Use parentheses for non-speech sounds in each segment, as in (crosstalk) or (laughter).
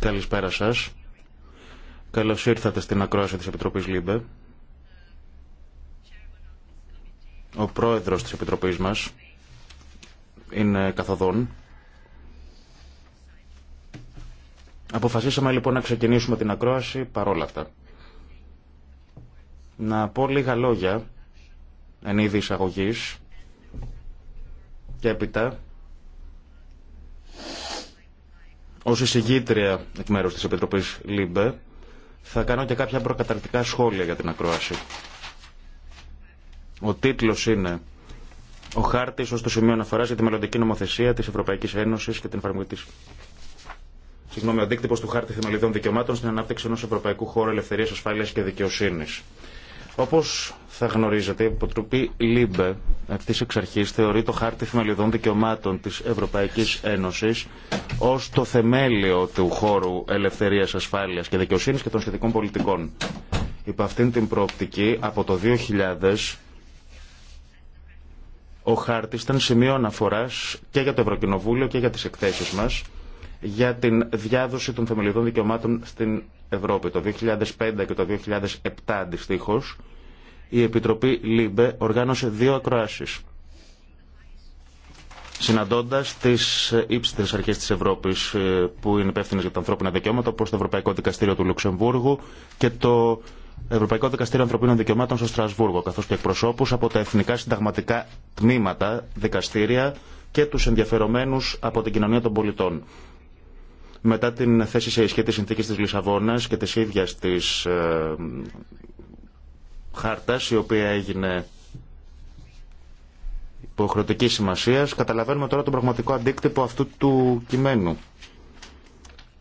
Καλησπέρα σας. Καλώς ήρθατε στην ακρόαση της Επιτροπής ΛΥΜΠΕ. Ο πρόεδρος της Επιτροπής μας είναι καθοδόν. Αποφασίσαμε λοιπόν να ξεκινήσουμε την ακρόαση παρόλα αυτά. Να πω λίγα λόγια εν είδη εισαγωγής και έπειτα ως εισηγήτρια εκ μέρους της Επιτροπής ΛΥΜΠΕ θα κάνω και κάποια προκαταρκτικά σχόλια για την ακρόαση. Ο τίτλος είναι «Ο χάρτης ως το σημείο αναφοράς για τη μελλοντική νομοθεσία της Ευρωπαϊκής Ένωσης και την εφαρμογή της». Συγγνώμη, ο αντίκτυπο του χάρτη θεμελιδών δικαιωμάτων στην ανάπτυξη ενός ευρωπαϊκού χώρου ελευθερίας, ασφάλειας και δικαιοσύνης». Όπως θα γνωρίζετε, η Υποτροπή ΛΥΜΠΕ αυτής εξ αρχής θεωρεί το χάρτη θεμελιωδών δικαιωμάτων της Ευρωπαϊκής Ένωσης ως το θεμέλιο του χώρου ελευθερίας, ασφάλειας και δικαιοσύνης και των σχετικών πολιτικών. Υπό αυτήν την προοπτική, από το 2000, ο χάρτης ήταν σημείο αναφοράς και για το Ευρωκοινοβούλιο και για τις εκθέσεις μας για την διάδοση των θεμελιωδών δικαιωμάτων στην Ευρώπη. Το 2005 και το 2007 αντιστοίχω, η Επιτροπή ΛΥΜΠΕ οργάνωσε δύο ακροασει συναντώντα τι ύψιτε αρχέ τη Ευρώπη ε, που είναι υπεύθυνε για τα ανθρώπινα δικαιώματα, όπω το Ευρωπαϊκό Δικαστήριο του Λουξεμβούργου και το Ευρωπαϊκό Δικαστήριο Ανθρωπίνων Δικαιωμάτων στο Στρασβούργο, καθώ και εκπροσώπου από τα εθνικά συνταγματικά τμήματα, δικαστήρια και του ενδιαφερομένου από την κοινωνία των πολιτών μετά την θέση σε ισχύ της συνθήκης της Λισαβόνας και της ίδιας της ε, χάρτας, η οποία έγινε υποχρεωτική σημασία, καταλαβαίνουμε τώρα τον πραγματικό αντίκτυπο αυτού του κειμένου.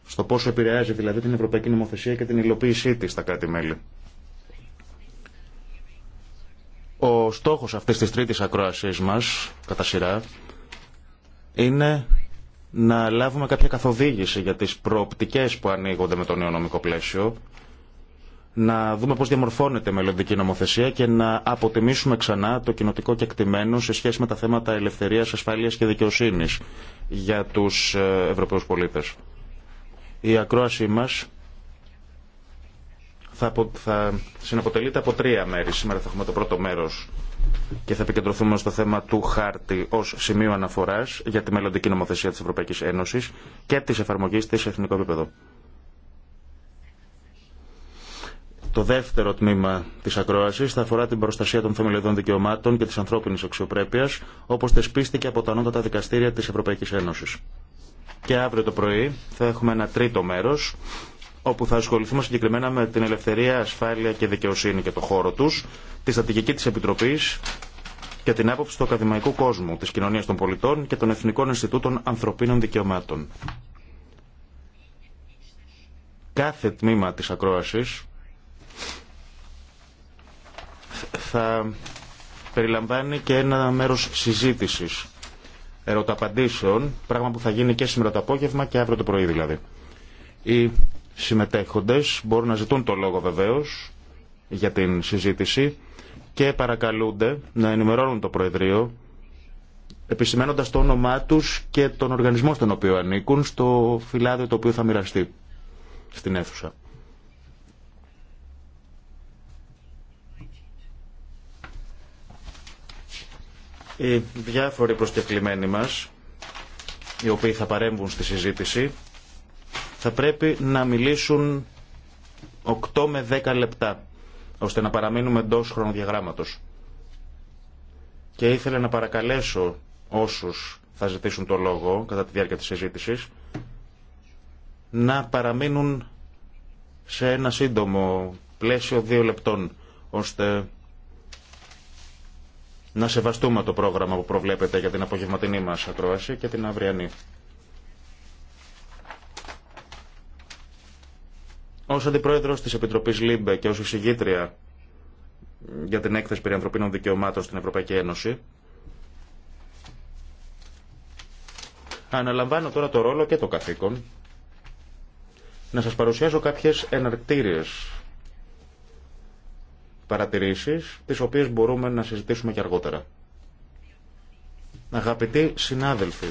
Στο πόσο επηρεάζει δηλαδή την Ευρωπαϊκή Νομοθεσία και την υλοποίησή της στα κράτη-μέλη. Ο στόχος αυτής της τρίτης ακρόασής μας, κατά σειρά, είναι να λάβουμε κάποια καθοδήγηση για τις προοπτικές που ανοίγονται με το νέο νομικό πλαίσιο, να δούμε πώς διαμορφώνεται η μελλοντική νομοθεσία και να αποτιμήσουμε ξανά το κοινοτικό κεκτημένο σε σχέση με τα θέματα ελευθερίας, ασφάλειας και δικαιοσύνης για τους ε, Ευρωπαίους πολίτες. Η ακρόασή μας θα, θα συναποτελείται από τρία μέρη. Σήμερα θα έχουμε το πρώτο μέρος και θα επικεντρωθούμε στο θέμα του χάρτη ω σημείο αναφορά για τη μελλοντική νομοθεσία τη Ευρωπαϊκή Ένωση και τη εφαρμογή τη σε εθνικό επίπεδο. Το δεύτερο τμήμα τη ακρόαση θα αφορά την προστασία των θεμελιωδών δικαιωμάτων και τη ανθρώπινη αξιοπρέπεια, όπω θεσπίστηκε από τα ανώτατα δικαστήρια τη Ευρωπαϊκή Ένωση. Και αύριο το πρωί θα έχουμε ένα τρίτο μέρο όπου θα ασχοληθούμε συγκεκριμένα με την ελευθερία, ασφάλεια και δικαιοσύνη και το χώρο τους, τη στατηγική της Επιτροπής και την άποψη του ακαδημαϊκού κόσμου, της κοινωνίας των πολιτών και των Εθνικών Ινστιτούτων Ανθρωπίνων Δικαιωμάτων. Κάθε τμήμα της ακρόασης θα περιλαμβάνει και ένα μέρος συζήτησης ερωταπαντήσεων, πράγμα που θα γίνει και σήμερα το απόγευμα και αύριο το πρωί δηλαδή. Η συμμετέχοντες μπορούν να ζητούν το λόγο βεβαίως για την συζήτηση και παρακαλούνται να ενημερώνουν το Προεδρείο επισημένοντας το όνομά τους και τον οργανισμό στον οποίο ανήκουν στο φυλάδιο το οποίο θα μοιραστεί στην αίθουσα. Οι διάφοροι προσκεκλημένοι μας, οι οποίοι θα παρέμβουν στη συζήτηση, θα πρέπει να μιλήσουν 8 με 10 λεπτά, ώστε να παραμείνουμε εντό χρονοδιαγράμματος. Και ήθελα να παρακαλέσω όσους θα ζητήσουν το λόγο κατά τη διάρκεια της συζήτησης, να παραμείνουν σε ένα σύντομο πλαίσιο δύο λεπτών, ώστε να σεβαστούμε το πρόγραμμα που προβλέπετε για την απογευματινή μας ακρόαση και την αυριανή. Ως Αντιπρόεδρος της Επιτροπής ΛΥΜΠΕ και ως εισηγήτρια για την έκθεση περί ανθρωπίνων δικαιωμάτων στην Ευρωπαϊκή Ένωση, αναλαμβάνω τώρα το ρόλο και το καθήκον να σας παρουσιάσω κάποιες εναρκτήριες παρατηρήσεις, τις οποίες μπορούμε να συζητήσουμε και αργότερα. Αγαπητοί συνάδελφοι,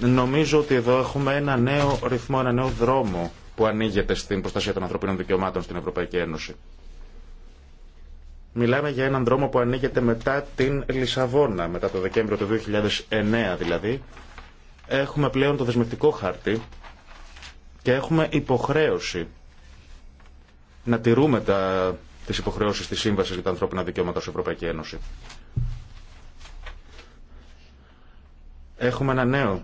Νομίζω ότι εδώ έχουμε ένα νέο ρυθμό, ένα νέο δρόμο που ανοίγεται στην προστασία των ανθρωπίνων δικαιωμάτων στην Ευρωπαϊκή Ένωση. Μιλάμε για έναν δρόμο που ανοίγεται μετά την Λισαβόνα, μετά το Δεκέμβριο του 2009 δηλαδή. Έχουμε πλέον το δεσμευτικό χάρτη και έχουμε υποχρέωση να τηρούμε τα, τις υποχρεώσεις της Σύμβασης για τα ανθρώπινα δικαιώματα στην Ευρωπαϊκή Ένωση. Έχουμε ένα νέο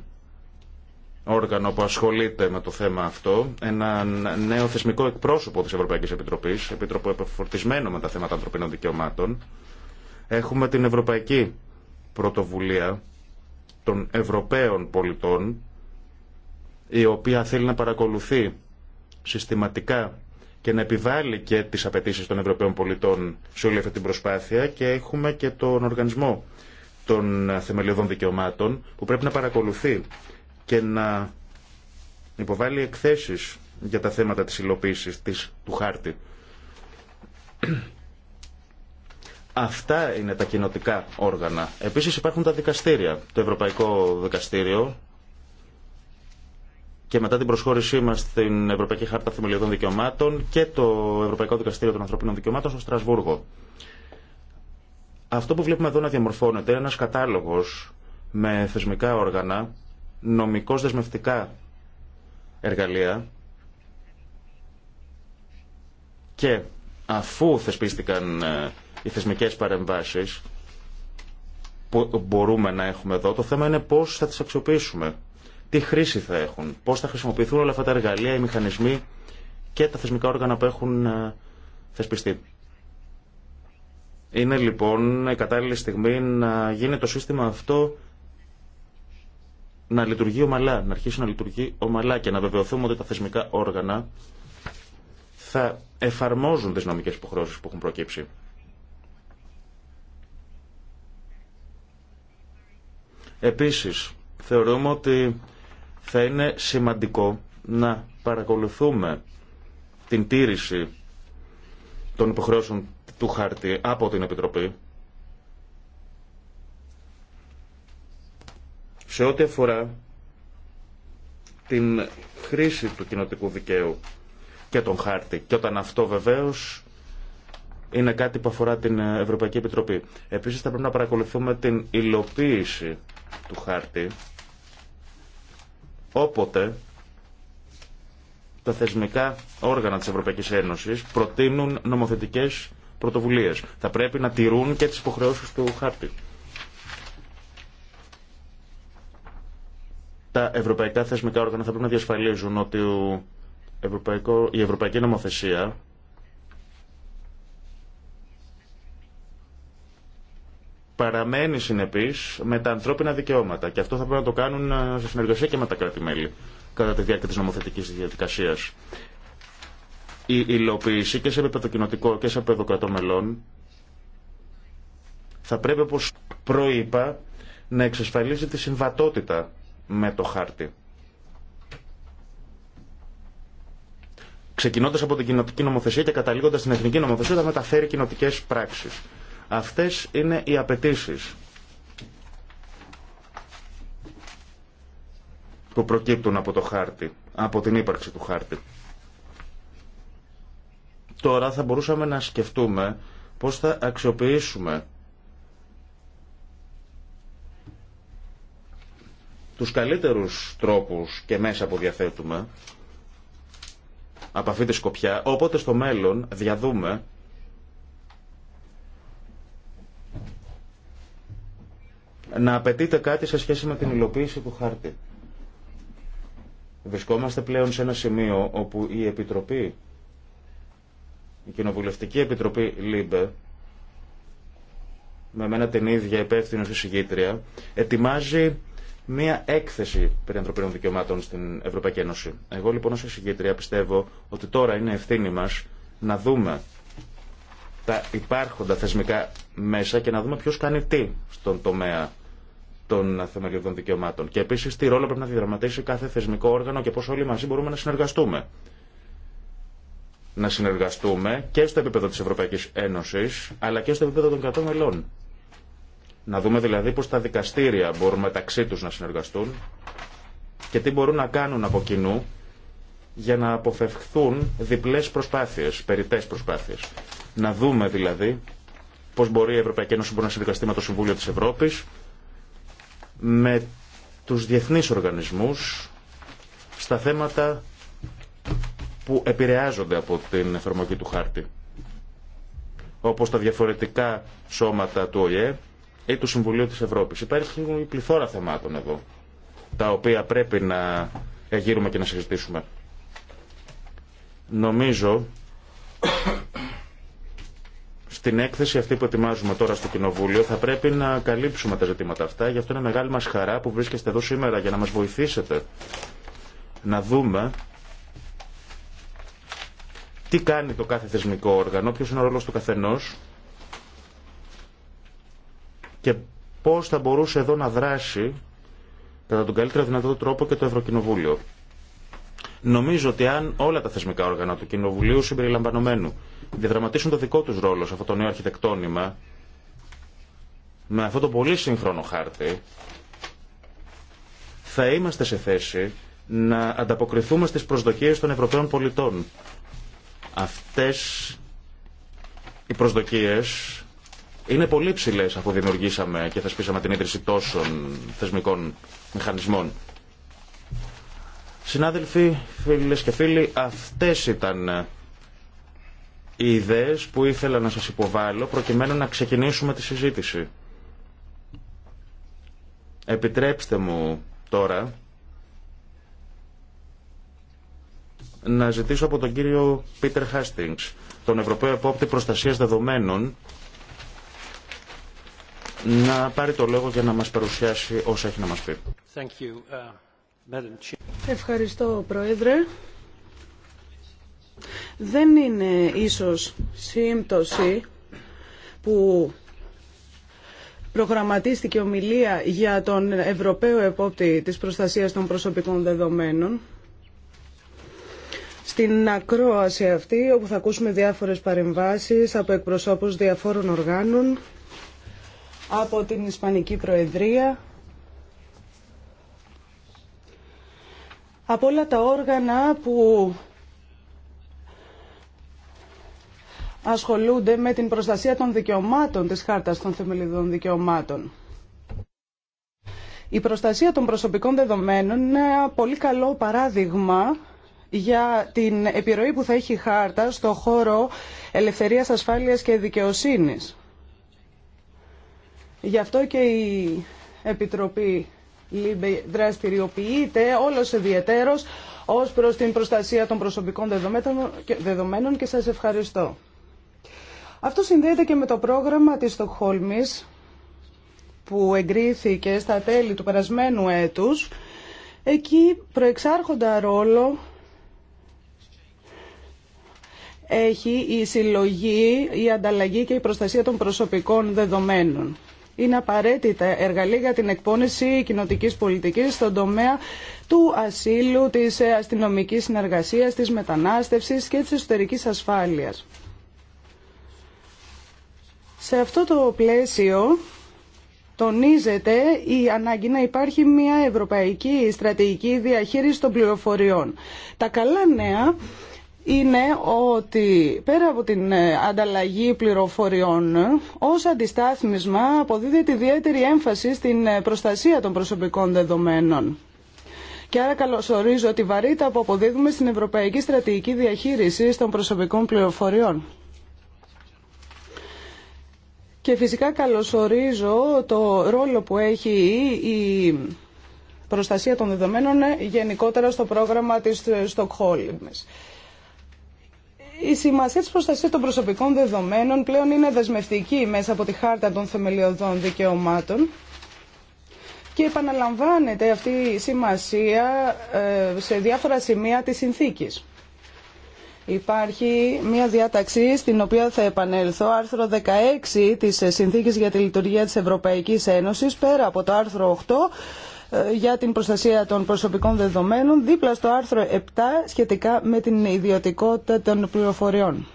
όργανο που ασχολείται με το θέμα αυτό, έναν νέο θεσμικό εκπρόσωπο της Ευρωπαϊκής Επιτροπής, επίτροπο επεφορτισμένο με τα θέματα ανθρωπίνων δικαιωμάτων. Έχουμε την Ευρωπαϊκή Πρωτοβουλία των Ευρωπαίων Πολιτών, η οποία θέλει να παρακολουθεί συστηματικά και να επιβάλλει και τις απαιτήσει των Ευρωπαίων πολιτών σε όλη αυτή την προσπάθεια και έχουμε και τον οργανισμό των θεμελιωδών δικαιωμάτων που πρέπει να παρακολουθεί και να υποβάλει εκθέσεις για τα θέματα της υλοποίησης της, του χάρτη. Αυτά είναι τα κοινοτικά όργανα. Επίσης υπάρχουν τα δικαστήρια. Το Ευρωπαϊκό Δικαστήριο και μετά την προσχώρησή μας στην Ευρωπαϊκή Χάρτα Θεμελιωδών Δικαιωμάτων και το Ευρωπαϊκό Δικαστήριο των Ανθρωπίνων Δικαιωμάτων στο Στρασβούργο. Αυτό που βλέπουμε εδώ να διαμορφώνεται είναι ένας κατάλογος με θεσμικά όργανα νομικώς δεσμευτικά εργαλεία και αφού θεσπίστηκαν ε, οι θεσμικές παρεμβάσεις που μπορούμε να έχουμε εδώ, το θέμα είναι πώς θα τις αξιοποιήσουμε, τι χρήση θα έχουν, πώς θα χρησιμοποιηθούν όλα αυτά τα εργαλεία, οι μηχανισμοί και τα θεσμικά όργανα που έχουν ε, θεσπιστεί. Είναι λοιπόν η κατάλληλη στιγμή να γίνει το σύστημα αυτό να λειτουργεί ομαλά, να αρχίσει να λειτουργεί ομαλά και να βεβαιωθούμε ότι τα θεσμικά όργανα θα εφαρμόζουν τις νομικές υποχρεώσεις που έχουν προκύψει. Επίσης, θεωρούμε ότι θα είναι σημαντικό να παρακολουθούμε την τήρηση των υποχρεώσεων του χάρτη από την Επιτροπή σε ό,τι αφορά την χρήση του κοινοτικού δικαίου και τον χάρτη. Και όταν αυτό βεβαίως είναι κάτι που αφορά την Ευρωπαϊκή Επιτροπή. Επίσης θα πρέπει να παρακολουθούμε την υλοποίηση του χάρτη όποτε τα θεσμικά όργανα της Ευρωπαϊκής Ένωσης προτείνουν νομοθετικές πρωτοβουλίες. Θα πρέπει να τηρούν και τις υποχρεώσεις του χάρτη. Τα ευρωπαϊκά θεσμικά όργανα θα πρέπει να διασφαλίζουν ότι η ευρωπαϊκή νομοθεσία παραμένει συνεπής με τα ανθρώπινα δικαιώματα και αυτό θα πρέπει να το κάνουν ε, σε συνεργασία και με τα κράτη-μέλη κατά τη διάρκεια της νομοθετικής διαδικασίας. Η υλοποίηση και σε επίπεδο κοινοτικό και σε επίπεδο κρατών μελών θα πρέπει, όπως προείπα, να εξασφαλίζει τη συμβατότητα με το χάρτη. Ξεκινώντας από την κοινοτική νομοθεσία και καταλήγοντας στην εθνική νομοθεσία θα μεταφέρει κοινοτικέ πράξεις. Αυτές είναι οι απαιτήσει που προκύπτουν από το χάρτη, από την ύπαρξη του χάρτη. Τώρα θα μπορούσαμε να σκεφτούμε πώς θα αξιοποιήσουμε τους καλύτερους τρόπους και μέσα που διαθέτουμε από αυτή τη σκοπιά, όποτε στο μέλλον διαδούμε να απαιτείται κάτι σε σχέση με την υλοποίηση του χάρτη. Βρισκόμαστε πλέον σε ένα σημείο όπου η Επιτροπή, η Κοινοβουλευτική Επιτροπή ΛΥΜΠΕ, με μένα την ίδια υπεύθυνο εισηγήτρια ετοιμάζει μία έκθεση περί ανθρωπίνων δικαιωμάτων στην Ευρωπαϊκή Ένωση. Εγώ λοιπόν ως εισηγήτρια πιστεύω ότι τώρα είναι ευθύνη μας να δούμε τα υπάρχοντα θεσμικά μέσα και να δούμε ποιος κάνει τι στον τομέα των θεμελιωδών δικαιωμάτων. Και επίσης τι ρόλο πρέπει να διδραματίσει κάθε θεσμικό όργανο και πώς όλοι μαζί μπορούμε να συνεργαστούμε. Να συνεργαστούμε και στο επίπεδο της Ευρωπαϊκής Ένωσης, αλλά και στο επίπεδο των κρατών μελών. Να δούμε δηλαδή πώς τα δικαστήρια μπορούν μεταξύ τους να συνεργαστούν και τι μπορούν να κάνουν από κοινού για να αποφευχθούν διπλές προσπάθειες, περιττές προσπάθειες. Να δούμε δηλαδή πώς μπορεί η Ευρωπαϊκή Ένωση να συνεργαστεί με το Συμβούλιο της Ευρώπης, με τους διεθνείς οργανισμούς, στα θέματα που επηρεάζονται από την εφαρμογή του χάρτη. Όπως τα διαφορετικά σώματα του ΟΗΕ, ή του Συμβουλίου της Ευρώπης. Υπάρχει η πληθώρα ευρωπης υπαρχει εδώ, τα οποία πρέπει να γύρουμε και να συζητήσουμε. Νομίζω στην έκθεση αυτή που ετοιμάζουμε τώρα στο Κοινοβούλιο θα πρέπει να καλύψουμε τα ζητήματα αυτά. Γι' αυτό είναι μεγάλη μας χαρά που βρίσκεστε εδώ σήμερα για να μας βοηθήσετε να δούμε τι κάνει το κάθε θεσμικό όργανο, ποιος είναι ο ρόλος του καθενός και πώς θα μπορούσε εδώ να δράσει κατά τον καλύτερο δυνατό τρόπο και το Ευρωκοινοβούλιο. Νομίζω ότι αν όλα τα θεσμικά όργανα του Κοινοβουλίου συμπεριλαμβανομένου διαδραματίσουν το δικό τους ρόλο σε αυτό το νέο αρχιτεκτόνημα, με αυτό το πολύ σύγχρονο χάρτη, θα είμαστε σε θέση να ανταποκριθούμε στις προσδοκίες των Ευρωπαίων πολιτών. Αυτές οι προσδοκίες είναι πολύ ψηλέ αφού δημιουργήσαμε και θεσπίσαμε την ίδρυση τόσων θεσμικών μηχανισμών. Συνάδελφοι, φίλε και φίλοι, αυτές ήταν οι ιδέες που ήθελα να σας υποβάλω προκειμένου να ξεκινήσουμε τη συζήτηση. Επιτρέψτε μου τώρα να ζητήσω από τον κύριο Πίτερ Χάστινγκς, τον Ευρωπαίο Επόπτη Προστασίας Δεδομένων, να πάρει το λόγο για να μας παρουσιάσει όσα έχει να μας πει. Uh, Ευχαριστώ, Πρόεδρε. Δεν είναι ίσως σύμπτωση που προγραμματίστηκε ομιλία για τον Ευρωπαίο Επόπτη της Προστασίας των Προσωπικών Δεδομένων. Στην ακρόαση αυτή, όπου θα ακούσουμε διάφορες παρεμβάσεις από εκπροσώπους διαφόρων οργάνων, από την Ισπανική Προεδρία, από όλα τα όργανα που ασχολούνται με την προστασία των δικαιωμάτων της Χάρτας των Θεμελιδών Δικαιωμάτων. Η προστασία των προσωπικών δεδομένων είναι ένα πολύ καλό παράδειγμα για την επιρροή που θα έχει η Χάρτα στο χώρο ελευθερίας, ασφάλειας και δικαιοσύνης. Γι' αυτό και η Επιτροπή ΛΥΜΠΕ δραστηριοποιείται όλος ιδιαιτέρως ως προς την προστασία των προσωπικών δεδομένων και σας ευχαριστώ. Αυτό συνδέεται και με το πρόγραμμα της Στοχόλμης που εγκρίθηκε στα τέλη του περασμένου έτους. Εκεί προεξάρχοντα ρόλο έχει η συλλογή, η ανταλλαγή και η προστασία των προσωπικών δεδομένων είναι απαραίτητα εργαλεία για την εκπόνηση κοινοτική πολιτική στον τομέα του ασύλου, της ε, αστυνομική συνεργασία, της μετανάστευση και της εσωτερικής ασφάλειας. Σε αυτό το πλαίσιο τονίζεται η ανάγκη να υπάρχει μια ευρωπαϊκή στρατηγική διαχείριση των πληροφοριών. Τα καλά νέα είναι ότι πέρα από την ε, ανταλλαγή πληροφοριών, ως αντιστάθμισμα αποδίδεται ιδιαίτερη έμφαση στην ε, προστασία των προσωπικών δεδομένων. Και άρα καλωσορίζω τη βαρύτητα που αποδίδουμε στην Ευρωπαϊκή Στρατηγική Διαχείριση των Προσωπικών Πληροφοριών. Και φυσικά καλωσορίζω το ρόλο που έχει η προστασία των δεδομένων γενικότερα στο πρόγραμμα της Στοκχόλμης. Η σημασία της προστασίας των προσωπικών δεδομένων πλέον είναι δεσμευτική μέσα από τη Χάρτα των Θεμελιωδών Δικαιωμάτων και επαναλαμβάνεται αυτή η σημασία ε, σε διάφορα σημεία της συνθήκης. Υπάρχει μια διάταξη στην οποία θα επανέλθω, άρθρο 16 της Συνθήκης για τη Λειτουργία της Ευρωπαϊκής Ένωσης, πέρα από το άρθρο 8, ε, για την προστασία των προσωπικών δεδομένων δίπλα στο άρθρο 7 σχετικά με την ιδιωτικότητα των πληροφοριών.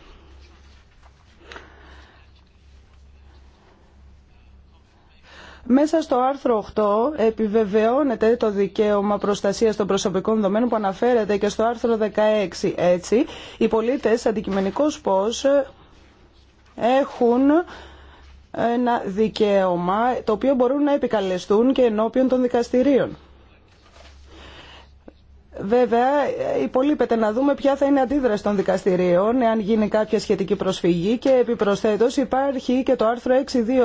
Μέσα στο άρθρο 8 επιβεβαιώνεται το δικαίωμα προστασίας των προσωπικών δεδομένων που αναφέρεται και στο άρθρο 16. Έτσι, οι πολίτες αντικειμενικός πώς έχουν ένα δικαίωμα το οποίο μπορούν να επικαλεστούν και ενώπιον των δικαστηρίων. Βέβαια, υπολείπεται να δούμε ποια θα είναι η αντίδραση των δικαστηρίων, εάν γίνει κάποια σχετική προσφυγή και επιπροσθέτω υπάρχει και το άρθρο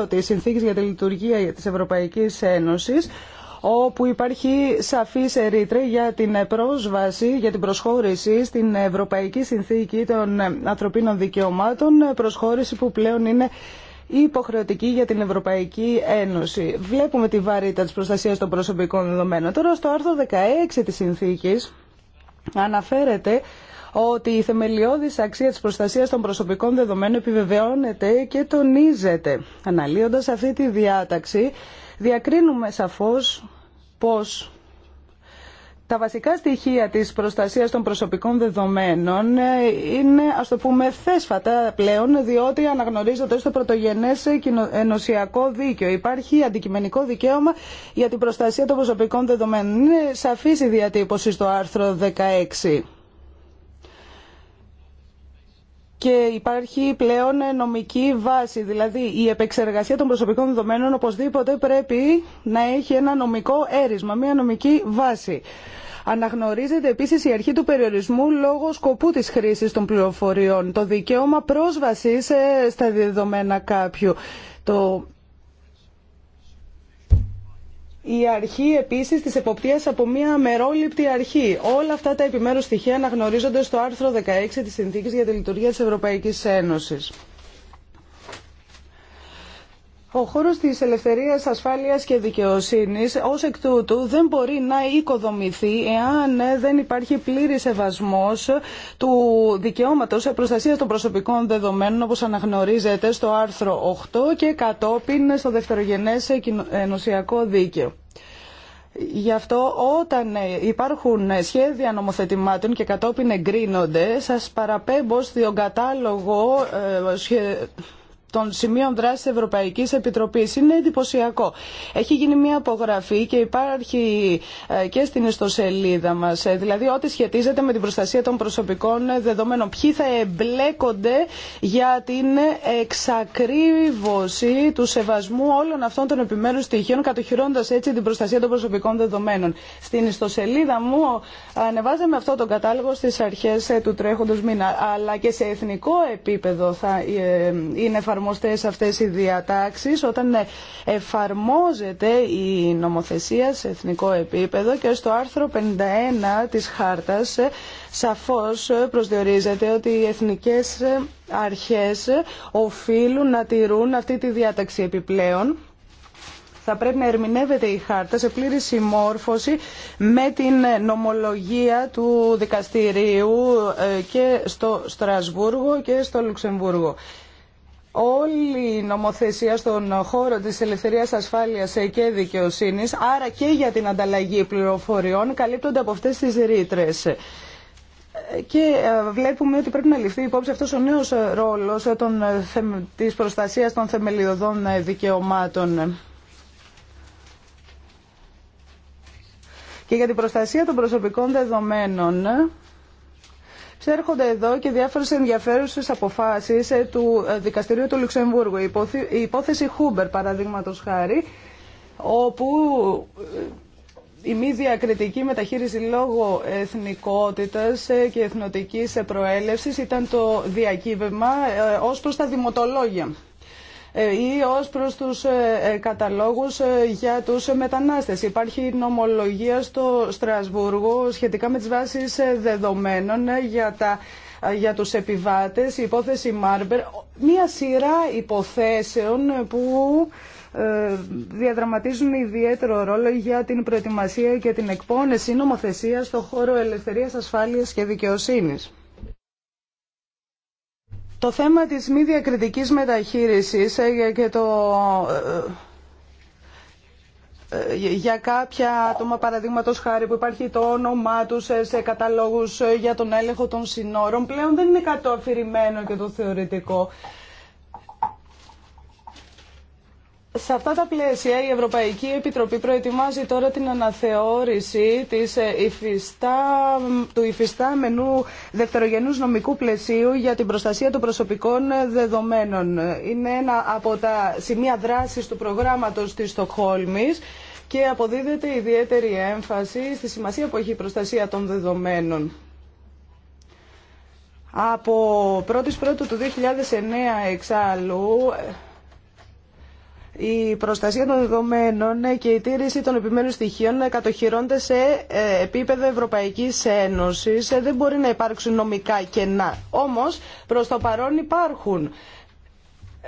6.2 της Συνθήκης για τη Λειτουργία της Ευρωπαϊκής Ένωσης, όπου υπάρχει σαφής ερήτρη για την πρόσβαση, για την προσχώρηση στην Ευρωπαϊκή Συνθήκη των Ανθρωπίνων Δικαιωμάτων, προσχώρηση που πλέον είναι υποχρεωτική για την Ευρωπαϊκή Ένωση. Βλέπουμε τη βαρύτητα της προστασίας των προσωπικών δεδομένων. Τώρα στο άρθρο 16 της συνθήκης αναφέρεται ότι η θεμελιώδης αξία της προστασίας των προσωπικών δεδομένων επιβεβαιώνεται και τονίζεται. Αναλύοντας αυτή τη διάταξη, διακρίνουμε σαφώς πως τα βασικά στοιχεία της προστασίας των προσωπικών δεδομένων ε, είναι, ας το πούμε, θέσφατα πλέον, διότι αναγνωρίζονται στο πρωτογενές ενωσιακό δίκαιο. Υπάρχει αντικειμενικό δικαίωμα για την προστασία των προσωπικών δεδομένων. Είναι σαφής η διατύπωση στο άρθρο 16 και υπάρχει πλέον νομική βάση. Δηλαδή η επεξεργασία των προσωπικών δεδομένων οπωσδήποτε πρέπει να έχει ένα νομικό έρισμα, μια νομική βάση. Αναγνωρίζεται επίσης η αρχή του περιορισμού λόγω σκοπού της χρήσης των πληροφοριών, το δικαίωμα πρόσβασης ε, στα δεδομένα κάποιου. Το η αρχή επίσης της εποπτείας από μια μερόληπτη αρχή. Όλα αυτά τα επιμέρους στοιχεία αναγνωρίζονται στο άρθρο 16 της Συνθήκης για τη Λειτουργία της Ευρωπαϊκής Ένωσης. Ο χώρος της ελευθερίας, ασφάλειας και δικαιοσύνης ως εκ τούτου δεν μπορεί να οικοδομηθεί εάν ε, δεν υπάρχει πλήρης σεβασμό του δικαιώματος προστασία των προσωπικών δεδομένων όπως αναγνωρίζεται στο άρθρο 8 και κατόπιν στο δευτερογενές ενωσιακό δίκαιο. Γι' αυτό όταν ε, υπάρχουν ε, σχέδια νομοθετημάτων και κατόπιν εγκρίνονται, σας παραπέμπω στον κατάλογο των σημείων δράση τη Ευρωπαϊκής Επιτροπής. Είναι εντυπωσιακό. Έχει γίνει μια απογραφή και υπάρχει ε, και στην ιστοσελίδα μας. Ε, δηλαδή ό,τι σχετίζεται με την προστασία των προσωπικών ε, δεδομένων. Ποιοι θα εμπλέκονται για την εξακρίβωση του σεβασμού όλων αυτών των επιμέρου στοιχείων κατοχυρώντα έτσι την προστασία των προσωπικών δεδομένων. Στην ιστοσελίδα μου ανεβάζαμε αυτό το κατάλογο στις αρχές του τρέχοντος μήνα αλλά και σε εθνικό επίπεδο θα είναι εφαρμοστές αυτές οι διατάξεις όταν εφαρμόζεται η νομοθεσία σε εθνικό επίπεδο και στο άρθρο 51 της χάρτας ε, σαφώς προσδιορίζεται ότι οι εθνικές ε, αρχές οφείλουν να τηρούν αυτή τη διάταξη επιπλέον θα πρέπει να ερμηνεύεται η χάρτα σε πλήρη συμμόρφωση με την νομολογία του δικαστηρίου ε, και στο Στρασβούργο και στο Λουξεμβούργο όλη η νομοθεσία στον χώρο της ελευθερίας ασφάλειας και δικαιοσύνης, άρα και για την ανταλλαγή πληροφοριών, καλύπτονται από αυτές τις ρήτρε. Και ε, βλέπουμε ότι πρέπει να ληφθεί υπόψη αυτός ο νέος ρόλος των, ε, της προστασίας των θεμελιωδών ε, δικαιωμάτων. Και για την προστασία των προσωπικών δεδομένων, έρχονται εδώ και διάφορες ενδιαφέρουσες αποφάσεις ε, του ε, Δικαστηρίου του Λουξεμβούργου. Η υπόθεση Χούμπερ, παραδείγματος χάρη, όπου ε, η μη διακριτική μεταχείριση λόγω εθνικότητας και εθνοτικής προέλευσης ήταν το διακύβευμα ως προς τα δημοτολόγια. Ε, ή ως προς τους ε, ε, καταλόγους για τους μετανάστες. Υπάρχει νομολογία στο Στρασβούργο σχετικά με τις βάσεις δεδομένων για τα για τους επιβάτες, η υπόθεση Μάρμπερ, μία σειρά υποθέσεων που διαδραματίζουν ιδιαίτερο ρόλο για την προετοιμασία και την εκπόνεση νομοθεσία στον χώρο ελευθερίας, ασφάλειας και δικαιοσύνης. Το θέμα της μη διακριτικής μεταχείρισης ε, και το ε, ε, για κάποια άτομα, παραδείγματο χάρη, που υπάρχει το όνομά του σε καταλόγους για τον έλεγχο των συνόρων, πλέον δεν είναι κάτι αφηρημένο και το θεωρητικό. Σε αυτά τα πλαίσια η Ευρωπαϊκή Επιτροπή προετοιμάζει τώρα την αναθεώρηση της ε, υφιστά, του υφιστάμενου δευτερογενούς νομικού πλαισίου για την προστασία των προσωπικών ε, δεδομένων. Είναι ένα από τα σημεία δράσης του προγράμματος της Στοκχόλμης και αποδίδεται ιδιαίτερη έμφαση στη σημασία που έχει η προστασία των δεδομένων. Από 1η Πρώτου του 2009 εξάλλου η προστασία των δεδομένων και η τήρηση των επιμένων στοιχείων κατοχυρώνται σε ε, επίπεδο Ευρωπαϊκής Ένωσης. Ε, δεν μπορεί να υπάρξουν νομικά κενά. Όμως, προς το παρόν υπάρχουν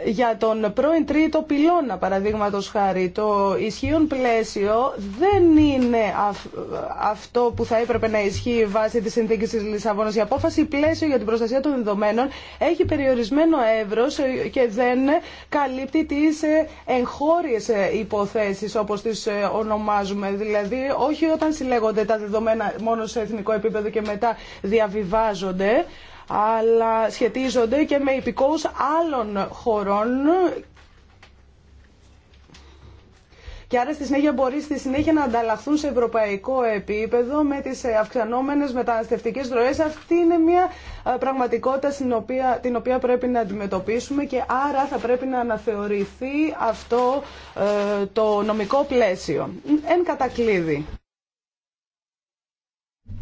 για τον πρώην τρίτο πυλώνα, παραδείγματο χάρη, το ισχύον πλαίσιο δεν είναι αυτό που θα έπρεπε να ισχύει βάσει τη συνθήκη τη Λισαβόνα. Η απόφαση πλαίσιο για την προστασία των δεδομένων έχει περιορισμένο εύρο και δεν καλύπτει τι εγχώριε υποθέσει, όπω τις ονομάζουμε. Δηλαδή, όχι όταν συλλέγονται τα δεδομένα μόνο σε εθνικό επίπεδο και μετά διαβιβάζονται, αλλά σχετίζονται και με υπηκόους άλλων χωρών και άρα στη συνέχεια μπορεί στη συνέχεια να ανταλλαχθούν σε ευρωπαϊκό επίπεδο με τις ε, αυξανόμενες μεταναστευτικές ροές. Αυτή είναι μια ε, πραγματικότητα στην οποία, την οποία πρέπει να αντιμετωπίσουμε και άρα θα πρέπει να αναθεωρηθεί αυτό ε, το νομικό πλαίσιο. Εν κατακλείδη.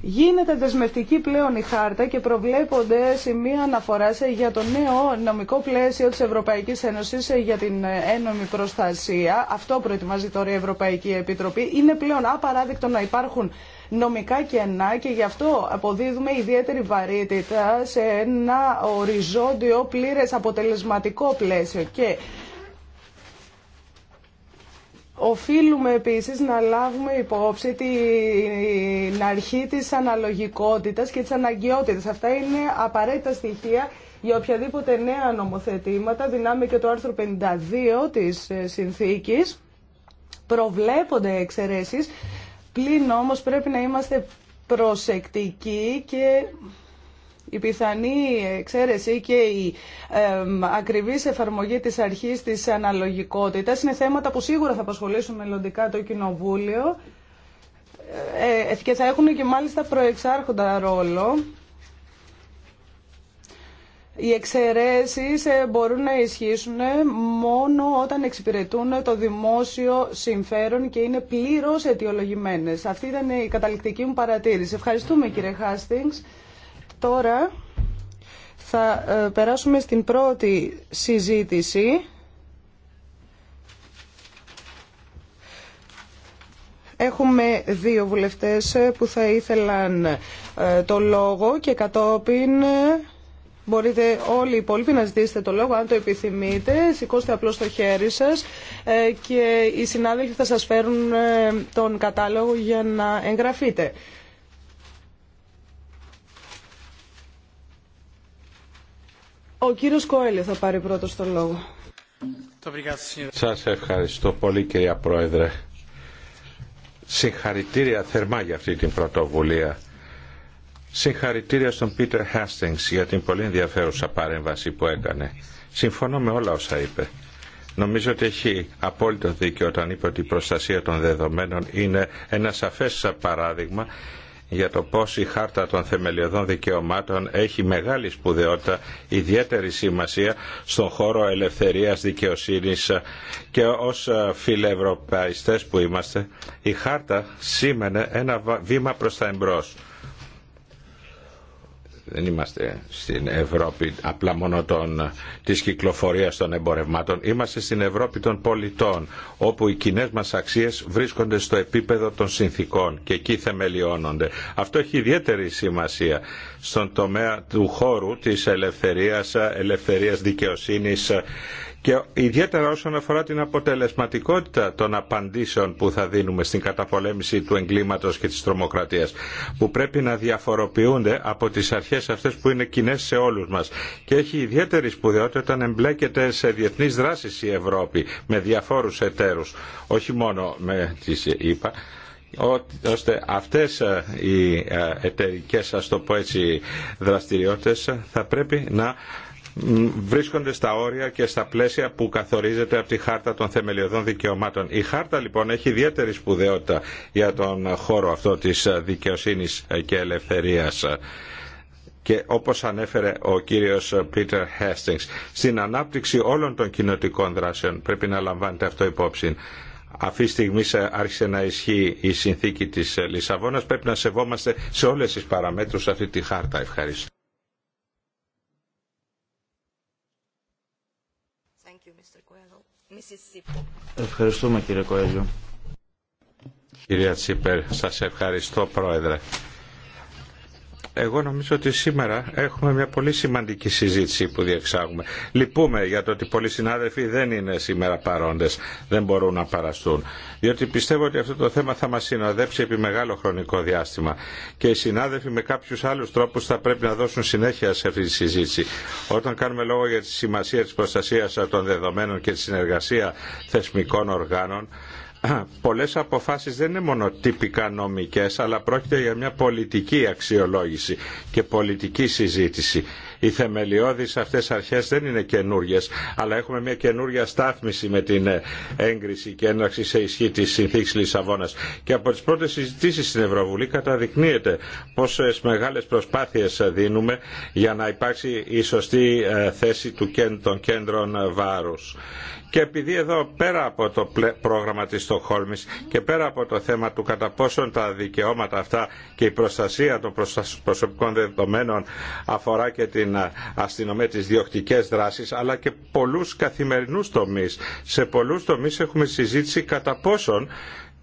Γίνεται δεσμευτική πλέον η χάρτα και προβλέπονται σημεία αναφορά για το νέο νομικό πλαίσιο της Ευρωπαϊκής Ένωση για την ένωμη προστασία. Αυτό προετοιμάζει τώρα η Ευρωπαϊκή Επιτροπή. Είναι πλέον απαράδεκτο να υπάρχουν νομικά κενά και γι' αυτό αποδίδουμε ιδιαίτερη βαρύτητα σε ένα οριζόντιο πλήρε αποτελεσματικό πλαίσιο και Οφείλουμε επίσης να λάβουμε υπόψη την αρχή της αναλογικότητας και της αναγκαιότητας. Αυτά είναι απαραίτητα στοιχεία για οποιαδήποτε νέα νομοθετήματα, δυνάμει και το άρθρο 52 της ε, συνθήκης, προβλέπονται εξαιρέσεις, πλην όμως πρέπει να είμαστε προσεκτικοί και η πιθανή εξαίρεση και η ε, ακριβής εφαρμογή της αρχής της αναλογικότητα είναι θέματα που σίγουρα θα απασχολήσουν μελλοντικά το Κοινοβούλιο ε, ε και θα έχουν και μάλιστα προεξάρχοντα ρόλο. Οι εξαιρέσει ε, μπορούν να ισχύσουν μόνο όταν εξυπηρετούν το δημόσιο συμφέρον και είναι πλήρως αιτιολογημένες. Αυτή ήταν η καταληκτική μου παρατήρηση. Ευχαριστούμε κύριε Χάστινγκς. Τώρα θα ε, περάσουμε στην πρώτη συζήτηση. Έχουμε δύο βουλευτές που θα ήθελαν ε, το λόγο και κατόπιν ε, μπορείτε όλοι οι υπόλοιποι να ζητήσετε το λόγο αν το επιθυμείτε. Σηκώστε απλώς το χέρι σας και οι συνάδελφοι θα σας φέρουν τον κατάλογο για να εγγραφείτε. Ο κύριος Κοέλιο θα πάρει πρώτος τον λόγο. Σας ευχαριστώ πολύ κυρία Πρόεδρε. Συγχαρητήρια θερμά για αυτή την πρωτοβουλία. Συγχαρητήρια στον Πίτερ Χάστινγκς για την πολύ ενδιαφέρουσα παρέμβαση που έκανε. Συμφωνώ με όλα όσα είπε. Νομίζω ότι έχει απόλυτο δίκιο όταν είπε ότι η προστασία των δεδομένων είναι ένα σαφές παράδειγμα για το πώς η Χάρτα των Θεμελιωδών Δικαιωμάτων έχει μεγάλη σπουδαιότητα, ιδιαίτερη σημασία στον χώρο ελευθερίας δικαιοσύνης και ως φιλευρωπαϊστές που είμαστε, η Χάρτα σήμαινε ένα βήμα προς τα εμπρός δεν είμαστε στην Ευρώπη απλά μόνο των, της κυκλοφορίας των εμπορευμάτων. Είμαστε στην Ευρώπη των πολιτών, όπου οι κοινέ μας αξίες βρίσκονται στο επίπεδο των συνθήκων και εκεί θεμελιώνονται. Αυτό έχει ιδιαίτερη σημασία στον τομέα του χώρου της ελευθερίας, ελευθερίας δικαιοσύνης, και ιδιαίτερα όσον αφορά την αποτελεσματικότητα των απαντήσεων που θα δίνουμε στην καταπολέμηση του εγκλήματος και της τρομοκρατίας που πρέπει να διαφοροποιούνται από τις αρχές αυτές που είναι κοινέ σε όλους μας και έχει ιδιαίτερη σπουδαιότητα όταν εμπλέκεται σε διεθνείς δράσεις η Ευρώπη με διαφόρους εταίρους όχι μόνο με τις ΕΥΠΑ, ΕΕ, ώστε αυτές ε, οι ε, εταιρικές ας το πω έτσι δραστηριότητες θα πρέπει να βρίσκονται στα όρια και στα πλαίσια που καθορίζεται από τη Χάρτα των Θεμελιωδών Δικαιωμάτων. Η Χάρτα λοιπόν έχει ιδιαίτερη σπουδαιότητα για τον χώρο αυτό της δικαιοσύνης και ελευθερίας και όπως ανέφερε ο κύριος Πίτερ Χέστινγκς, στην ανάπτυξη όλων των κοινοτικών δράσεων πρέπει να λαμβάνετε αυτό υπόψη. Αυτή τη στιγμή άρχισε να ισχύει η συνθήκη της Λισαβόνας. Πρέπει να σεβόμαστε σε όλες τις παραμέτρους αυτή τη χάρτα. Ευχαριστώ. Ευχαριστούμε κύριε Κοέλιο. Κυρία Τσίπερ, σας ευχαριστώ πρόεδρε εγώ νομίζω ότι σήμερα έχουμε μια πολύ σημαντική συζήτηση που διεξάγουμε. Λυπούμε για το ότι πολλοί συνάδελφοι δεν είναι σήμερα παρόντες, δεν μπορούν να παραστούν. Διότι πιστεύω ότι αυτό το θέμα θα μας συναδέψει επί μεγάλο χρονικό διάστημα και οι συνάδελφοι με κάποιους άλλους τρόπους θα πρέπει να δώσουν συνέχεια σε αυτή τη συζήτηση. Όταν κάνουμε λόγο για τη σημασία της προστασίας των δεδομένων και τη συνεργασία θεσμικών οργάνων, (clears throat) πολλές αποφάσεις δεν είναι μόνο τυπικά νομικές αλλά πρόκειται για μια πολιτική αξιολόγηση και πολιτική συζήτηση οι θεμελιώδεις αυτές αρχές δεν είναι καινούριε, αλλά έχουμε μια καινούρια στάθμιση με την ε, έγκριση και έναρξη σε ισχύ της συνθήκης Λισαβόνας. Και από τις πρώτες συζητήσεις στην Ευρωβουλή καταδεικνύεται πόσες μεγάλες προσπάθειες δίνουμε για να υπάρξει η σωστή ε, θέση των κέντρων βάρους. Και επειδή εδώ πέρα από το πρόγραμμα της Στοχόλμης και πέρα από το θέμα του κατά πόσον τα δικαιώματα αυτά και η προστασία των προσωπικών δεδομένων αφορά και την την αστυνομία, διοκτικές δράσεις, αλλά και πολλούς καθημερινούς τομείς. Σε πολλούς τομείς έχουμε συζήτηση κατά πόσον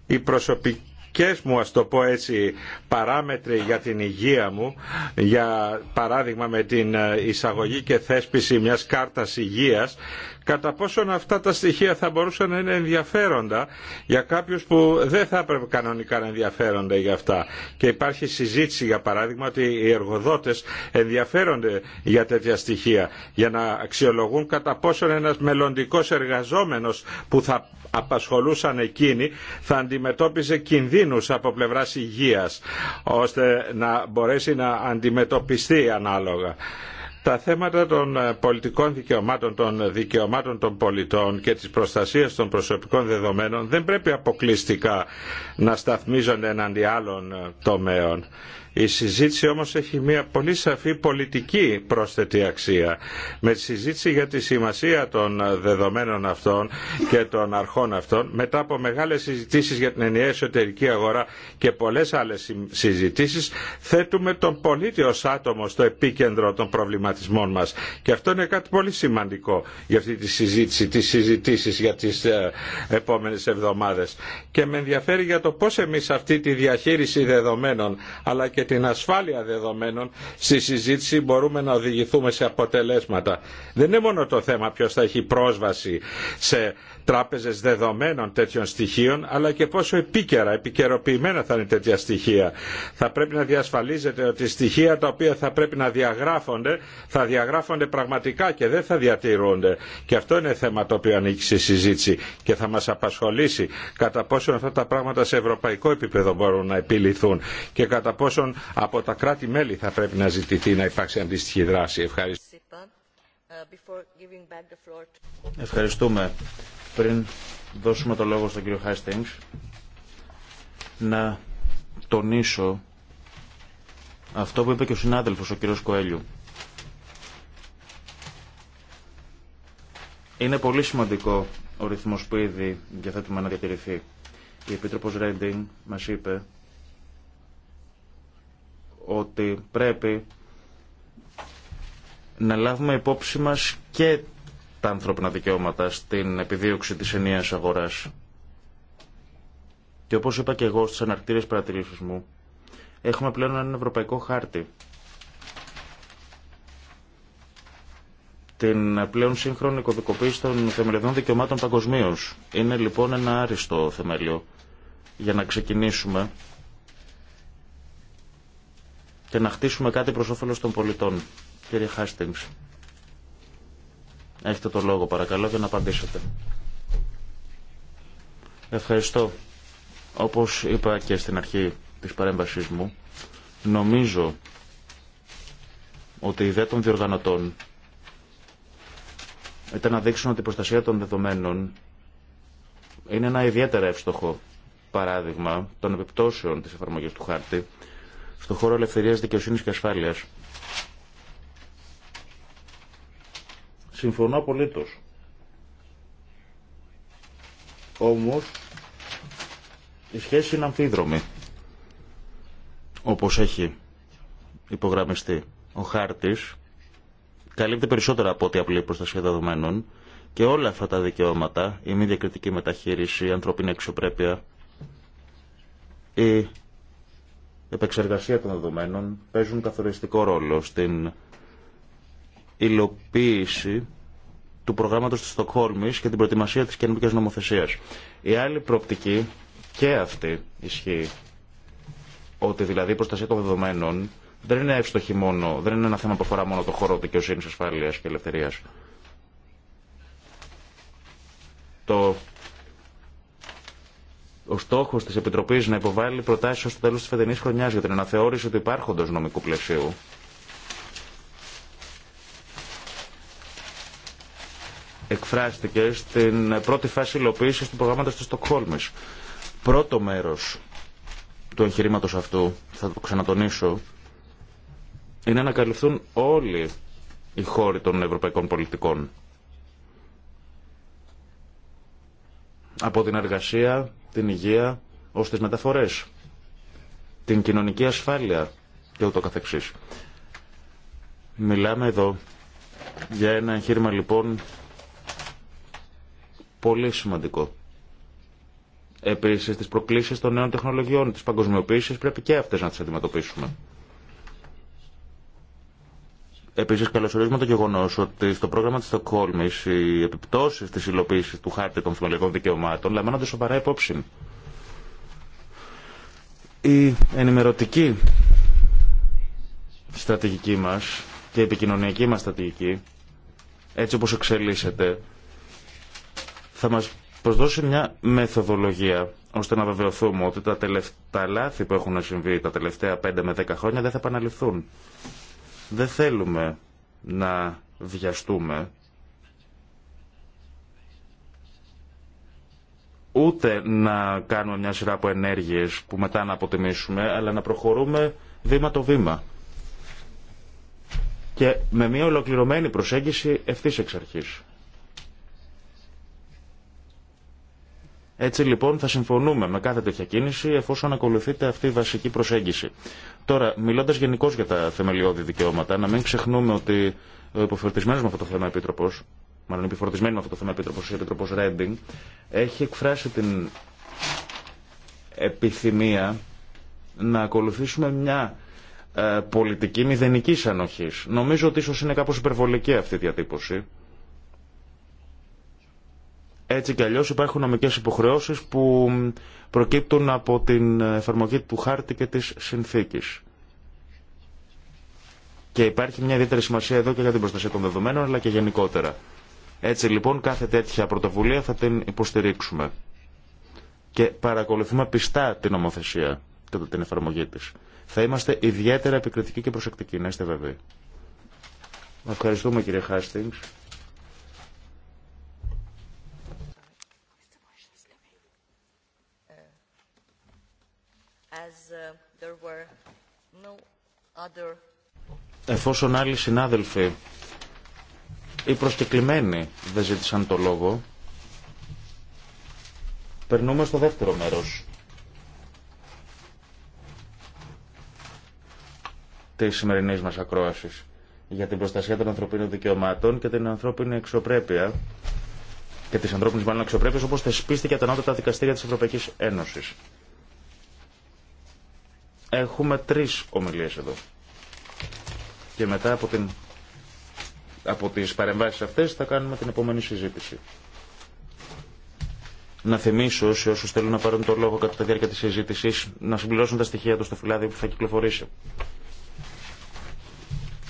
οι προσωπικές μου ας το πω έτσι παράμετροι για την υγεία μου για παράδειγμα με την εισαγωγή και θέσπιση μιας κάρτας υγείας κατά πόσον αυτά τα στοιχεία θα μπορούσαν να είναι ενδιαφέροντα για κάποιους που δεν θα έπρεπε κανονικά να ενδιαφέρονται για αυτά. Και υπάρχει συζήτηση για παράδειγμα ότι οι εργοδότες ενδιαφέρονται για τέτοια στοιχεία για να αξιολογούν κατά πόσον ένας μελλοντικό εργαζόμενος που θα απασχολούσαν εκείνοι θα αντιμετώπιζε κινδύνους από πλευράς υγείας ώστε να μπορέσει να αντιμετωπιστεί ανάλογα τα θέματα των ε, πολιτικών δικαιωμάτων, των δικαιωμάτων των πολιτών και της προστασίας των προσωπικών δεδομένων δεν πρέπει αποκλειστικά να σταθμίζονται εναντί άλλων ε, τομέων. Η συζήτηση όμως έχει μια πολύ σαφή πολιτική πρόσθετη αξία. Με τη συζήτηση για τη σημασία των δεδομένων αυτών και των αρχών αυτών, μετά από μεγάλες συζητήσεις για την ενιαία εσωτερική αγορά και πολλές άλλες συζητήσεις, θέτουμε τον πολίτη ως άτομο στο επίκεντρο των προβληματισμών μας. Και αυτό είναι κάτι πολύ σημαντικό για αυτή τη συζήτηση, τις συζητήσεις για τις ε, επόμενες εβδομάδες. Και με ενδιαφέρει για το πώς εμείς αυτή τη διαχείριση δεδομένων, αλλά και και την ασφάλεια δεδομένων στη συζήτηση μπορούμε να οδηγηθούμε σε αποτελέσματα. Δεν είναι μόνο το θέμα ποιος θα έχει πρόσβαση σε τράπεζες δεδομένων τέτοιων στοιχείων αλλά και πόσο επίκαιρα, επικαιροποιημένα θα είναι τέτοια στοιχεία. Θα πρέπει να διασφαλίζεται ότι στοιχεία τα οποία θα πρέπει να διαγράφονται θα διαγράφονται πραγματικά και δεν θα διατηρούνται. Και αυτό είναι θέμα το οποίο ανήκει στη συζήτηση και θα μας απασχολήσει κατά πόσο αυτά τα πράγματα σε ευρωπαϊκό επίπεδο μπορούν να επιληθούν και κατά πόσον από τα κράτη-μέλη θα πρέπει να ζητηθεί να υπάρξει αντίστοιχη δράση. Ευχαριστώ. Uh, Ευχαριστούμε πριν δώσουμε το λόγο στον κύριο Χάστινγκς να τονίσω αυτό που είπε και ο συνάδελφος ο κύριος Κοέλιου. Είναι πολύ σημαντικό ο ρυθμός που ήδη διαθέτουμε να διατηρηθεί. Η Επίτροπος Ρέντινγκ μας είπε ότι πρέπει να λάβουμε υπόψη μας και τα ανθρώπινα δικαιώματα στην επιδίωξη της ενίας αγοράς. Και όπως είπα και εγώ στις αναρκτήριες παρατηρήσεις μου, έχουμε πλέον έναν ευρωπαϊκό χάρτη. Την πλέον σύγχρονη κωδικοποίηση των θεμελιωδών δικαιωμάτων παγκοσμίω. Είναι λοιπόν ένα άριστο θεμέλιο για να ξεκινήσουμε και να χτίσουμε κάτι προς όφελος των πολιτών. Κύριε Χάστινγκς. Έχετε το λόγο παρακαλώ για να απαντήσετε. Ευχαριστώ. Όπως είπα και στην αρχή της παρέμβασής μου, νομίζω ότι η ιδέα των διοργανωτών ήταν να δείξουν ότι η προστασία των δεδομένων είναι ένα ιδιαίτερα εύστοχο παράδειγμα των επιπτώσεων της εφαρμογής του χάρτη στον χώρο ελευθερίας, δικαιοσύνης και ασφάλειας Συμφωνώ απολύτως. Όμως, η σχέση είναι αμφίδρομη. Όπως έχει υπογραμμιστεί. Ο χάρτης καλύπτει περισσότερα από ό,τι απλή προστασία δεδομένων και όλα αυτά τα δικαιώματα, η μη διακριτική μεταχείριση, η ανθρωπίνη αξιοπρέπεια, η επεξεργασία των δεδομένων παίζουν καθοριστικό ρόλο στην υλοποίηση του προγράμματος της Στοκχόλμης και την προετοιμασία της καινούργιας νομοθεσίας. Η άλλη προοπτική και αυτή ισχύει ότι δηλαδή η προστασία των δεδομένων δεν είναι εύστοχη μόνο, δεν είναι ένα θέμα που αφορά μόνο το χώρο δικαιοσύνη, ασφάλεια και ελευθερία. Το... Ο στόχο τη Επιτροπή να υποβάλει προτάσει ω το τέλο τη φετινή χρονιά για την αναθεώρηση του υπάρχοντο νομικού πλαισίου εκφράστηκε στην πρώτη φάση υλοποίησης του προγράμματος της Στοκχόλμης. Πρώτο μέρος του εγχειρήματο αυτού, θα το ξανατονίσω, είναι να καλυφθούν όλοι οι χώροι των ευρωπαϊκών πολιτικών. Από την εργασία, την υγεία, ως τις μεταφορές, την κοινωνική ασφάλεια και ούτω καθεξής. Μιλάμε εδώ για ένα εγχείρημα λοιπόν Πολύ σημαντικό. Επίση, τι προκλήσει των νέων τεχνολογιών, τη παγκοσμιοποίηση, πρέπει και αυτέ να τι αντιμετωπίσουμε. Επίση, καλωσορίζουμε το γεγονό ότι στο πρόγραμμα τη Στοκχόλμη οι επιπτώσει τη υλοποίηση του χάρτη των θεμελιωδών δικαιωμάτων λαμβάνονται σοβαρά υπόψη. Η ενημερωτική στρατηγική μα και η επικοινωνιακή μα στρατηγική, έτσι όπω εξελίσσεται, θα μας προσδώσει μια μεθοδολογία ώστε να βεβαιωθούμε ότι τα, τα λάθη που έχουν συμβεί τα τελευταία 5 με 10 χρόνια δεν θα επαναληφθούν. Δεν θέλουμε να βιαστούμε ούτε να κάνουμε μια σειρά από ενέργειες που μετά να αποτιμήσουμε, αλλά να προχωρούμε βήμα το βήμα. Και με μια ολοκληρωμένη προσέγγιση ευθύς εξ αρχής. Έτσι λοιπόν θα συμφωνούμε με κάθε τέτοια κίνηση εφόσον ακολουθείται αυτή η βασική προσέγγιση. Τώρα, μιλώντα γενικώ για τα θεμελιώδη δικαιώματα, να μην ξεχνούμε ότι ο υποφορτισμένο με αυτό το θέμα επίτροπο, μάλλον επιφορτισμένο με αυτό το θέμα επίτροπο, ο επίτροπο Ρέντινγκ, έχει εκφράσει την επιθυμία να ακολουθήσουμε μια ε, πολιτική μηδενική ανοχή. Νομίζω ότι ίσω είναι κάπω υπερβολική αυτή η διατύπωση έτσι κι αλλιώς υπάρχουν νομικές υποχρεώσεις που προκύπτουν από την εφαρμογή του χάρτη και της συνθήκης. Και υπάρχει μια ιδιαίτερη σημασία εδώ και για την προστασία των δεδομένων, αλλά και γενικότερα. Έτσι λοιπόν κάθε τέτοια πρωτοβουλία θα την υποστηρίξουμε. Και παρακολουθούμε πιστά την νομοθεσία κατά την εφαρμογή της. Θα είμαστε ιδιαίτερα επικριτικοί και προσεκτικοί, να είστε βέβαιοι. Ευχαριστούμε κύριε Χάστινγκς. Εφόσον άλλοι συνάδελφοι ή προσκεκλημένοι δεν ζήτησαν το λόγο, περνούμε στο δεύτερο μέρος της σημερινής μας ακρόασης για την προστασία των ανθρωπίνων δικαιωμάτων και την ανθρώπινη εξωπρέπεια και τη ανθρώπινη μάλλον εξωπρέπειες όπω θεσπίστηκε από τα δικαστήρια της Ευρωπαϊκής Ένωσης. Έχουμε τρεις ομιλίες εδώ. Και μετά από, την... από τις παρεμβάσεις αυτές θα κάνουμε την επόμενη συζήτηση. Να θυμίσω σε όσους θέλουν να πάρουν το λόγο κατά τη διάρκεια της συζήτησης να συμπληρώσουν τα στοιχεία του στο φυλάδιο που θα κυκλοφορήσει.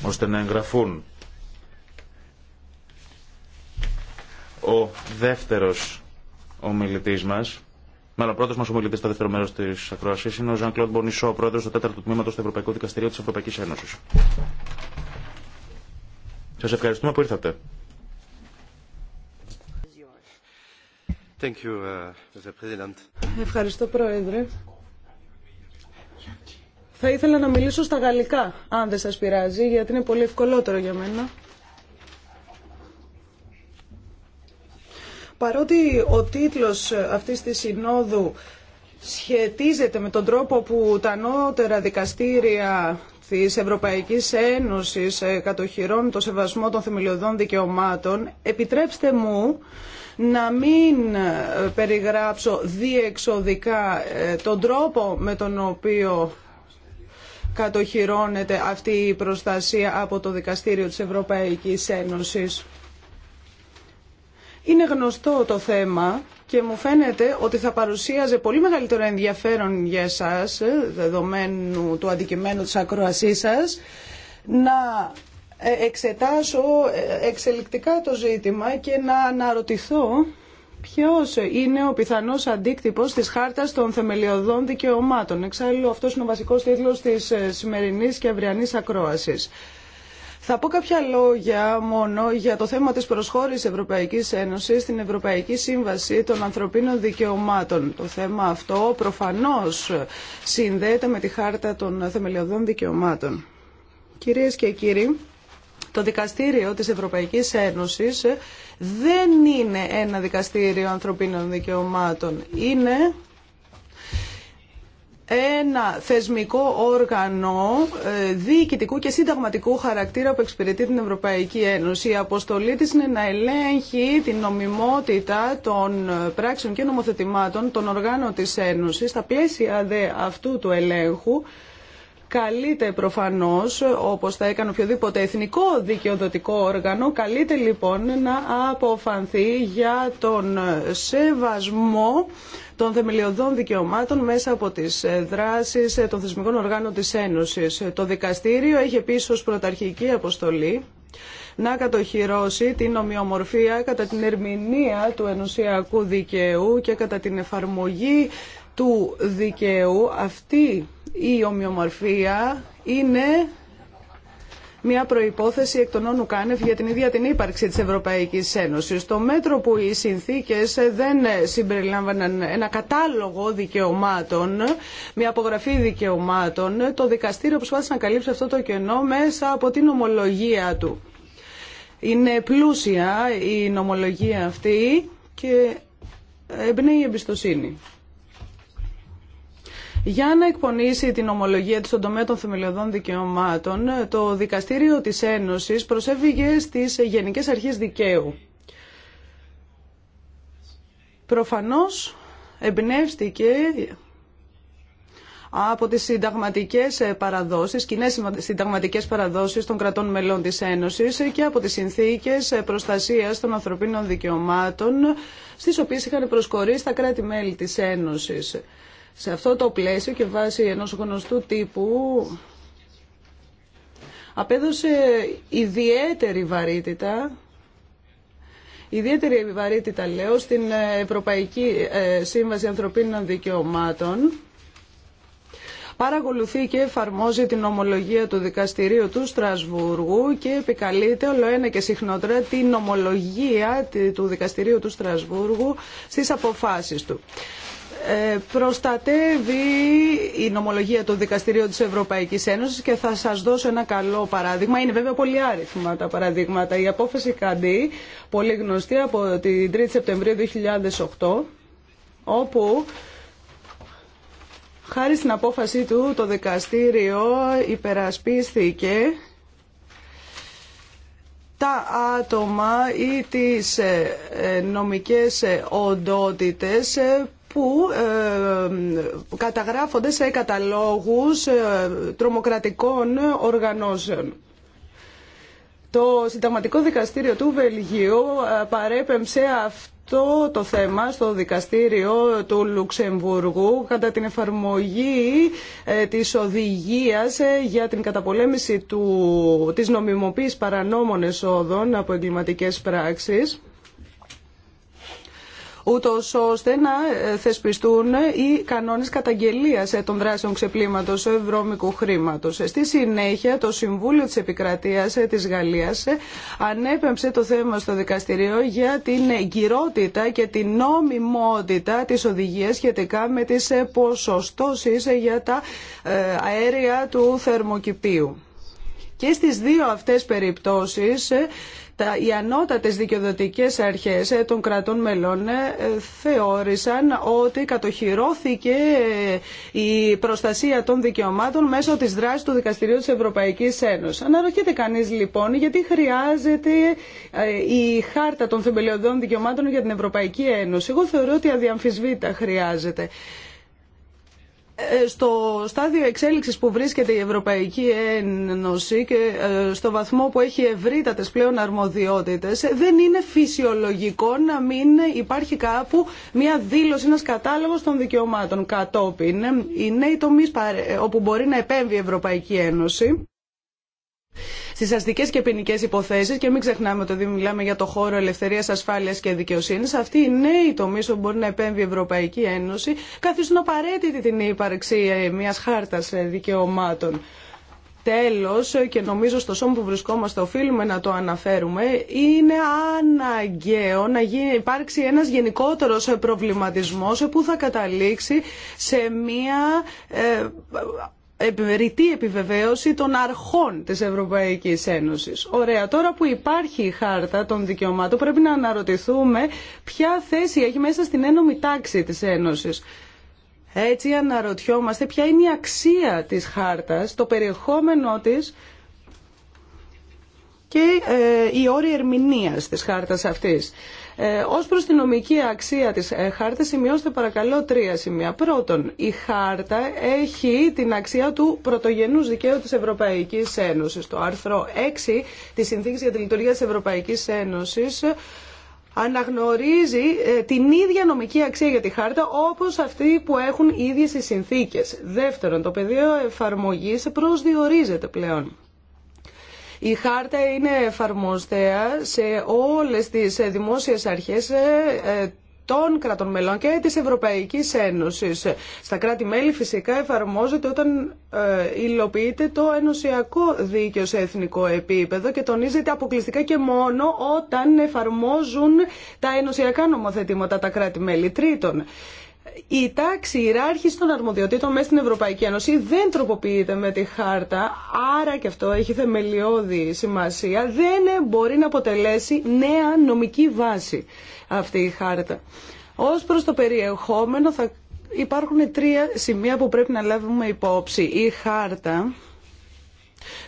Ώστε να εγγραφούν. Ο δεύτερος ομιλητής μας Μάλλον πρώτο μα ομιλητή στο δεύτερο μέρο τη ακροασία είναι ο Ζαν-Κλοντ Μπονισό, πρόεδρο του τέταρτου τμήματο του Ευρωπαϊκού Δικαστηρίου τη Ευρωπαϊκή Ένωση. Σα ευχαριστούμε που ήρθατε. Thank you, uh, Ευχαριστώ, Πρόεδρε. Θα ήθελα να μιλήσω στα γαλλικά, αν δεν σας πειράζει, γιατί είναι πολύ ευκολότερο για μένα. παρότι ο τίτλος αυτής της συνόδου σχετίζεται με τον τρόπο που τα νότερα δικαστήρια της Ευρωπαϊκής Ένωσης ε, κατοχυρώνουν το σεβασμό των θεμελιωδών δικαιωμάτων, επιτρέψτε μου να μην ε, περιγράψω διεξοδικά ε, τον τρόπο με τον οποίο κατοχυρώνεται αυτή η προστασία από το Δικαστήριο της Ευρωπαϊκής Ένωσης. Είναι γνωστό το θέμα και μου φαίνεται ότι θα παρουσίαζε πολύ μεγαλύτερο ενδιαφέρον για εσάς, δεδομένου του αντικειμένου της ακροασής σας, να ε, εξετάσω ε, εξελικτικά το ζήτημα και να αναρωτηθώ ποιος είναι ο πιθανός αντίκτυπος της χάρτας των θεμελιωδών δικαιωμάτων. Εξάλλου αυτός είναι ο βασικός τίτλος της ε, σημερινής και αυριανής ακρόασης. Θα πω κάποια λόγια μόνο για το θέμα της προσχώρησης Ευρωπαϊκής Ένωσης στην Ευρωπαϊκή Σύμβαση των Ανθρωπίνων Δικαιωμάτων. Το θέμα αυτό προφανώς συνδέεται με τη Χάρτα των Θεμελιωδών Δικαιωμάτων. Κυρίες και κύριοι, το δικαστήριο της Ευρωπαϊκής Ένωσης δεν είναι ένα δικαστήριο ανθρωπίνων δικαιωμάτων. Είναι ένα θεσμικό όργανο ε, διοικητικού και συνταγματικού χαρακτήρα που εξυπηρετεί την Ευρωπαϊκή Ένωση. Η αποστολή της είναι να ελέγχει την νομιμότητα των ε, πράξεων και νομοθετημάτων των οργάνων της Ένωσης. Στα πλαίσια δε αυτού του ελέγχου καλείται προφανώς, όπως θα έκανε οποιοδήποτε εθνικό δικαιοδοτικό όργανο, καλείται λοιπόν να αποφανθεί για τον σεβασμό των θεμελιωδών δικαιωμάτων μέσα από τις δράσεις των θεσμικών οργάνων της Ένωσης. Το δικαστήριο έχει επίσης ως πρωταρχική αποστολή να κατοχυρώσει την ομοιομορφία κατά την ερμηνεία του ενωσιακού δικαίου και κατά την εφαρμογή του δικαίου αυτή η ομοιομορφία είναι μια προϋπόθεση εκ των όνου κάνευ για την ίδια την ύπαρξη της Ευρωπαϊκής Ένωσης. Το μέτρο που οι συνθήκες δεν συμπεριλάμβαναν ένα κατάλογο δικαιωμάτων, μια απογραφή δικαιωμάτων, το δικαστήριο προσπάθησε να καλύψει αυτό το κενό μέσα από την ομολογία του. Είναι πλούσια η νομολογία αυτή και εμπνέει η εμπιστοσύνη. Για να εκπονήσει την ομολογία της στον τομέα των θεμελιωδών δικαιωμάτων, το Δικαστήριο της Ένωσης προσέφυγε στις Γενικές Αρχές Δικαίου. Προφανώς εμπνεύστηκε από τις συνταγματικές παραδόσεις, κοινέ συνταγματικές παραδόσεις των κρατών μελών της Ένωσης και από τις συνθήκες προστασίας των ανθρωπίνων δικαιωμάτων στις οποίες είχαν προσκορήσει τα κράτη-μέλη της Ένωσης. Σε αυτό το πλαίσιο και βάσει ενός γνωστού τύπου απέδωσε ιδιαίτερη βαρύτητα ιδιαίτερη βαρύτητα λέω στην Ευρωπαϊκή ε, Σύμβαση Ανθρωπίνων Δικαιωμάτων παρακολουθεί και εφαρμόζει την ομολογία του δικαστηρίου του Στρασβούργου και επικαλείται όλο ένα και συχνότερα την ομολογία του δικαστηρίου του Στρασβούργου στις αποφάσεις του. Ε, προστατεύει η νομολογία των δικαστηρίων της Ευρωπαϊκής Ένωσης και θα σας δώσω ένα καλό παράδειγμα. Είναι βέβαια πολύ άριθμα τα παραδείγματα. Η απόφαση Καντή, πολύ γνωστή από την 3η Σεπτεμβρίου 2008, όπου χάρη στην απόφαση του το δικαστήριο υπερασπίστηκε τα άτομα ή τις ε, ε, νομικές οντότητες που ε, καταγράφονται σε καταλόγους ε, τρομοκρατικών οργανώσεων. Το Συνταγματικό Δικαστήριο του Βελγίου ε, παρέπεμψε αυτό το θέμα στο Δικαστήριο του Λουξεμβούργου κατά την εφαρμογή της οδηγίας για την καταπολέμηση του, της νομιμοποίησης παρανόμων εσόδων από εγκληματικές πράξεις ούτως ώστε να ε, θεσπιστούν ε, οι κανόνε καταγγελία ε, των δράσεων ξεπλήματος βρώμικου χρήματο. Στη συνέχεια το Συμβούλιο τη Επικρατεία της Γαλλία ανέπεμψε το θέμα στο δικαστηρίο για την εγκυρότητα και την νόμιμότητα της οδηγία σχετικά με τι ποσοστώσει για τα αέρια του θερμοκηπίου. Και στις δύο αυτές περιπτώσεις τα, οι ανώτατες δικαιοδοτικές αρχές ε, των κρατών μελών ε, θεώρησαν ότι κατοχυρώθηκε ε, η προστασία των δικαιωμάτων μέσω της δράσης του Δικαστηρίου της Ευρωπαϊκής Ένωσης. Αναρωτιέται κανείς λοιπόν γιατί χρειάζεται η χάρτα των θεμελιωδών δικαιωμάτων για την Ευρωπαϊκή Ένωση. Εγώ θεωρώ ότι αδιαμφισβήτητα χρειάζεται. Ε, στο στάδιο εξέλιξης που βρίσκεται η Ευρωπαϊκή Ένωση και ε, στο βαθμό που έχει ευρύτατες πλέον αρμοδιότητες δεν είναι φυσιολογικό να μην υπάρχει κάπου μια δήλωση, ένας κατάλογος των δικαιωμάτων κατόπιν. Είναι οι τομείς όπου μπορεί να επέμβει η Ευρωπαϊκή Ένωση στι αστικέ και ποινικέ υποθέσει και μην ξεχνάμε ότι μιλάμε για το χώρο ελευθερία, ασφάλεια και δικαιοσύνη. Αυτοί οι νέοι τομεί όπου μπορεί να επέμβει η Ευρωπαϊκή Ένωση καθίσουν απαραίτητη την ύπαρξη ε, μια χάρτα ε, δικαιωμάτων. Τέλος, ε, και νομίζω στο σώμα που βρισκόμαστε οφείλουμε να το αναφέρουμε, είναι αναγκαίο να υπάρξει ένας γενικότερος προβληματισμός που θα καταλήξει σε μία ρητή επιβεβαίωση των αρχών της Ευρωπαϊκής Ένωσης. Ωραία, τώρα που υπάρχει η χάρτα των δικαιωμάτων πρέπει να αναρωτηθούμε ποια θέση έχει μέσα στην ένωμη τάξη της Ένωσης. Έτσι αναρωτιόμαστε ποια είναι η αξία της χάρτας, το περιεχόμενό της και ε, η όρη ερμηνείας της χάρτας αυτής. Ε, Ω προς την νομική αξία της ε, χάρτας σημειώστε παρακαλώ τρία σημεία. Πρώτον, η χάρτα έχει την αξία του πρωτογενούς δικαίου της Ευρωπαϊκής Ένωσης. Το άρθρο 6 της Συνθήκης για τη Λειτουργία τη Ευρωπαϊκής Ένωση ε, αναγνωρίζει την ίδια νομική αξία για τη χάρτα όπως αυτή που έχουν οι ίδιες οι συνθήκες. Δεύτερον, το πεδίο εφαρμογής προσδιορίζεται πλέον. Η χάρτα είναι εφαρμοστέα σε όλες τις δημόσιες αρχές ε, ε, των κρατών μελών και της Ευρωπαϊκής Ένωσης. Στα κράτη-μέλη φυσικά εφαρμόζεται όταν ε, υλοποιείται το ενωσιακό δίκαιο σε εθνικό επίπεδο και τονίζεται αποκλειστικά και μόνο όταν εφαρμόζουν τα ενωσιακά νομοθετήματα τα κράτη-μέλη. τρίτων η τάξη ιεράρχηση των αρμοδιοτήτων μέσα στην Ευρωπαϊκή Ένωση δεν τροποποιείται με τη χάρτα, άρα και αυτό έχει θεμελιώδη σημασία, δεν μπορεί να αποτελέσει νέα νομική βάση αυτή η χάρτα. Ως προς το περιεχόμενο θα υπάρχουν τρία σημεία που πρέπει να λάβουμε υπόψη. Η χάρτα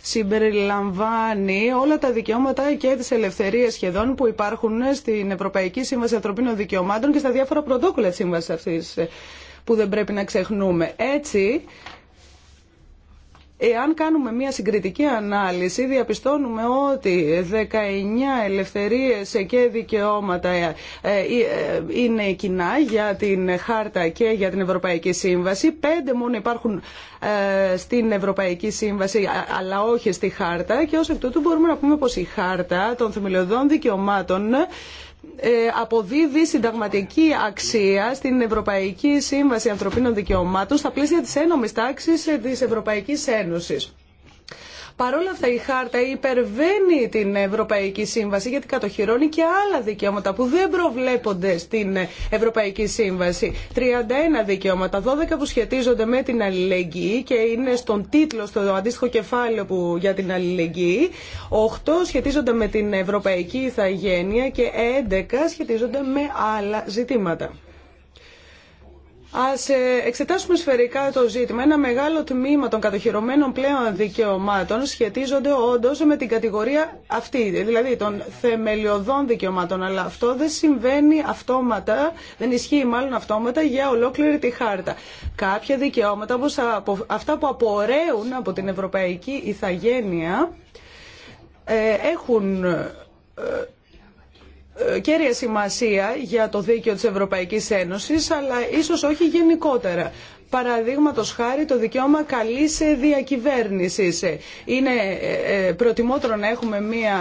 συμπεριλαμβάνει όλα τα δικαιώματα και τις ελευθερίες σχεδόν που υπάρχουν στην Ευρωπαϊκή Σύμβαση Ανθρωπίνων Δικαιωμάτων και στα διάφορα πρωτόκολλα της σύμβασης αυτής που δεν πρέπει να ξεχνούμε. Έτσι, Εάν κάνουμε μια συγκριτική ανάλυση, διαπιστώνουμε ότι 19 ελευθερίες και δικαιώματα ε, ε, είναι κοινά για την Χάρτα και για την Ευρωπαϊκή Σύμβαση. Πέντε μόνο υπάρχουν ε, στην Ευρωπαϊκή Σύμβαση, αλλά όχι στη Χάρτα. Και ως εκ τούτου μπορούμε να πούμε πως η Χάρτα των Θεμελιωδών Δικαιωμάτων ε, αποδίδει συνταγματική αξία στην Ευρωπαϊκή Σύμβαση Ανθρωπίνων Δικαιωμάτων στα πλαίσια της ένομης τάξης ε, της Ευρωπαϊκής Ένωσης. Παρόλα αυτά η χάρτα υπερβαίνει την Ευρωπαϊκή Σύμβαση γιατί κατοχυρώνει και άλλα δικαιώματα που δεν προβλέπονται στην Ευρωπαϊκή Σύμβαση. 31 δικαιώματα, 12 που σχετίζονται με την αλληλεγγύη και είναι στον τίτλο, στο αντίστοιχο κεφάλαιο που, για την αλληλεγγύη. 8 σχετίζονται με την Ευρωπαϊκή Ιθαγένεια και 11 σχετίζονται με άλλα ζητήματα. Α ε, εξετάσουμε σφαιρικά το ζήτημα. Ένα μεγάλο τμήμα των κατοχυρωμένων πλέον δικαιωμάτων σχετίζονται όντω με την κατηγορία αυτή, δηλαδή των θεμελιωδών δικαιωμάτων. Αλλά αυτό δεν συμβαίνει αυτόματα, δεν ισχύει μάλλον αυτόματα για ολόκληρη τη χάρτα. Κάποια δικαιώματα, όπως αυτά που απορρέουν από την ευρωπαϊκή ηθαγένεια, ε, έχουν ε, ε, κέρια σημασία για το δίκαιο της Ευρωπαϊκής Ένωσης, αλλά ίσως όχι γενικότερα. Παραδείγματο χάρη το δικαίωμα καλή διακυβέρνηση. Είναι ε, ε, προτιμότερο να έχουμε μια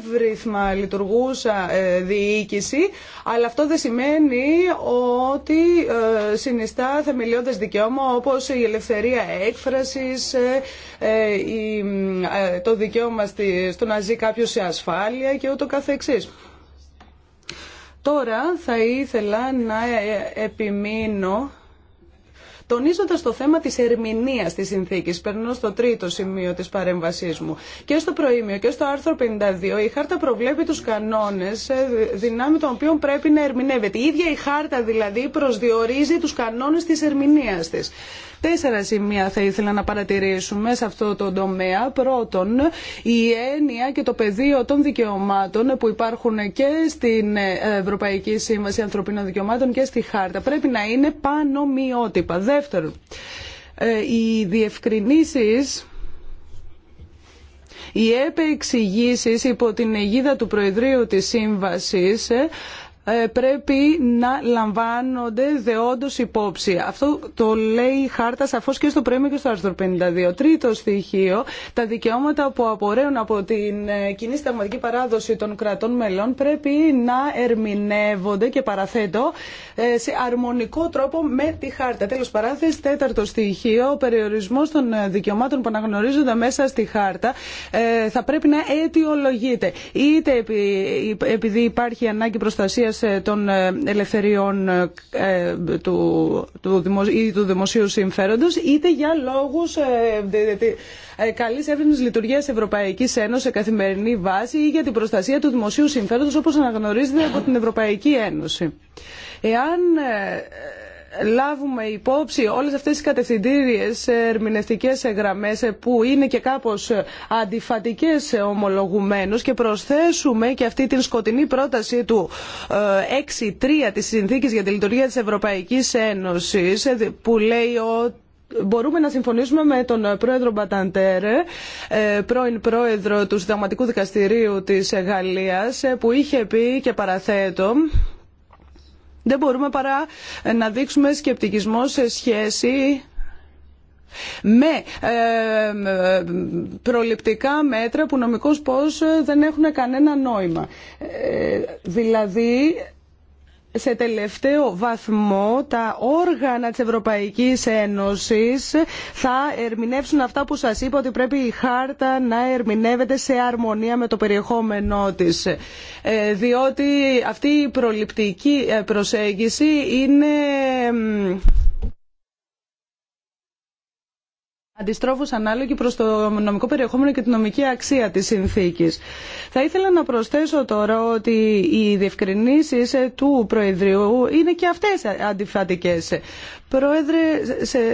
εύρυθμα λειτουργούσα διοίκηση, αλλά αυτό δεν σημαίνει ότι συνιστά θεμελιώδες δικαίωμα όπως η ελευθερία έκφρασης, το δικαίωμα στο να ζει κάποιο σε ασφάλεια και ούτω καθεξής. Τώρα θα ήθελα να επιμείνω τονίζοντα το θέμα τη ερμηνεία τη συνθήκη. Περνώ στο τρίτο σημείο τη παρέμβασή μου. Και στο προήμιο και στο άρθρο 52 η χάρτα προβλέπει του κανόνε ε, δυνάμει των οποίων πρέπει να ερμηνεύεται. Η ίδια η χάρτα δηλαδή προσδιορίζει του κανόνε τη ερμηνεία τη. Τέσσερα σημεία θα ήθελα να παρατηρήσουμε σε αυτό το τομέα. Πρώτον, η έννοια και το πεδίο των δικαιωμάτων που υπάρχουν και στην Ευρωπαϊκή Σύμβαση Ανθρωπίνων Δικαιωμάτων και στη Χάρτα πρέπει να είναι πάνω μοιότυπα. Δεύτερον, ε, οι διευκρινήσεις οι επεξηγήσεις υπό την αιγίδα του Προεδρείου της Σύμβασης ε, ε, πρέπει να λαμβάνονται δεόντως υπόψη. Αυτό το λέει η χάρτα σαφώς και στο πρέμιο και στο άρθρο 52. Τρίτο στοιχείο, τα δικαιώματα που απορρέουν από την ε, κοινή σταγματική παράδοση των κρατών μελών πρέπει να ερμηνεύονται και παραθέτω ε, σε αρμονικό τρόπο με τη χάρτα. Τέλος παράθεση, τέταρτο στοιχείο, ο περιορισμός των δικαιωμάτων που αναγνωρίζονται μέσα στη χάρτα θα πρέπει να αιτιολογείται. Είτε επειδή υπάρχει ανάγκη προστασίας ε, των ε, ελευθεριών ε, του, ή του δημοσίου συμφέροντος, είτε για λόγους καλής εύρυνης λειτουργίας Ευρωπαϊκής Ένωσης σε καθημερινή βάση ή για την προστασία του δημοσίου συμφέροντος όπως αναγνωρίζεται από την Ευρωπαϊκή Ένωση. Εάν λάβουμε υπόψη όλες αυτές τις κατευθυντήριες ερμηνευτικές γραμμές που είναι και κάπως αντιφατικές ομολογουμένως και προσθέσουμε και αυτή την σκοτεινή πρόταση του 6.3 ε, της Συνθήκης για τη Λειτουργία της Ευρωπαϊκής Ένωσης ε, που λέει ότι Μπορούμε να συμφωνήσουμε με τον πρόεδρο Μπαταντέρε ε, πρώην πρόεδρο του Συνταγματικού Δικαστηρίου της Γαλλίας, που είχε πει και παραθέτω δεν μπορούμε παρά να δείξουμε σκεπτικισμό σε σχέση με ε, προληπτικά μέτρα που νομικώς πώς δεν έχουν κανένα νόημα. Ε, δηλαδή σε τελευταίο βαθμό τα όργανα της Ευρωπαϊκής Ένωσης θα ερμηνεύσουν αυτά που σας είπα ότι πρέπει η χάρτα να ερμηνεύεται σε αρμονία με το περιεχόμενό της. Ε, διότι αυτή η προληπτική ε, προσέγγιση είναι αντιστρόφω ανάλογη προ το νομικό περιεχόμενο και την νομική αξία τη συνθήκη. Θα ήθελα να προσθέσω τώρα ότι οι διευκρινήσει του Προεδριού είναι και αυτέ αντιφατικέ. Πρόεδρε,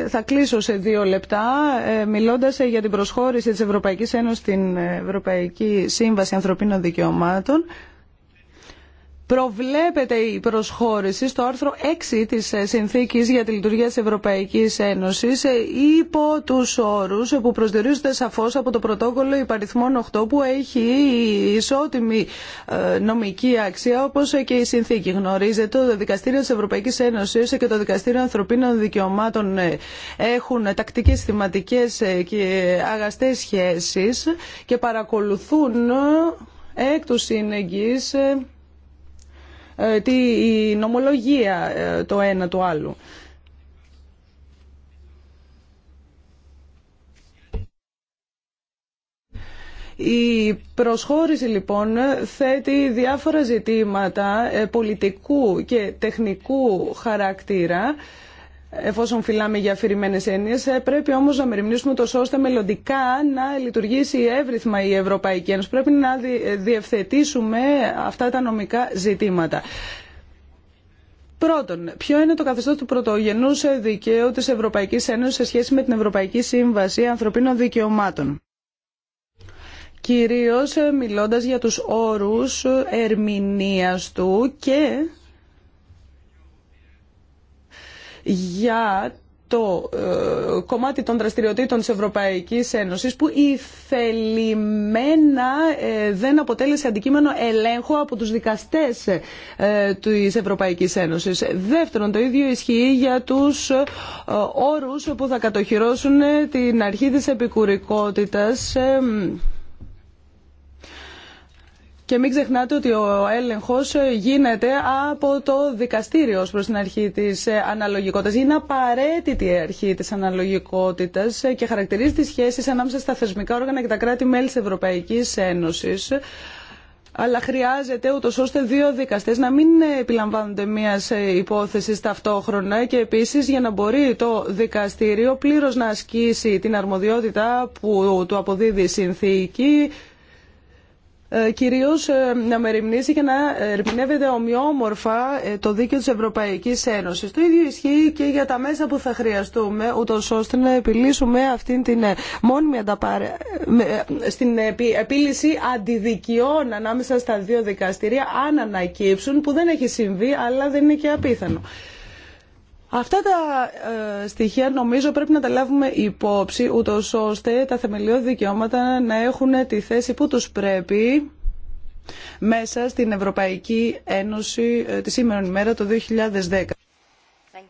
θα κλείσω σε δύο λεπτά ε, μιλώντα για την προσχώρηση τη Ευρωπαϊκή Ένωση στην Ευρωπαϊκή Σύμβαση Ανθρωπίνων Δικαιωμάτων προβλέπεται η προσχώρηση στο άρθρο 6 της ε, Συνθήκης για τη Λειτουργία της Ευρωπαϊκής Ένωσης ε, υπό τους όρους που προσδιορίζονται σαφώς από το πρωτόκολλο υπαριθμών 8 που έχει ισότιμη ε, νομική αξία όπως και η Συνθήκη. Γνωρίζετε το Δικαστήριο της Ευρωπαϊκής Ένωσης και το Δικαστήριο Ανθρωπίνων Δικαιωμάτων έχουν τακτικές θυματικές και αγαστές σχέσεις και παρακολουθούν εκ του συνεγγύης ε, η νομολογία ε, το ένα του άλλου. Η προσχώρηση λοιπόν θέτει διάφορα ζητήματα ε, πολιτικού και τεχνικού χαρακτήρα εφόσον φυλάμε για αφηρημένε έννοιε. Ε, πρέπει όμω να μεριμνήσουμε τόσο ώστε μελλοντικά να λειτουργήσει εύρυθμα η Ευρωπαϊκή Ένωση. Πρέπει να ε, διευθετήσουμε αυτά τα νομικά ζητήματα. Πρώτον, ποιο είναι το καθεστώ του πρωτογενού δικαίου τη Ευρωπαϊκή Ένωση σε σχέση με την Ευρωπαϊκή Σύμβαση Ανθρωπίνων Δικαιωμάτων. Κυρίως ε, μιλώντας για τους όρους ερμηνείας του και για το ε, κομμάτι των δραστηριοτήτων της Ευρωπαϊκής Ένωσης που ηθελημένα ε, δεν αποτέλεσε αντικείμενο ελέγχου από τους δικαστές ε, της Ευρωπαϊκής Ένωσης. Δεύτερον, το ίδιο ισχύει για τους ε, όρους που θα κατοχυρώσουν την αρχή της επικουρικότητας και μην ξεχνάτε ότι ο έλεγχος γίνεται από το δικαστήριο ως προς την αρχή της αναλογικότητας. Είναι απαραίτητη η αρχή της αναλογικότητας και χαρακτηρίζει τις σχέσεις ανάμεσα στα θεσμικά όργανα και τα κράτη-μέλη της Ευρωπαϊκής Ένωσης αλλά χρειάζεται ούτω ώστε δύο δικαστέ να μην επιλαμβάνονται μια υπόθεση ταυτόχρονα και επίση για να μπορεί το δικαστήριο πλήρω να ασκήσει την αρμοδιότητα που του αποδίδει η συνθήκη ε, κυρίως ε, να μεριμνήσει και να ε, ερμηνεύεται ομοιόμορφα το δίκαιο της Ευρωπαϊκής Ένωσης. Το ίδιο ισχύει και για τα μέσα που θα χρειαστούμε, ούτω ώστε να επιλύσουμε αυτήν την μόνιμη ανταπάρε... στην επίλυση αντιδικιών ανάμεσα στα δύο δικαστήρια, αν ανακύψουν, που δεν έχει συμβεί, αλλά δεν είναι και απίθανο. Αυτά τα ε, στοιχεία νομίζω πρέπει να τα λάβουμε υπόψη, ούτω ώστε τα θεμελιώδη δικαιώματα να έχουν τη θέση που τους πρέπει μέσα στην Ευρωπαϊκή Ένωση ε, τη σήμερα ημέρα το 2010. Um,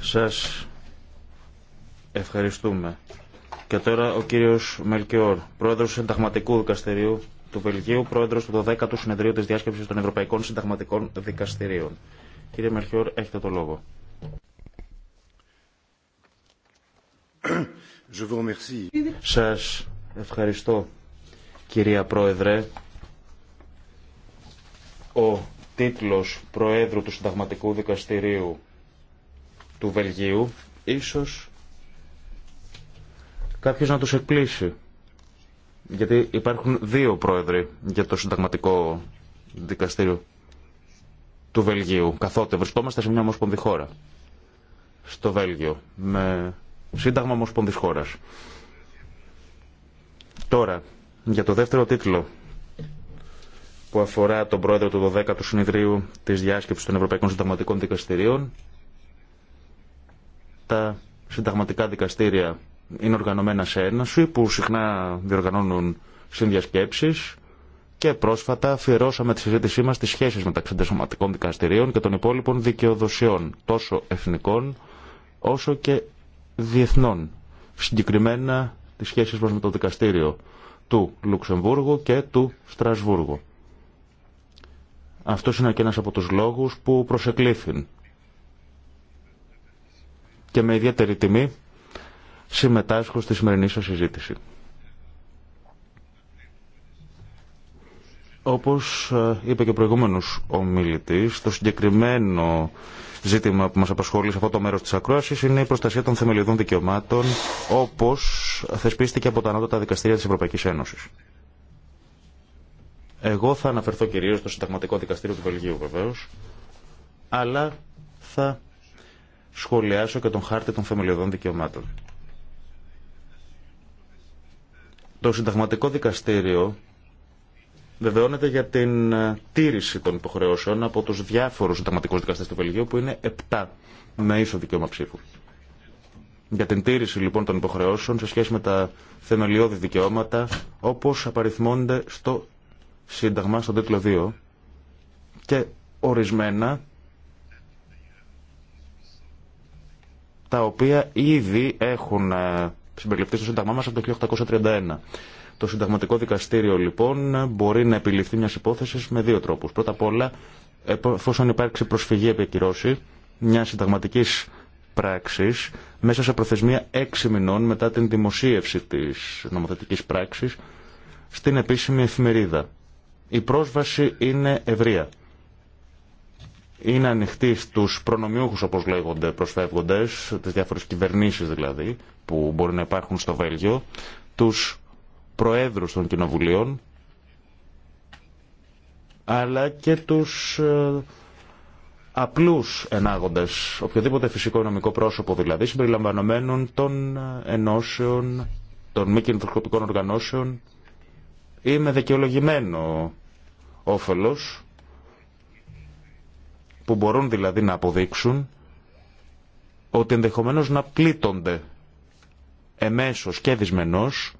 Σας ευχαριστούμε. Και τώρα ο κύριος Μελκιόρ, πρόεδρος του Συνταγματικού Δικαστηρίου του Βελγίου, πρόεδρος του 12ου Συνεδρίου της Διάσκεψης των Ευρωπαϊκών Συνταγματικών Δικαστηρίων. Κύριε Μελχιόρ, έχετε το λόγο. Σας ευχαριστώ, κυρία Πρόεδρε. Ο τίτλος Προέδρου του Συνταγματικού Δικαστηρίου του Βελγίου ίσως κάποιος να τους εκπλήσει. Γιατί υπάρχουν δύο πρόεδροι για το Συνταγματικό Δικαστήριο του Βελγίου, καθότε βρισκόμαστε σε μια ομοσπονδή χώρα. Στο Βέλγιο, με σύνταγμα ομοσπονδή χώρα. Τώρα, για το δεύτερο τίτλο που αφορά τον πρόεδρο του 12ου Συνεδρίου της Διάσκεψης των Ευρωπαϊκών Συνταγματικών Δικαστηρίων, τα συνταγματικά δικαστήρια είναι οργανωμένα σε ένα που συχνά διοργανώνουν συνδιασκέψεις, και πρόσφατα αφιερώσαμε τη συζήτησή μα στις σχέσεις μεταξύ των σωματικών δικαστηρίων και των υπόλοιπων δικαιοδοσιών, τόσο εθνικών όσο και διεθνών. Συγκεκριμένα τις σχέσεις μας με το δικαστήριο του Λουξεμβούργου και του Στρασβούργου. Αυτό είναι και ένα από τους λόγους που προσεκλήθην και με ιδιαίτερη τιμή συμμετάσχω στη σημερινή σας συζήτηση. Όπως ε, είπε και ο προηγούμενος ομιλητής, το συγκεκριμένο ζήτημα που μας απασχολεί σε αυτό το μέρος της ακρόασης είναι η προστασία των θεμελιωδών δικαιωμάτων όπως θεσπίστηκε από τα ανώτατα δικαστήρια της Ευρωπαϊκής Ένωσης. Εγώ θα αναφερθώ κυρίως στο Συνταγματικό Δικαστήριο του Βελγίου βεβαίως, αλλά θα σχολιάσω και τον χάρτη των θεμελιωδών δικαιωμάτων. Το Συνταγματικό Δικαστήριο βεβαιώνεται για την ε, τήρηση των υποχρεώσεων από τους διάφορους συνταγματικούς δικαστές του Βελγίου που είναι 7 με ίσο δικαίωμα ψήφου. Για την τήρηση λοιπόν των υποχρεώσεων σε σχέση με τα θεμελιώδη δικαιώματα όπως απαριθμώνται στο Σύνταγμα, στον τίτλο 2 και ορισμένα τα οποία ήδη έχουν ε, συμπεριληφθεί στο Σύνταγμά μας από το 1831. Το συνταγματικό δικαστήριο λοιπόν μπορεί να επιληφθεί μια υπόθεση με δύο τρόπου. Πρώτα απ' όλα, εφόσον υπάρξει προσφυγή επικυρώση μια συνταγματική πράξη μέσα σε προθεσμία έξι μηνών μετά την δημοσίευση τη νομοθετική πράξη στην επίσημη εφημερίδα. Η πρόσβαση είναι ευρεία είναι ανοιχτή στου προνομιούχου, όπω λέγονται, προσφεύγοντε, τι διάφορε κυβερνήσει δηλαδή, που μπορεί να υπάρχουν στο Βέλγιο, του προέδρους των κοινοβουλίων αλλά και τους ε, απλούς ενάγοντες, οποιοδήποτε φυσικό νομικό πρόσωπο δηλαδή, συμπεριλαμβανομένων των ε, ενώσεων, των μη κοινωνικοπικών οργανώσεων ή με δικαιολογημένο όφελος, που μπορούν δηλαδή να αποδείξουν ότι ενδεχομένως να πλήττονται εμέσως και δυσμενώς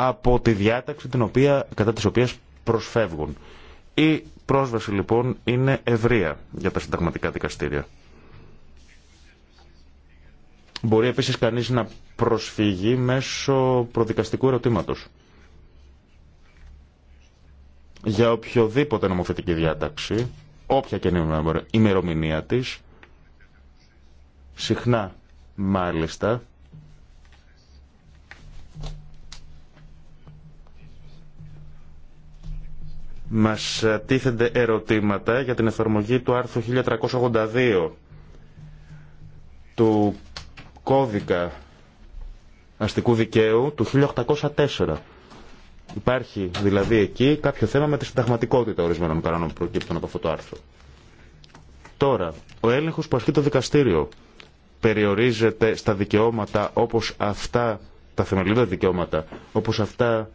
από τη διάταξη την οποία, κατά της οποίας προσφεύγουν. Η πρόσβαση λοιπόν είναι ευρεία για τα συνταγματικά δικαστήρια. Μπορεί επίσης κανείς να προσφύγει μέσω προδικαστικού ερωτήματος για οποιοδήποτε νομοθετική διάταξη, όποια και είναι η ημερομηνία της, συχνά μάλιστα Μας τίθενται ερωτήματα για την εφαρμογή του άρθρου 1382 του κώδικα αστικού δικαίου του 1804. Υπάρχει δηλαδή εκεί κάποιο θέμα με τη συνταγματικότητα ορισμένων κανόνων που προκύπτουν από αυτό το άρθρο. Τώρα, ο έλεγχος που ασκεί το δικαστήριο περιορίζεται στα δικαιώματα όπως αυτά, τα θεμελιώδη δικαιώματα, όπως αυτά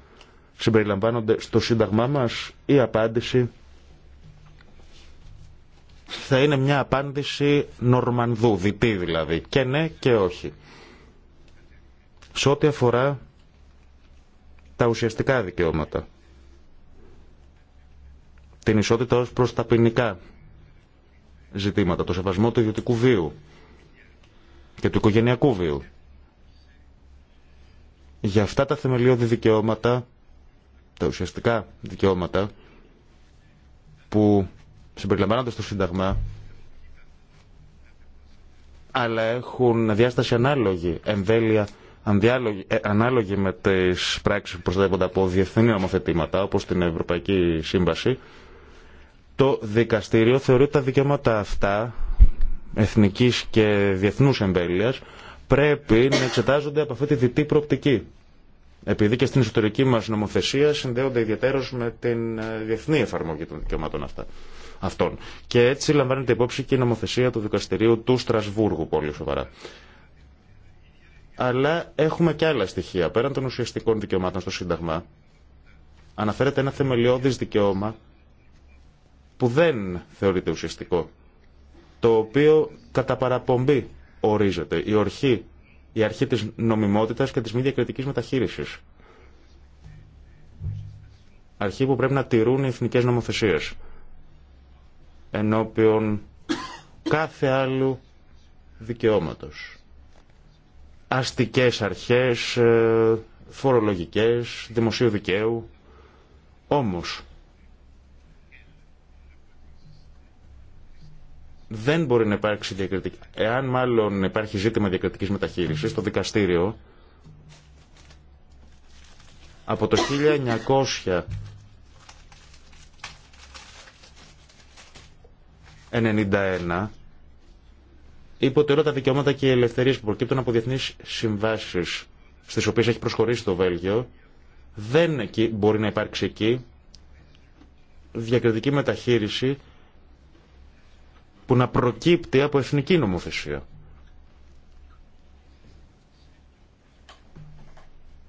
συμπεριλαμβάνονται στο Σύνταγμά μας η απάντηση θα είναι μια απάντηση νορμανδού, διτή δηλαδή, και ναι και όχι. Σε ό,τι αφορά τα ουσιαστικά δικαιώματα, την ισότητα ως προς τα ποινικά ζητήματα, το σεβασμό του ιδιωτικού βίου και του οικογενειακού βίου. Για αυτά τα θεμελιώδη δικαιώματα τα ουσιαστικά δικαιώματα που συμπεριλαμβάνονται στο Σύνταγμα αλλά έχουν διάσταση ανάλογη, εμβέλεια ε, ανάλογη με τις πράξεις που προστατεύονται από διεθνή νομοθετήματα όπως την Ευρωπαϊκή Σύμβαση το δικαστήριο θεωρεί ότι τα δικαιώματα αυτά εθνικής και διεθνούς εμβέλειας πρέπει να εξετάζονται από αυτή τη διτή προοπτική επειδή και στην εσωτερική μας νομοθεσία συνδέονται ιδιαίτερως με την ε, διεθνή εφαρμογή των δικαιωμάτων αυτά. Αυτών. Και έτσι λαμβάνεται υπόψη και η νομοθεσία του δικαστηρίου του Στρασβούργου πολύ σοβαρά. Αλλά έχουμε και άλλα στοιχεία. Πέραν των ουσιαστικών δικαιωμάτων στο Σύνταγμα, αναφέρεται ένα θεμελιώδης δικαιώμα που δεν θεωρείται ουσιαστικό, το οποίο κατά παραπομπή ορίζεται. Η ορχή η αρχή της νομιμότητας και της μη διακριτικής μεταχείρισης. Αρχή που πρέπει να τηρούν οι εθνικές νομοθεσίες ενώπιον κάθε άλλου δικαιώματος. Αστικές αρχές, ε, φορολογικές, δημοσίου δικαίου. Όμως, δεν μπορεί να υπάρξει διακριτική. Εάν μάλλον υπάρχει ζήτημα διακριτική μεταχείρισης, το δικαστήριο από το 1991 είπε ότι όλα τα δικαιώματα και οι ελευθερίες που προκύπτουν από διεθνείς συμβάσεις στις οποίες έχει προσχωρήσει το Βέλγιο δεν μπορεί να υπάρξει εκεί διακριτική μεταχείριση που να προκύπτει από εθνική νομοθεσία.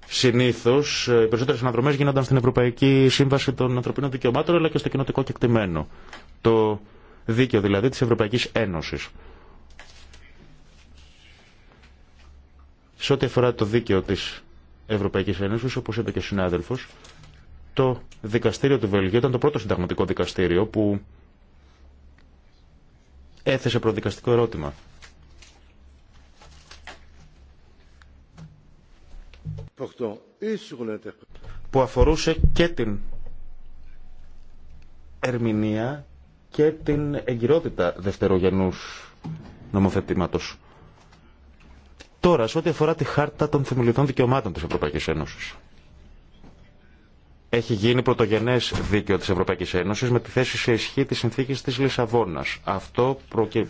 Συνήθω ε, οι περισσότερε αναδρομέ γίνονταν στην Ευρωπαϊκή Σύμβαση των Ανθρωπίνων Δικαιωμάτων αλλά και στο κοινοτικό κεκτημένο. Το δίκαιο δηλαδή τη Ευρωπαϊκή Ένωση. Σε ό,τι αφορά το δίκαιο τη Ευρωπαϊκή Ένωση, όπω είπε και ο συνάδελφο, το δικαστήριο του Βελγίου ήταν το πρώτο συνταγματικό δικαστήριο που έθεσε προδικαστικό ερώτημα. που αφορούσε και την ερμηνεία και την εγκυρότητα δευτερογενού νομοθετήματος. Τώρα, σε ό,τι αφορά τη χάρτα των θεμελιωδών δικαιωμάτων της Ευρωπαϊκής Ένωσης έχει γίνει πρωτογενέ δίκαιο τη Ευρωπαϊκή Ένωση με τη θέση σε ισχύ τη συνθήκη τη Λισαβόνα. Αυτό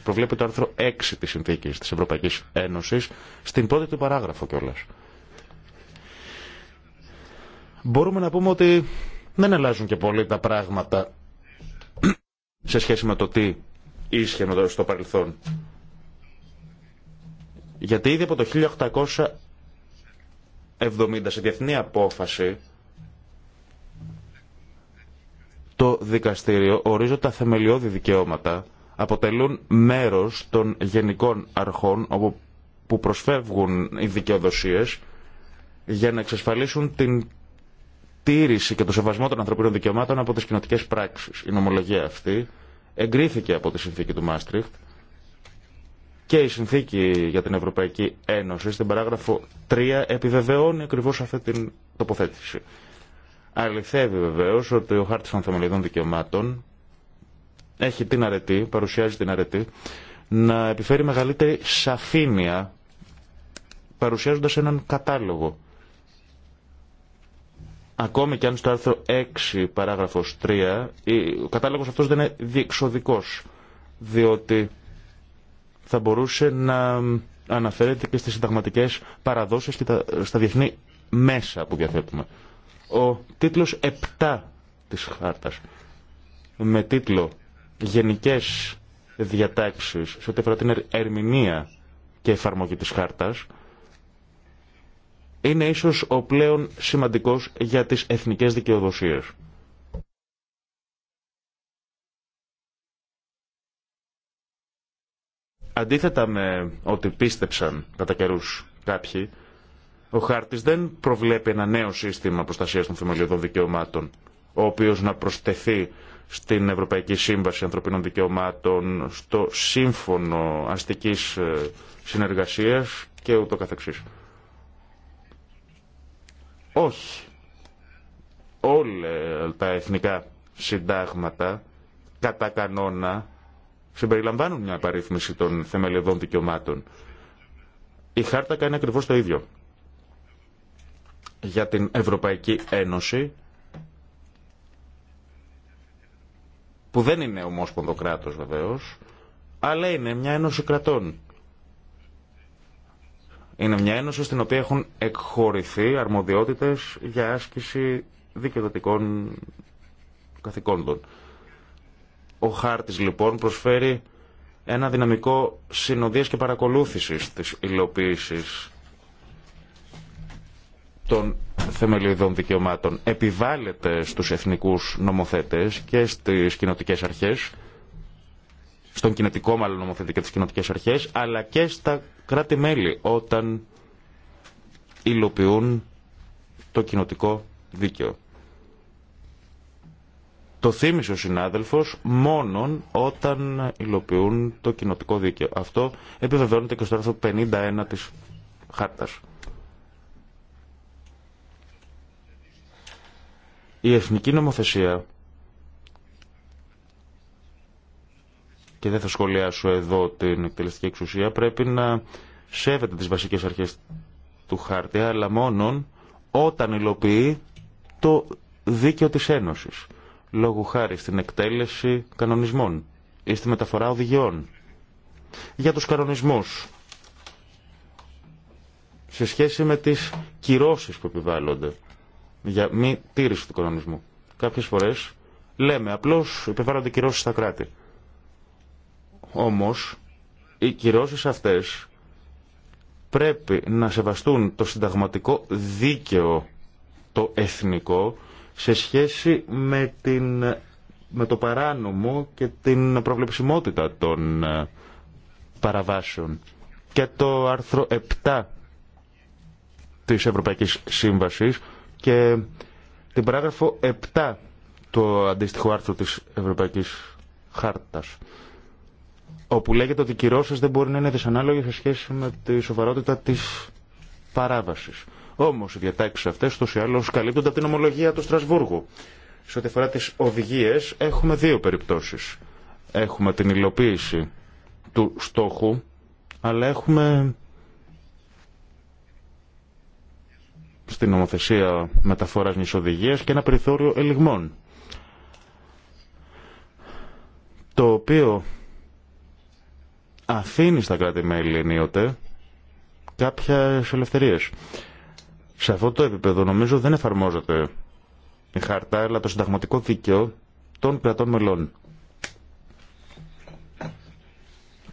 προβλέπει το άρθρο 6 τη συνθήκη τη Ευρωπαϊκή Ένωση, στην πρώτη του παράγραφο κιόλα. Μπορούμε να πούμε ότι δεν αλλάζουν και πολύ τα πράγματα σε σχέση με το τι ίσχυε στο παρελθόν. Γιατί ήδη από το 1870 σε διεθνή απόφαση το δικαστήριο ορίζει τα θεμελιώδη δικαιώματα αποτελούν μέρος των γενικών αρχών όπου που προσφεύγουν οι δικαιοδοσίες για να εξασφαλίσουν την τήρηση και το σεβασμό των ανθρωπίνων δικαιωμάτων από τις κοινοτικές πράξεις. Η νομολογία αυτή εγκρίθηκε από τη συνθήκη του Μάστριχτ και η συνθήκη για την Ευρωπαϊκή Ένωση στην παράγραφο 3 επιβεβαιώνει ακριβώς αυτή την τοποθέτηση. Αληθεύει βεβαίω ότι ο χάρτη των θεμελιωδών δικαιωμάτων έχει την αρετή, παρουσιάζει την αρετή, να επιφέρει μεγαλύτερη σαφήνεια παρουσιάζοντας έναν κατάλογο. Ακόμη και αν στο άρθρο 6 παράγραφος 3 ο κατάλογος αυτός δεν είναι διεξοδικός διότι θα μπορούσε να αναφέρεται και στι συνταγματικές παραδόσεις και στα διεθνή μέσα που διαθέτουμε. Ο τίτλος 7 της χάρτας με τίτλο «Γενικές διατάξεις σε ό,τι αφορά την ερμηνεία και εφαρμογή της χάρτας» είναι ίσως ο πλέον σημαντικός για τις εθνικές δικαιοδοσίες. Αντίθετα με ότι πίστεψαν κατά καιρού κάποιοι, ο χάρτης δεν προβλέπει ένα νέο σύστημα προστασία των θεμελιωδών δικαιωμάτων, ο οποίος να προστεθεί στην Ευρωπαϊκή Σύμβαση Ανθρωπίνων Δικαιωμάτων, στο Σύμφωνο αστική ε, Συνεργασίας και ούτω καθεξής. Όχι. Όλα τα εθνικά συντάγματα, κατά κανόνα, συμπεριλαμβάνουν μια παρήθμιση των θεμελιωδών δικαιωμάτων. Η χάρτα κάνει ακριβώς το ίδιο για την Ευρωπαϊκή Ένωση που δεν είναι ομόσπονδο κράτος βεβαίως αλλά είναι μια ένωση κρατών. Είναι μια ένωση στην οποία έχουν εκχωρηθεί αρμοδιότητες για άσκηση δικαιοδοτικών καθηκόντων. Ο χάρτης λοιπόν προσφέρει ένα δυναμικό συνοδείας και παρακολούθησης της υλοποίησης των θεμελιωδών δικαιωμάτων επιβάλλεται στους εθνικούς νομοθέτες και στις κοινοτικές αρχές, στον κοινοτικό μάλλον νομοθέτη και τις κοινοτικές αρχές, αλλά και στα κράτη-μέλη όταν υλοποιούν το κοινοτικό δίκαιο. Το θύμισε ο συνάδελφος μόνον όταν υλοποιούν το κοινοτικό δίκαιο. Αυτό επιβεβαιώνεται και στο άρθρο 51 της χάρτας. Η εθνική νομοθεσία και δεν θα σχολιάσω εδώ την εκτελεστική εξουσία πρέπει να σέβεται τις βασικές αρχές του χάρτη αλλά μόνον όταν υλοποιεί το δίκαιο της Ένωσης λόγου χάρη στην εκτέλεση κανονισμών ή στη μεταφορά οδηγιών. Για τους κανονισμούς σε σχέση με τις κυρώσεις που επιβάλλονται για μη τήρηση του κανονισμού. Κάποιες φορές λέμε απλώς επιβάλλονται κυρώσει στα κράτη. Όμως οι κυρώσει αυτές πρέπει να σεβαστούν το συνταγματικό δίκαιο το εθνικό σε σχέση με, την, με το παράνομο και την προβλεψιμότητα των ε, παραβάσεων. Και το άρθρο 7 της Ευρωπαϊκής Σύμβασης και την παράγραφο 7 του αντίστοιχου άρθρου της Ευρωπαϊκής Χάρτας όπου λέγεται ότι οι κυρώσεις δεν μπορεί να είναι δυσανάλογες σε σχέση με τη σοβαρότητα της παράβασης. Όμως οι διατάξεις αυτές τόσο ή καλύπτονται από την ομολογία του Στρασβούργου. Σε ό,τι αφορά τις οδηγίες έχουμε δύο περιπτώσεις. Έχουμε την υλοποίηση του στόχου αλλά έχουμε στην νομοθεσία μεταφοράς νησοδηγίας και ένα περιθώριο ελιγμών. Το οποίο αφήνει στα κράτη-μέλη ενίοτε κάποιες ελευθερίες. Σε αυτό το επίπεδο νομίζω δεν εφαρμόζεται η χάρτα, αλλά το συνταγματικό δίκαιο των κρατών μελών.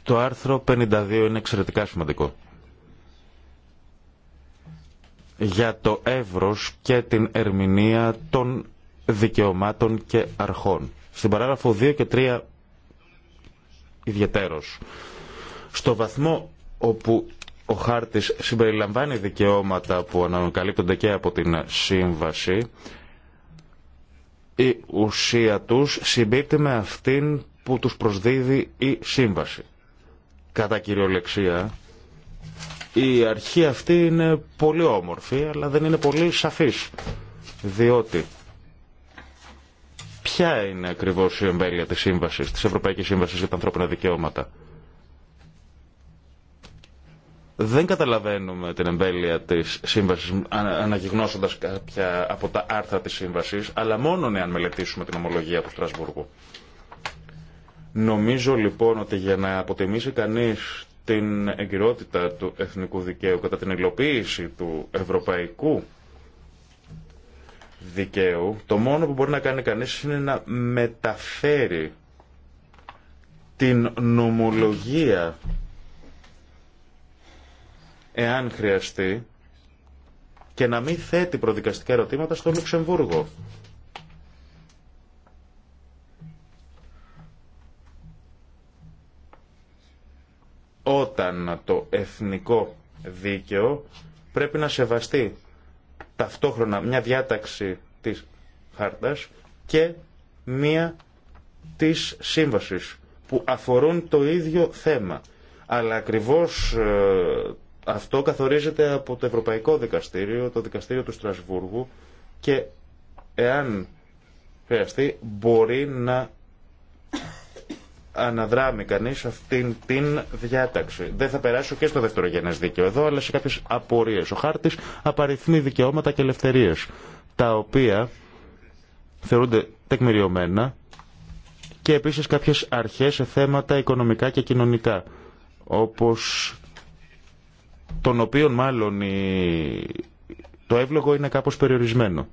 Το άρθρο 52 είναι εξαιρετικά σημαντικό για το εύρος και την ερμηνεία των δικαιωμάτων και αρχών. Στην παράγραφο 2 και 3 ιδιαιτέρως. Στο βαθμό όπου ο χάρτης συμπεριλαμβάνει δικαιώματα που ανακαλύπτονται και από την σύμβαση, η ουσία τους συμπίπτει με αυτήν που τους προσδίδει η σύμβαση. Κατά κυριολεξία, η αρχή αυτή είναι πολύ όμορφη, αλλά δεν είναι πολύ σαφής. Διότι ποια είναι ακριβώς η εμβέλεια της σύμβασης, της Ευρωπαϊκής Σύμβασης για τα ανθρώπινα δικαιώματα. Δεν καταλαβαίνουμε την εμβέλεια της σύμβασης αναγυγνώσοντας κάποια από τα άρθρα της σύμβασης, αλλά μόνον εάν μελετήσουμε την ομολογία του Στρασβούργου. Νομίζω λοιπόν ότι για να αποτιμήσει κανείς την εγκυρότητα του εθνικού δικαίου κατά την υλοποίηση του ευρωπαϊκού δικαίου, το μόνο που μπορεί να κάνει κανείς είναι να μεταφέρει την νομολογία εάν χρειαστεί και να μην θέτει προδικαστικά ερωτήματα στο Λουξεμβούργο. όταν το εθνικό δίκαιο πρέπει να σεβαστεί ταυτόχρονα μια διάταξη της χάρτας και μία της σύμβασης που αφορούν το ίδιο θέμα. Αλλά ακριβώς ε, αυτό καθορίζεται από το Ευρωπαϊκό Δικαστήριο, το Δικαστήριο του Στρασβούργου και εάν χρειαστεί μπορεί να αναδράμει κανείς αυτήν την διάταξη. Δεν θα περάσω και στο δευτερογενέ δίκαιο εδώ, αλλά σε κάποιε απορίες. Ο χάρτης απαριθμεί δικαιώματα και ελευθερίες, τα οποία θεωρούνται τεκμηριωμένα και επίσης κάποιες αρχές σε θέματα οικονομικά και κοινωνικά, όπως τον οποίων μάλλον το εύλογο είναι κάπως περιορισμένο.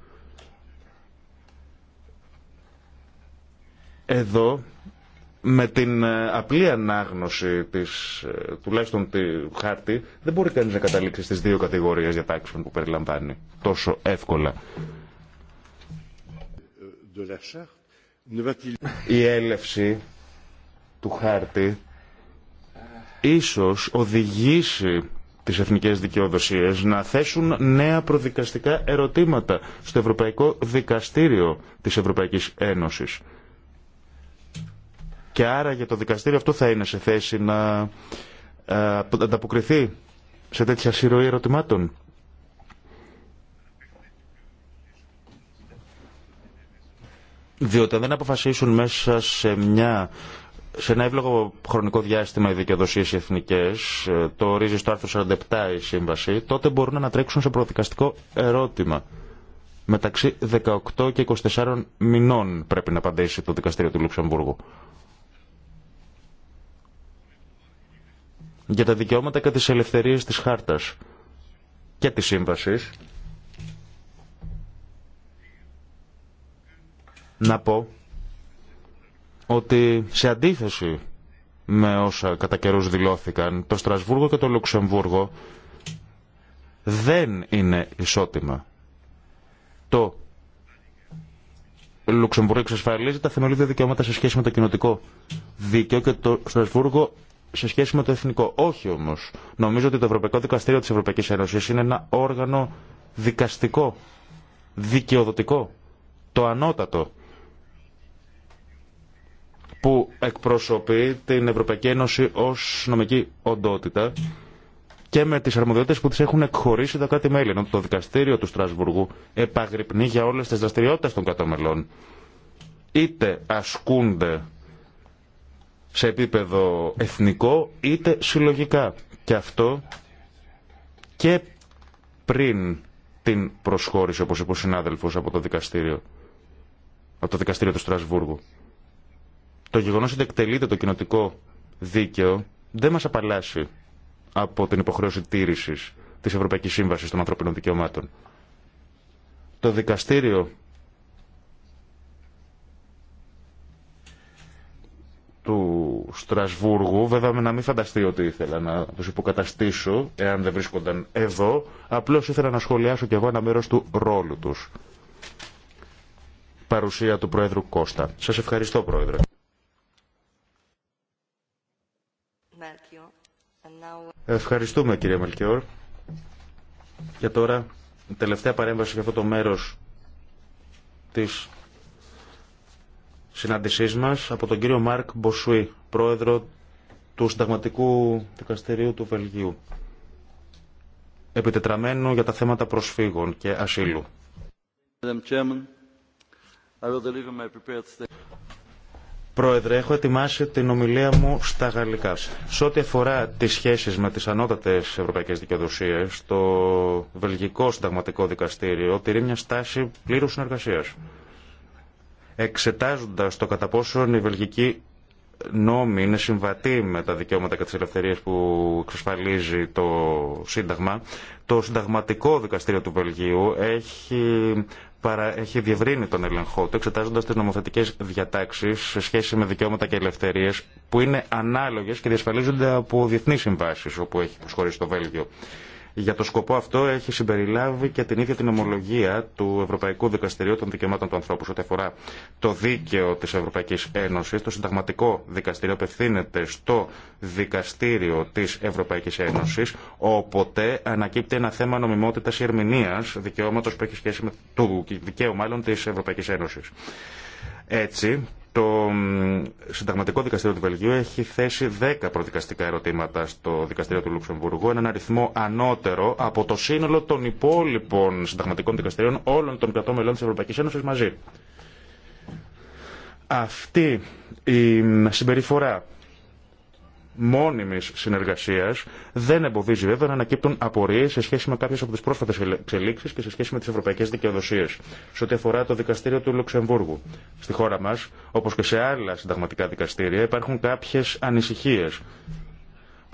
Εδώ με την ε, απλή ανάγνωση της, ε, τουλάχιστον του χάρτη δεν μπορεί κανείς να καταλήξει στις δύο κατηγορίες διατάξεων που περιλαμβάνει τόσο εύκολα. Η έλευση του χάρτη ίσως οδηγήσει τις εθνικές δικαιοδοσίες να θέσουν νέα προδικαστικά ερωτήματα στο Ευρωπαϊκό Δικαστήριο της Ευρωπαϊκής Ένωσης και άρα για το δικαστήριο αυτό θα είναι σε θέση να ε, ανταποκριθεί σε τέτοια συρροή ερωτημάτων. Διότι αν δεν αποφασίσουν μέσα σε ένα εύλογο χρονικό διάστημα οι δικαιοδοσίε εθνικέ, ε, το ορίζει στο άρθρο 47 η σύμβαση, τότε μπορούν να τρέξουν σε προδικαστικό ερώτημα. Μεταξύ 18 και 24 μηνών πρέπει να απαντήσει το δικαστήριο του Λουξεμβούργου. για τα δικαιώματα και τις ελευθερίες της χάρτας και της σύμβασης να πω ότι σε αντίθεση με όσα κατά καιρούς δηλώθηκαν το Στρασβούργο και το Λουξεμβούργο δεν είναι ισότιμα. Το Λουξεμβούργο εξασφαλίζει τα θεμελίδια δικαιώματα σε σχέση με το κοινοτικό δίκαιο και το Στρασβούργο σε σχέση με το εθνικό. Όχι όμω, Νομίζω ότι το Ευρωπαϊκό Δικαστήριο τη Ευρωπαϊκή Ένωση είναι ένα όργανο δικαστικό, δικαιοδοτικό, το ανώτατο που εκπροσωπεί την Ευρωπαϊκή Ένωση ως νομική οντότητα και με τις αρμοδιότητες που τις έχουν εκχωρήσει τα κάτι μελη ενώ το δικαστήριο του Στρασβουργού επαγρυπνεί για όλες τις δραστηριότητες των κατομελών Είτε ασκούνται σε επίπεδο εθνικό είτε συλλογικά. Και αυτό και πριν την προσχώρηση, όπως είπε ο συνάδελφος από το δικαστήριο, από το δικαστήριο του Στρασβούργου. Το γεγονός ότι εκτελείται το κοινοτικό δίκαιο δεν μας απαλλάσσει από την υποχρέωση τήρησης της Ευρωπαϊκής Σύμβασης των Ανθρωπίνων Δικαιωμάτων. Το δικαστήριο του Στρασβούργου, βέβαια με να μην φανταστεί ότι ήθελα να του υποκαταστήσω, εάν δεν βρίσκονταν εδώ, απλώς ήθελα να σχολιάσω κι εγώ ένα μέρος του ρόλου τους. Παρουσία του Πρόεδρου Κώστα. Σας ευχαριστώ Πρόεδρε. Ευχαριστούμε κύριε Μελκιόρ. Και τώρα, η τελευταία παρέμβαση για αυτό το μέρος της Συναντησή μα από τον κύριο Μάρκ Μποσουή, πρόεδρο του Συνταγματικού Δικαστηρίου του Βελγίου, επιτετραμένου για τα θέματα προσφύγων και ασύλου. Πρόεδρε, έχω ετοιμάσει την ομιλία μου στα γαλλικά. Σε ό,τι αφορά τι σχέσει με τις ανώτατες ευρωπαϊκές δικαιοδοσίες, το Βελγικό Συνταγματικό Δικαστήριο τηρεί μια στάση πλήρου συνεργασία εξετάζοντας το κατά πόσον η βελγική νόμη είναι συμβατή με τα δικαιώματα και τις ελευθερίες που εξασφαλίζει το Σύνταγμα. Το Συνταγματικό Δικαστήριο του Βελγίου έχει, παρα, έχει διευρύνει τον ελεγχό του εξετάζοντας τις νομοθετικές διατάξεις σε σχέση με δικαιώματα και ελευθερίες που είναι ανάλογες και διασφαλίζονται από διεθνείς συμβάσεις όπου έχει προσχωρήσει το Βέλγιο. Για το σκοπό αυτό έχει συμπεριλάβει και την ίδια την ομολογία του Ευρωπαϊκού Δικαστηρίου των Δικαιωμάτων του Ανθρώπου, ό,τι αφορά το δίκαιο τη Ευρωπαϊκή Ένωση. Το συνταγματικό δικαστήριο απευθύνεται στο δικαστήριο τη Ευρωπαϊκή Ένωση, όποτε ανακύπτει ένα θέμα νομιμότητα ή ερμηνεία δικαιώματο που έχει σχέση με το δικαίωμα μάλλον τη Ευρωπαϊκή Ένωση. Έτσι, το Συνταγματικό Δικαστήριο του Βελγίου έχει θέσει 10 προδικαστικά ερωτήματα στο Δικαστήριο του Λουξεμβουργού, έναν αριθμό ανώτερο από το σύνολο των υπόλοιπων συνταγματικών δικαστηρίων όλων των κρατών μελών τη Ευρωπαϊκής Ένωσης μαζί. Αυτή η συμπεριφορά μόνιμης συνεργασίας δεν εμποδίζει βέβαια να ανακύπτουν απορίες σε σχέση με κάποιες από τις πρόσφατες εξελίξεις και σε σχέση με τις ευρωπαϊκές δικαιοδοσίες. Σε ό,τι αφορά το δικαστήριο του Λουξεμβούργου, στη χώρα μας, όπως και σε άλλα συνταγματικά δικαστήρια, υπάρχουν κάποιες ανησυχίες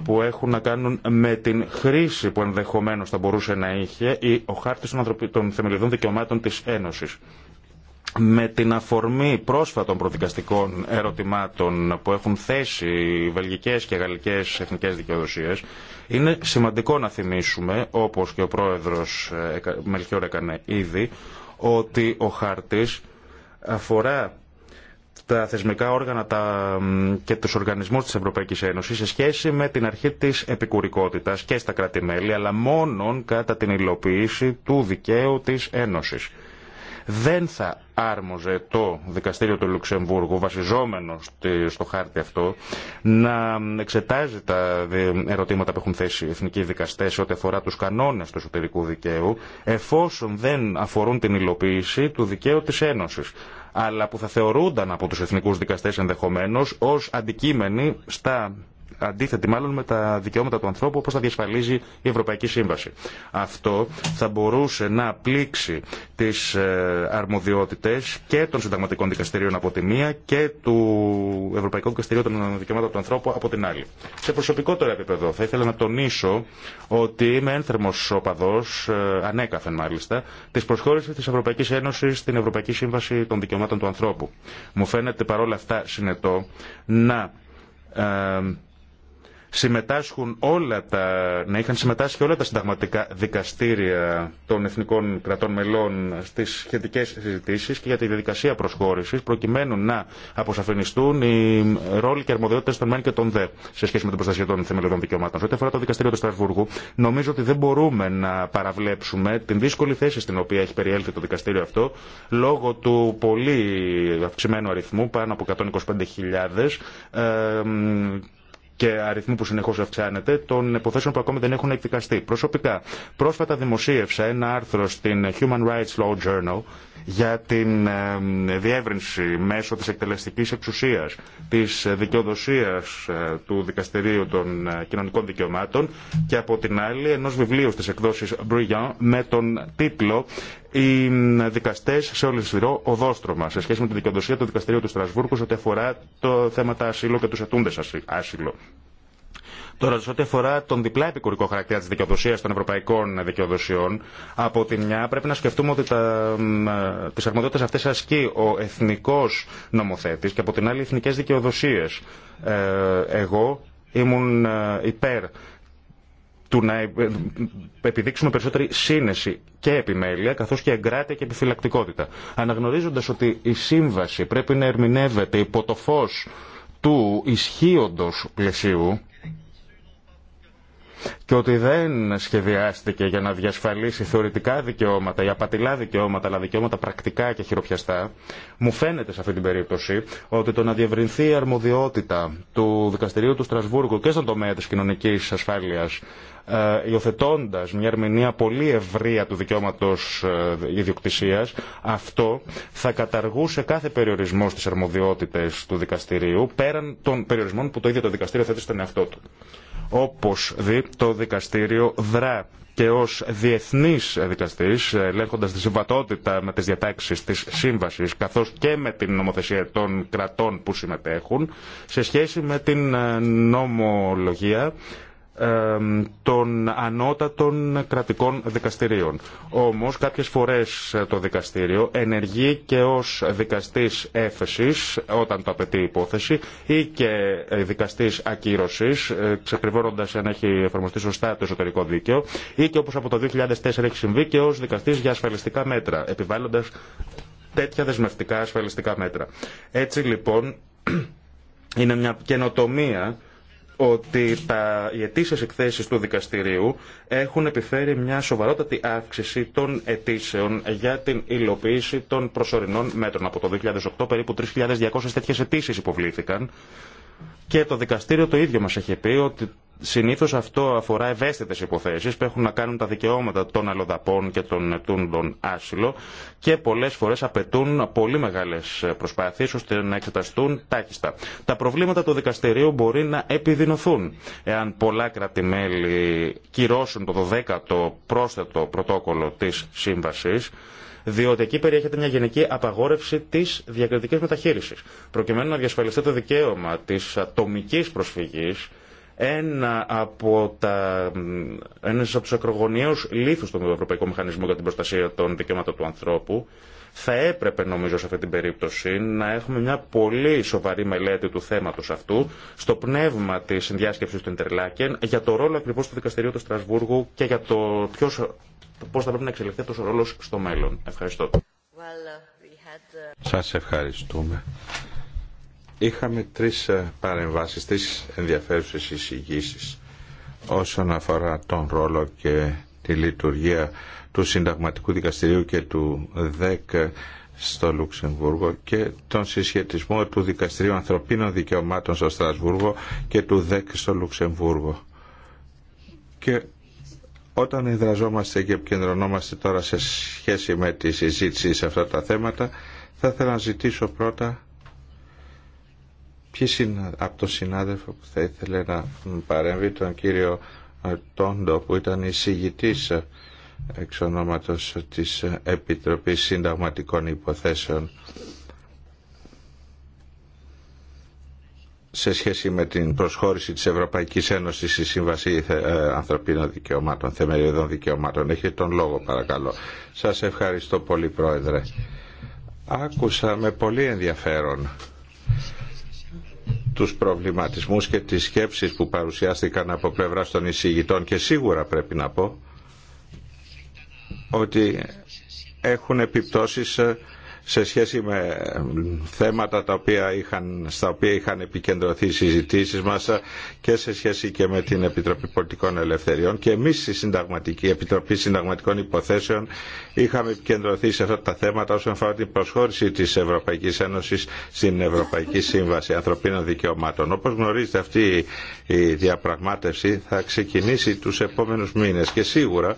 που έχουν να κάνουν με την χρήση που ενδεχομένως θα μπορούσε να είχε ο χάρτης των, θεμελιδών δικαιωμάτων της Ένωσης με την αφορμή πρόσφατων προδικαστικών ερωτημάτων που έχουν θέσει οι βελγικές και γαλλικές εθνικές δικαιοδοσίες, είναι σημαντικό να θυμίσουμε, όπως και ο πρόεδρος ε, Μελχιόρ έκανε ήδη, ότι ο χάρτης αφορά τα θεσμικά όργανα τα, και τους οργανισμούς της Ευρωπαϊκής Ένωσης σε σχέση με την αρχή της επικουρικότητας και στα κράτη-μέλη, αλλά μόνον κατά την υλοποίηση του δικαίου της Ένωσης δεν θα άρμοζε το δικαστήριο του Λουξεμβούργου βασιζόμενο στο χάρτη αυτό να εξετάζει τα ερωτήματα που έχουν θέσει οι εθνικοί δικαστές ό,τι αφορά τους κανόνες του εσωτερικού δικαίου εφόσον δεν αφορούν την υλοποίηση του δικαίου της Ένωσης αλλά που θα θεωρούνταν από τους εθνικούς δικαστές ενδεχομένως ως αντικείμενοι στα αντίθετη μάλλον με τα δικαιώματα του ανθρώπου όπως θα διασφαλίζει η Ευρωπαϊκή Σύμβαση. Αυτό θα μπορούσε να πλήξει τις ε, αρμοδιότητες και των συνταγματικών δικαστηρίων από τη μία και του Ευρωπαϊκού Δικαστηρίου των Δικαιωμάτων του Ανθρώπου από την άλλη. Σε προσωπικό τώρα επίπεδο θα ήθελα να τονίσω ότι είμαι ένθερμος οπαδός, ε, ανέκαθεν μάλιστα, της προσχώρησης της Ευρωπαϊκής Ένωσης στην Ευρωπαϊκή Σύμβαση των Δικαιωμάτων του Ανθρώπου. Μου φαίνεται παρόλα αυτά συνετό να ε, συμμετάσχουν όλα τα, να είχαν συμμετάσχει όλα τα συνταγματικά δικαστήρια των εθνικών κρατών μελών στις σχετικές συζητήσεις και για τη διαδικασία προσχώρησης προκειμένου να αποσαφινιστούν οι ρόλοι και αρμοδιότητες των ΜΕΝ και των ΔΕ σε σχέση με την προστασία των θεμελιωδών δικαιωμάτων. Σε ό,τι αφορά το δικαστήριο του Στρασβουργού, νομίζω ότι δεν μπορούμε να παραβλέψουμε την δύσκολη θέση στην οποία έχει περιέλθει το δικαστήριο αυτό λόγω του πολύ αυξημένου αριθμού, πάνω από 125.000, και αριθμού που συνεχώ αυξάνεται των υποθέσεων που ακόμη δεν έχουν εκδικαστεί. Προσωπικά, πρόσφατα δημοσίευσα ένα άρθρο στην Human Rights Law Journal για την ε, διεύρυνση μέσω της εκτελεστικής εξουσίας, της δικαιοδοσίας ε, του Δικαστηρίου των ε, Κοινωνικών Δικαιωμάτων και από την άλλη ενός βιβλίου στις εκδόσεις Brillant με τον τίτλο οι δικαστέ σε όλη τη οδόστρωμα σε σχέση με τη δικαιοδοσία του Δικαστηρίου του Στρασβούργου ό,τι αφορά το θέματα ασύλου και του ετούντε άσυλο. Τώρα, σε ό,τι αφορά τον διπλά επικουρικό χαρακτήρα τη δικαιοδοσία των ευρωπαϊκών δικαιοδοσιών, από τη μια πρέπει να σκεφτούμε ότι τι αρμοδιότητε αυτέ ασκεί ο εθνικό νομοθέτη και από την άλλη οι εθνικέ δικαιοδοσίε. Ε, εγώ ήμουν ε, υπέρ του να ε, επιδείξουμε περισσότερη σύνεση και επιμέλεια, καθώς και εγκράτεια και επιφυλακτικότητα. Αναγνωρίζοντας ότι η σύμβαση πρέπει να ερμηνεύεται υπό το φως του ισχύοντος πλαισίου, και ότι δεν σχεδιάστηκε για να διασφαλίσει θεωρητικά δικαιώματα ή απατηλά δικαιώματα, αλλά δικαιώματα πρακτικά και χειροπιαστά, μου φαίνεται σε αυτή την περίπτωση ότι το να διευρυνθεί η αρμοδιότητα του Δικαστηρίου του Στρασβούργου και στον τομέα τη κοινωνική ασφάλεια, ε, υιοθετώντα μια ερμηνεία πολύ ευρεία του δικαιώματο ε, ιδιοκτησία, αυτό θα καταργούσε κάθε περιορισμό στι αρμοδιότητε του δικαστηρίου πέραν των περιορισμών που το ίδιο το δικαστήριο θέτει στον εαυτό του. Όπως δει το δικαστήριο δρά και ως διεθνής δικαστής, ελέγχοντας τη συμβατότητα με τις διατάξεις της σύμβασης, καθώς και με την νομοθεσία των κρατών που συμμετέχουν, σε σχέση με την ε, νομολογία των ανώτατων κρατικών δικαστηρίων. Όμως κάποιες φορές ε, το δικαστήριο ενεργεί και ως δικαστής έφεσης όταν το απαιτεί η υπόθεση ή και ε, δικαστής ακύρωσης ε, ξεκριβώνοντας αν έχει εφαρμοστεί σωστά το εσωτερικό δίκαιο ή και όπως από το 2004 έχει συμβεί και ως δικαστής για ασφαλιστικά μέτρα επιβάλλοντας τέτοια δεσμευτικά ασφαλιστικά μέτρα. Έτσι λοιπόν (clears throat) είναι μια καινοτομία ότι τα, οι αιτήσει εκθέσεις του δικαστηρίου έχουν επιφέρει μια σοβαρότατη αύξηση των αιτήσεων για την υλοποίηση των προσωρινών μέτρων. Από το 2008 περίπου 3.200 τέτοιες αιτήσει υποβλήθηκαν και το δικαστήριο το ίδιο μας έχει πει ότι συνήθως αυτό αφορά ευαίσθητες υποθέσεις που έχουν να κάνουν τα δικαιώματα των αλλοδαπών και των ετούντων άσυλο και πολλές φορές απαιτούν πολύ μεγάλες προσπάθειες ώστε να εξεταστούν τάχιστα. Τα προβλήματα του δικαστηρίου μπορεί να επιδεινωθούν εάν πολλά κράτη-μέλη κυρώσουν το 12ο πρόσθετο πρωτόκολλο της σύμβασης διότι εκεί περιέχεται μια γενική απαγόρευση τη διακριτική μεταχείριση. Προκειμένου να διασφαλιστεί το δικαίωμα τη ατομική προσφυγή, ένα από, τα, ένας από τους ακρογωνιαίους λήθους του Ευρωπαϊκού Μηχανισμού για την Προστασία των Δικαιωμάτων του Ανθρώπου θα έπρεπε νομίζω σε αυτή την περίπτωση να έχουμε μια πολύ σοβαρή μελέτη του θέματος αυτού στο πνεύμα της συνδιάσκεψης του Ιντερλάκεν για το ρόλο ακριβώς του Δικαστηρίου του Στρασβούργου και για το ποιος, πώς θα πρέπει να εξελιχθεί αυτός ο ρόλος στο μέλλον. Ευχαριστώ. Uh, uh, Σας ευχαριστούμε. Είχαμε τρεις ε, παρεμβάσεις, τρεις ενδιαφέρουσες εισηγήσεις όσον αφορά τον ρόλο και τη λειτουργία του Συνταγματικού Δικαστηρίου και του ΔΕΚ στο Λουξεμβούργο και τον συσχετισμό του Δικαστηρίου Ανθρωπίνων Δικαιωμάτων στο Στρασβούργο και του ΔΕΚ στο Λουξεμβούργο. Και όταν εδραζόμαστε και επικεντρωνόμαστε τώρα σε σχέση με τη συζήτηση σε αυτά τα θέματα, θα ήθελα να ζητήσω πρώτα από τον συνάδελφο που θα ήθελε να παρέμβει, τον κύριο Τόντο που ήταν εισηγητής εξ ονόματος της Επιτροπής Συνταγματικών Υποθέσεων σε σχέση με την προσχώρηση της Ευρωπαϊκής Ένωσης στη Σύμβαση ε, Ανθρωπίνων Δικαιωμάτων, Θεμελιωδών Δικαιωμάτων. Έχετε τον λόγο παρακαλώ. Σας ευχαριστώ πολύ Πρόεδρε. Άκουσα με πολύ ενδιαφέρον τους προβληματισμούς και τις σκέψεις που παρουσιάστηκαν από πλευρά των εισηγητών και σίγουρα πρέπει να πω ότι έχουν επιπτώσεις σε σχέση με θέματα τα οποία είχαν, στα οποία είχαν επικεντρωθεί οι συζητήσεις μας και σε σχέση και με την Επιτροπή Πολιτικών Ελευθεριών και εμείς στη Συνταγματική, η Επιτροπή Συνταγματικών Υποθέσεων είχαμε επικεντρωθεί σε αυτά τα θέματα όσον αφορά την προσχώρηση της Ευρωπαϊκής Ένωσης στην Ευρωπαϊκή Σύμβαση Ανθρωπίνων Δικαιωμάτων. Όπως γνωρίζετε αυτή η διαπραγμάτευση θα ξεκινήσει τους επόμενους μήνες και σίγουρα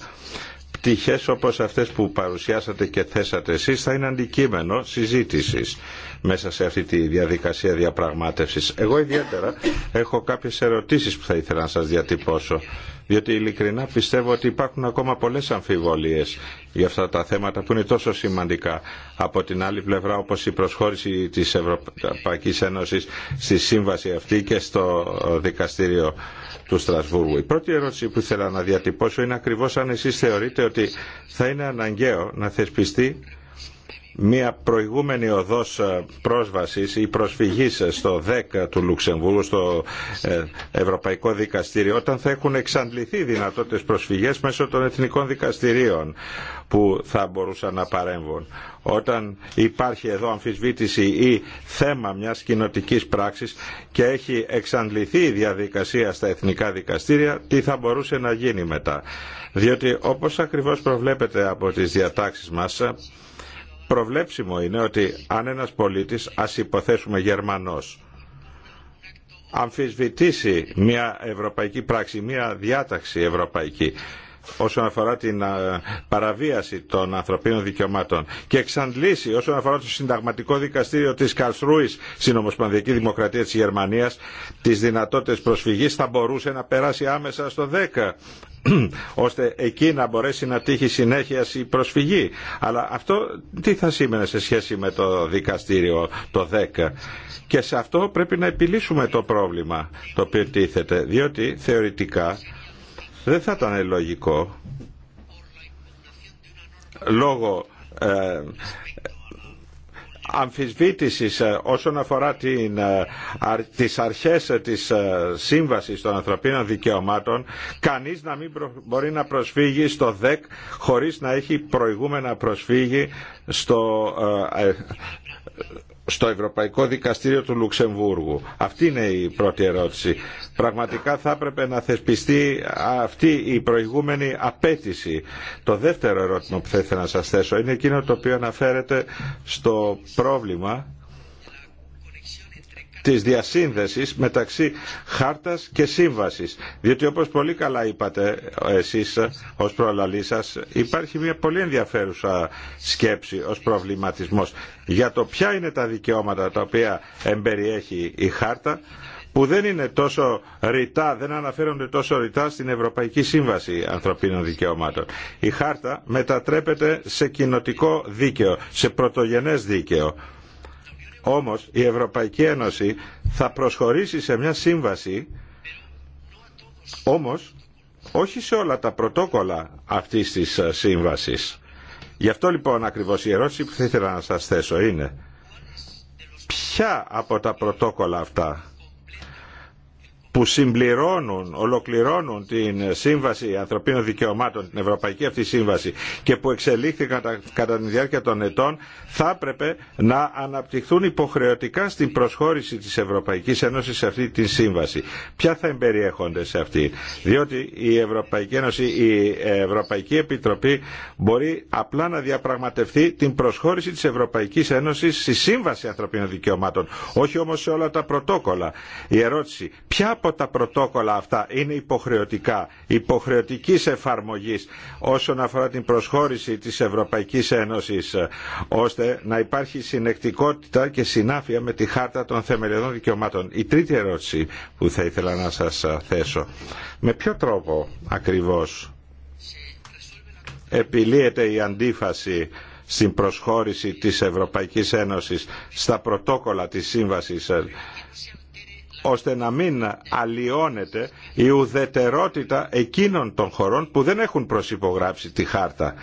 πτυχές όπως αυτές που παρουσιάσατε και θέσατε εσείς θα είναι αντικείμενο συζήτησης μέσα σε αυτή τη διαδικασία διαπραγμάτευσης. Εγώ ιδιαίτερα έχω κάποιες ερωτήσεις που θα ήθελα να σας διατυπώσω διότι ειλικρινά πιστεύω ότι υπάρχουν ακόμα πολλές αμφιβολίες για αυτά τα θέματα που είναι τόσο σημαντικά. Από την άλλη πλευρά όπως η προσχώρηση της Ευρωπαϊκής Ένωσης στη σύμβαση αυτή και στο δικαστήριο του Στρασβούργου. Η πρώτη ερώτηση που ήθελα να διατυπώσω είναι ακριβώς αν εσείς θεωρείτε ότι θα είναι αναγκαίο να θεσπιστεί μια προηγούμενη οδός ε, πρόσβασης ή προσφυγής ε, στο 10 του Λουξεμβούργου στο ε, Ευρωπαϊκό Δικαστήριο όταν θα έχουν εξαντληθεί δυνατότητες προσφυγές μέσω των εθνικών δικαστηρίων που θα μπορούσαν να παρέμβουν. Όταν υπάρχει εδώ αμφισβήτηση ή θέμα μιας κοινοτικής πράξης και έχει εξαντληθεί η διαδικασία στα εθνικά δικαστήρια, τι θα μπορούσε να γίνει μετά. Διότι όπως ακριβώς προβλέπεται από τις διατάξεις μας, προβλέψιμο είναι ότι αν ένας πολίτης, ας υποθέσουμε Γερμανός, αμφισβητήσει μια ευρωπαϊκή πράξη, μια διάταξη ευρωπαϊκή όσον αφορά την παραβίαση των ανθρωπίνων δικαιωμάτων και εξαντλήσει όσον αφορά το συνταγματικό δικαστήριο της Καλσρούης στην Ομοσπονδιακή Δημοκρατία της Γερμανίας τις δυνατότητες προσφυγής θα μπορούσε να περάσει άμεσα στο 10 (clears throat) ώστε εκεί να μπορέσει να τύχει συνέχεια η προσφυγή. Αλλά αυτό τι θα σήμαινε σε σχέση με το δικαστήριο το 10. Και σε αυτό πρέπει να επιλύσουμε το πρόβλημα το οποίο τίθεται. Διότι θεωρητικά δεν θα ήταν λογικό λόγω ε, αμφισβήτησης ε, όσον αφορά την, ε, τις αρχές ε, της σύμβασης των ανθρωπίνων δικαιωμάτων κανείς να μην μπορεί να προσφύγει στο ΔΕΚ χωρίς να έχει προηγούμενα προσφύγει στο στο Ευρωπαϊκό Δικαστήριο του Λουξεμβούργου. Αυτή είναι η πρώτη ερώτηση. Πραγματικά θα έπρεπε να θεσπιστεί αυτή η προηγούμενη απέτηση. Το δεύτερο ερώτημα που θα ήθελα να σας θέσω είναι εκείνο το οποίο αναφέρεται στο πρόβλημα της διασύνδεσης μεταξύ χάρτας και σύμβασης. Διότι όπως πολύ καλά είπατε εσείς ε, ως προλαλή σας, υπάρχει μια πολύ ενδιαφέρουσα σκέψη ως προβληματισμός για το ποια είναι τα δικαιώματα τα οποία εμπεριέχει η χάρτα που δεν είναι τόσο ρητά, δεν αναφέρονται τόσο ρητά στην Ευρωπαϊκή Σύμβαση Ανθρωπίνων Δικαιωμάτων. Η χάρτα μετατρέπεται σε κοινοτικό δίκαιο, σε πρωτογενές δίκαιο όμως η Ευρωπαϊκή Ένωση θα προσχωρήσει σε μια σύμβαση, όμως όχι σε όλα τα πρωτόκολλα αυτής της ε, σύμβασης. Γι' αυτό λοιπόν ακριβώς η ερώτηση που θα ήθελα να σας θέσω είναι ποια από τα πρωτόκολλα αυτά που συμπληρώνουν, ολοκληρώνουν την Σύμβαση Ανθρωπίνων Δικαιωμάτων, την Ευρωπαϊκή αυτή σύμβαση και που εξελίχθηκαν κατά, τη διάρκεια των ετών, θα έπρεπε να αναπτυχθούν υποχρεωτικά στην προσχώρηση της Ευρωπαϊκής Ένωσης σε αυτή τη σύμβαση. Ποια θα εμπεριέχονται σε αυτή, διότι η Ευρωπαϊκή Ένωση, η Ευρωπαϊκή Επιτροπή μπορεί απλά να διαπραγματευτεί την προσχώρηση της Ευρωπαϊκής Ένωσης στη Σύμβαση Ανθρωπίνων Δικαιωμάτων, όχι όμως σε όλα τα πρωτόκολλα. Η ερώτηση, ποια τα πρωτόκολλα αυτά είναι υποχρεωτικά, υποχρεωτικής εφαρμογής όσον αφορά την προσχώρηση της Ευρωπαϊκής Ένωσης, ώστε να υπάρχει συνεκτικότητα και συνάφεια με τη Χάρτα των Θεμελιωδών Δικαιωμάτων. Η τρίτη ερώτηση που θα ήθελα να σας θέσω. Με ποιο τρόπο ακριβώς επιλύεται η αντίφαση στην προσχώρηση της Ευρωπαϊκής Ένωσης στα πρωτόκολλα της Σύμβασης ώστε να μην αλλοιώνεται η ουδετερότητα εκείνων των χωρών που δεν έχουν προσυπογράψει τη χάρτα.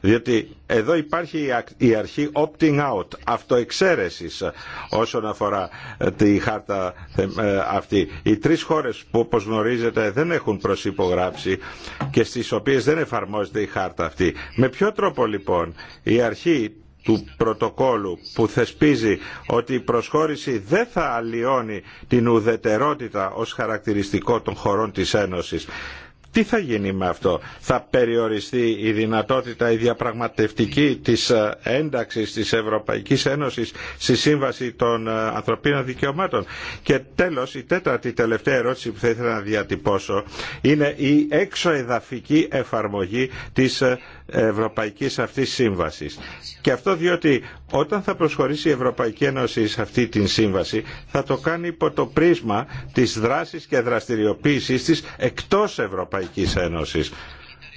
Διότι εδώ υπάρχει η αρχή opting out, αυτοεξαίρεσης όσον αφορά ε, τη χάρτα ε, αυτή. Οι τρεις χώρες που όπως γνωρίζετε δεν έχουν προσυπογράψει και στις οποίες δεν εφαρμόζεται η χάρτα αυτή. Με ποιο τρόπο λοιπόν η αρχή του πρωτοκόλου που θεσπίζει ότι η προσχώρηση δεν θα αλλοιώνει την ουδετερότητα ως χαρακτηριστικό των χωρών της Ένωσης. Τι θα γίνει με αυτό. Θα περιοριστεί η δυνατότητα η διαπραγματευτική της ε, ένταξης της Ευρωπαϊκής Ένωσης στη Σύμβαση των ε, Ανθρωπίνων Δικαιωμάτων. Και τέλος η τέταρτη τελευταία ερώτηση που θα ήθελα να διατυπώσω είναι η έξοεδαφική εφαρμογή της ε, ευρωπαϊκής αυτής σύμβασης. Και αυτό διότι όταν θα προσχωρήσει η Ευρωπαϊκή Ένωση σε αυτή την σύμβαση θα το κάνει υπό το πρίσμα της δράσης και δραστηριοποίησής της εκτός Ευρωπαϊκής Ένωσης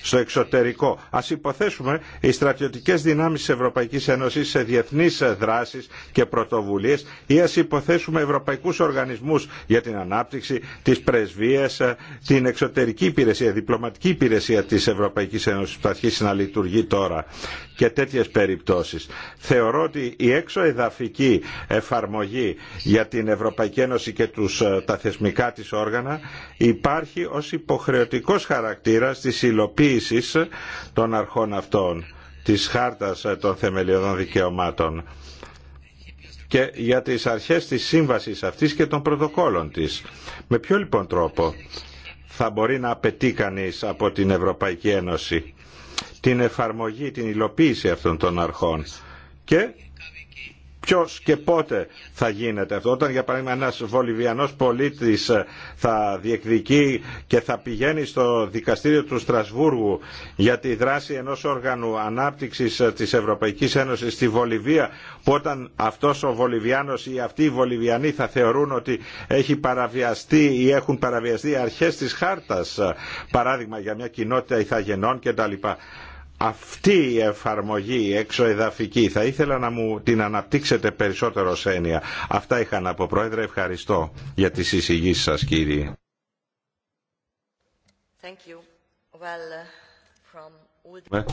στο εξωτερικό. Α υποθέσουμε οι στρατιωτικέ δυνάμει τη Ευρωπαϊκή Ένωση σε διεθνεί δράσει και πρωτοβουλίε ή ας υποθέσουμε ευρωπαϊκούς οργανισμούς για την ανάπτυξη, τι πρεσβείε, την εξωτερική υπηρεσία, διπλωματική υπηρεσία τη Ευρωπαϊκή Ένωση που θα αρχίσει να λειτουργεί τώρα και τέτοιε περιπτώσει. Θεωρώ ότι η έξω εδαφική εφαρμογή για την Ευρωπαϊκή Ένωση και τους, ε, τα θεσμικά τη όργανα υπάρχει ω υποχρεωτικό χαρακτήρα τη υλοποίηση των αρχών αυτών της Χάρτας των Θεμελιωδών Δικαιωμάτων και για τις αρχές της σύμβασης αυτής και των πρωτοκόλων της. Με ποιο λοιπόν τρόπο θα μπορεί να απαιτεί κανείς από την Ευρωπαϊκή Ένωση την εφαρμογή, την υλοποίηση αυτών των αρχών και Ποιο και πότε θα γίνεται αυτό. Όταν για παράδειγμα ένας βολιβιανός πολίτης ε, θα διεκδικεί και θα πηγαίνει στο δικαστήριο του Στρασβούργου για τη δράση ενός όργανου ανάπτυξης ε, της Ευρωπαϊκής Ένωση στη Βολιβία που όταν αυτός ο Βολιβιάνος ή αυτοί οι Βολιβιανοί θα θεωρούν ότι έχει παραβιαστεί ή έχουν παραβιαστεί αρχέ τη χάρτα, ε, παράδειγμα για μια κοινότητα ηθαγενών κτλ αυτή η εφαρμογή εξοεδαφική θα ήθελα να μου την αναπτύξετε περισσότερο σένια. Αυτά είχα να πω Πρόεδρε. Ευχαριστώ για τις εισηγήσεις σας κύριε. Thank uh,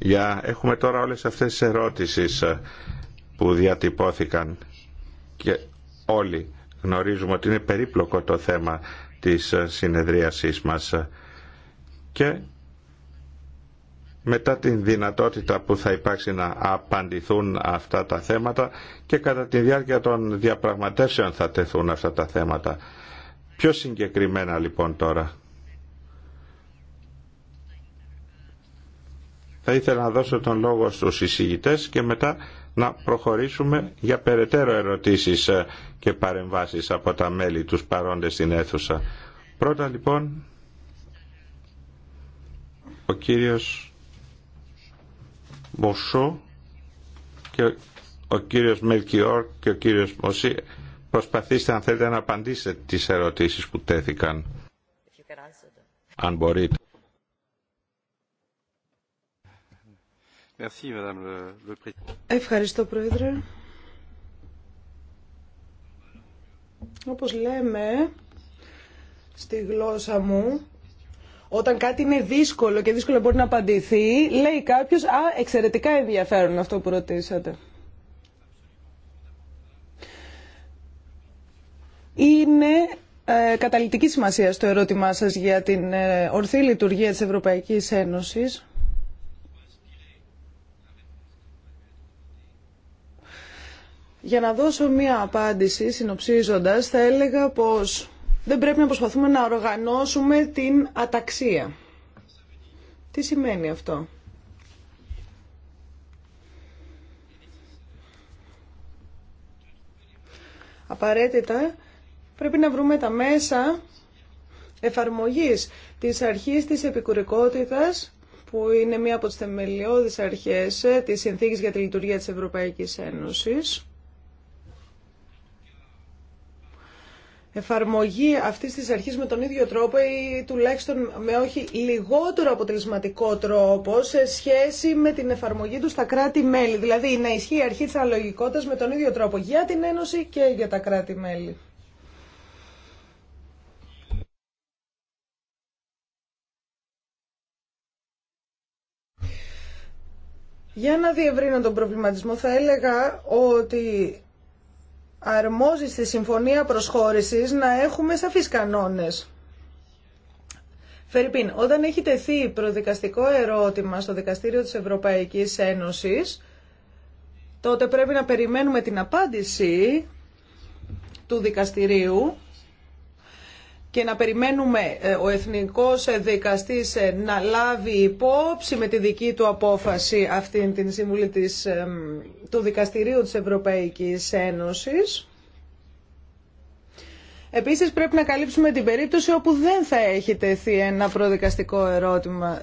ε, Έχουμε τώρα όλες αυτές τις ερώτησεις ε, που διατυπώθηκαν και όλοι γνωρίζουμε ότι είναι περίπλοκο το θέμα της ε, συνεδρίασής μας και μετά την δυνατότητα που θα υπάρξει να απαντηθούν αυτά τα θέματα και κατά τη διάρκεια των διαπραγματεύσεων θα τεθούν αυτά τα θέματα. Πιο συγκεκριμένα λοιπόν τώρα. Θα ήθελα να δώσω τον λόγο στους εισηγητές και μετά να προχωρήσουμε για περαιτέρω ερωτήσεις ε, και παρεμβάσεις από τα μέλη τους παρόντες στην αίθουσα. Πρώτα λοιπόν ο κύριος Μποσό και ο κύριος Μελκιόρ και ο κύριος Μωσή. Προσπαθήστε αν θέλετε να απαντήσετε τις ερωτήσεις που τέθηκαν. Αν μπορείτε. Ευχαριστώ Πρόεδρε. Όπως λέμε στη γλώσσα μου, όταν κάτι είναι δύσκολο και δύσκολο μπορεί να απαντηθεί, λέει κάποιος «Α, εξαιρετικά ενδιαφέρον αυτό που ρωτήσατε». Είναι ε, καταλητική σημασία στο ερώτημά σας για την ε, ορθή λειτουργία της Ευρωπαϊκής Ένωσης. Για να δώσω μία απάντηση, συνοψίζοντας, θα έλεγα πως δεν πρέπει να προσπαθούμε να οργανώσουμε την αταξία. Τι σημαίνει αυτό. Απαραίτητα πρέπει να βρούμε τα μέσα εφαρμογής της αρχής της επικουρικότητας που είναι μία από τις θεμελιώδεις αρχές της Συνθήκης για τη Λειτουργία της Ευρωπαϊκής Ένωσης εφαρμογή αυτής της αρχής με τον ίδιο τρόπο ή τουλάχιστον με όχι λιγότερο αποτελεσματικό τρόπο σε σχέση με την εφαρμογή του στα κράτη-μέλη. Δηλαδή να ισχύει η αρχή της αλογικότητας με τον ίδιο τρόπο για την Ένωση και για τα κράτη-μέλη. Για να διευρύνω τον προβληματισμό θα έλεγα ότι αρμόζει στη συμφωνία προσχώρησης να έχουμε σαφείς κανόνες. Φερρυπίν, όταν έχει τεθεί προδικαστικό ερώτημα στο Δικαστήριο της Ευρωπαϊκής Ένωσης, τότε πρέπει να περιμένουμε την απάντηση του δικαστηρίου και να περιμένουμε ε, ο εθνικός δικαστής ε, να λάβει υπόψη με τη δική του απόφαση αυτήν την σύμβουλη της, του Δικαστηρίου της Ευρωπαϊκής Ένωσης. Επίσης πρέπει να καλύψουμε την περίπτωση όπου δεν θα έχει τεθεί ένα προδικαστικό ερώτημα.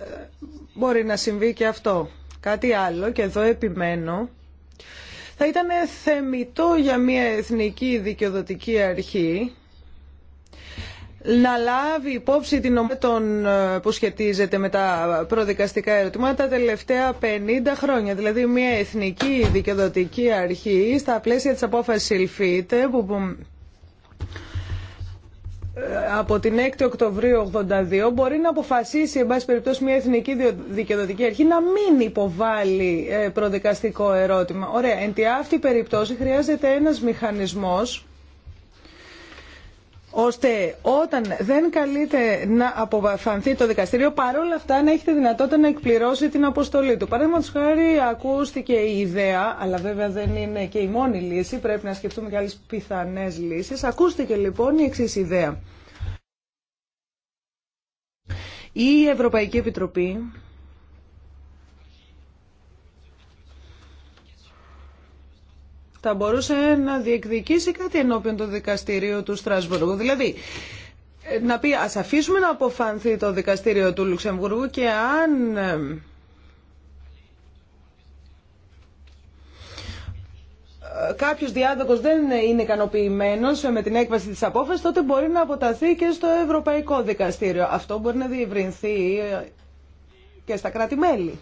Μπορεί να συμβεί και αυτό. Κάτι άλλο και εδώ επιμένω. Θα ήταν θεμητό για μια εθνική δικαιοδοτική αρχή να λάβει υπόψη την ομάδα των, ε, που σχετίζεται με τα προδικαστικά ερωτήματα τα τελευταία 50 χρόνια. Δηλαδή μια εθνική δικαιοδοτική αρχή στα πλαίσια της απόφασης Ιλφίτε που, ε, από την 6η Οκτωβρίου 82 μπορεί να αποφασίσει εν πάση περιπτώσει μια εθνική δικαιοδοτική αρχή να μην υποβάλει ε, προδικαστικό ερώτημα. Ωραία, εν τη αυτή περιπτώσει χρειάζεται ένας μηχανισμός ώστε όταν δεν καλείται να αποβαθανθεί το δικαστήριο, παρόλα αυτά να έχετε δυνατότητα να εκπληρώσει την αποστολή του. Παραδείγματο χάρη, ακούστηκε η ιδέα, αλλά βέβαια δεν είναι και η μόνη λύση, πρέπει να σκεφτούμε και άλλε πιθανέ λύσει. Ακούστηκε λοιπόν η εξή ιδέα. Η Ευρωπαϊκή Επιτροπή θα μπορούσε να διεκδικήσει κάτι ενώπιον του δικαστηρίου του Στρασβούργου. Δηλαδή, να πει ας αφήσουμε να αποφανθεί το δικαστήριο του Λουξεμβούργου και αν ε, κάποιος διάδοκος δεν είναι ικανοποιημένος με την έκβαση της απόφασης, τότε μπορεί να αποταθεί και στο Ευρωπαϊκό Δικαστήριο. Αυτό μπορεί να διευρυνθεί ε, και στα κράτη-μέλη.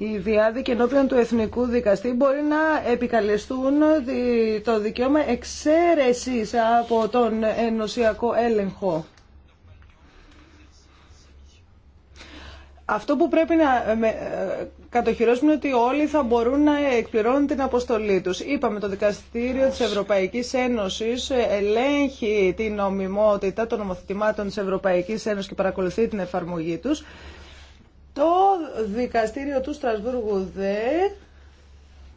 οι διάδικοι ενώπιον του Εθνικού Δικαστή μπορεί να επικαλεστούν το δικαίωμα εξαίρεσης από τον ενωσιακό έλεγχο. Αυτό που πρέπει να ε, κατοχυρώσουμε είναι ότι όλοι θα μπορούν να εκπληρώνουν την αποστολή τους. Είπαμε το Δικαστήριο της Ευρωπαϊκής Ένωσης ελέγχει την νομιμότητα των νομοθετημάτων της Ευρωπαϊκής Ένωσης και παρακολουθεί την εφαρμογή τους. Το δικαστήριο του Στρασβούργου δε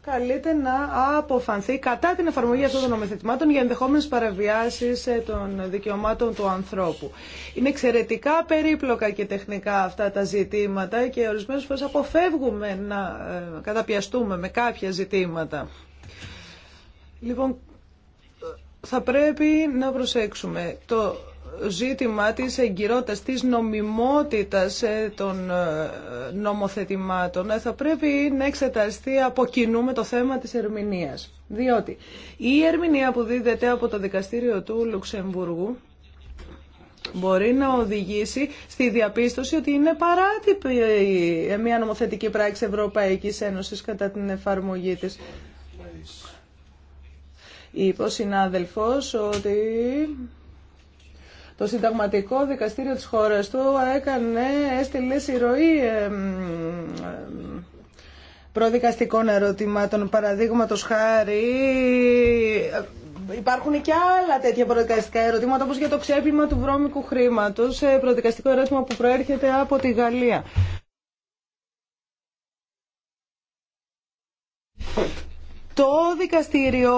καλείται να αποφανθεί κατά την εφαρμογή αυτών των νομοθετημάτων για ενδεχόμενες παραβιάσεις ε, των δικαιωμάτων του ανθρώπου. Είναι εξαιρετικά περίπλοκα και τεχνικά αυτά τα ζητήματα και ορισμένες φορές αποφεύγουμε να ε, καταπιαστούμε με κάποια ζητήματα. Λοιπόν, θα πρέπει να προσέξουμε το ζήτημα της εγκυρότητας, της νομιμότητας ε, των ε, νομοθετημάτων ε, θα πρέπει να εξεταστεί από κοινού με το θέμα της ερμηνείας. Διότι η ερμηνεία που δίδεται από το δικαστήριο του Λουξεμβούργου μπορεί να οδηγήσει στη διαπίστωση ότι είναι παράτυπη μια νομοθετική πράξη Ευρωπαϊκής Ένωσης κατά την εφαρμογή της. Είπε ο συνάδελφος ότι το συνταγματικό δικαστήριο της χώρας του έκανε, έστειλε συρροή ε, προδικαστικών ερωτημάτων. Παραδείγματο χάρη, υπάρχουν και άλλα τέτοια προδικαστικά ερωτήματα, όπως για το ξέπλυμα του βρώμικου χρήματος, ε, προδικαστικό ερώτημα που προέρχεται από τη Γαλλία. Το δικαστήριο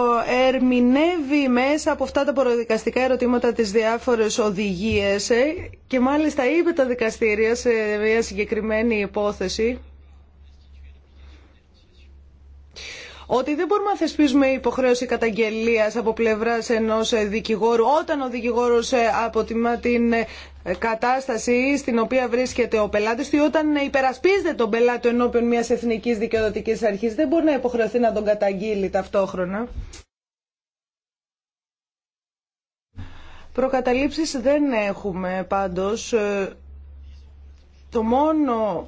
ερμηνεύει μέσα από αυτά τα προδικαστικά ερωτήματα τις διάφορες οδηγίες ε, και μάλιστα είπε τα δικαστήρια σε μια συγκεκριμένη υπόθεση ότι δεν μπορούμε να θεσπίζουμε υποχρέωση καταγγελίας από πλευρά ενός ε, δικηγόρου όταν ο δικηγόρος ε, αποτιμά την ε, κατάσταση στην οποία βρίσκεται ο πελάτης ή όταν υπερασπίζεται τον πελάτη ενώπιον μιας εθνικής δικαιοδοτικής αρχής δεν μπορεί να υποχρεωθεί να τον καταγγείλει ταυτόχρονα. Προκαταλήψεις δεν έχουμε πάντως. Το μόνο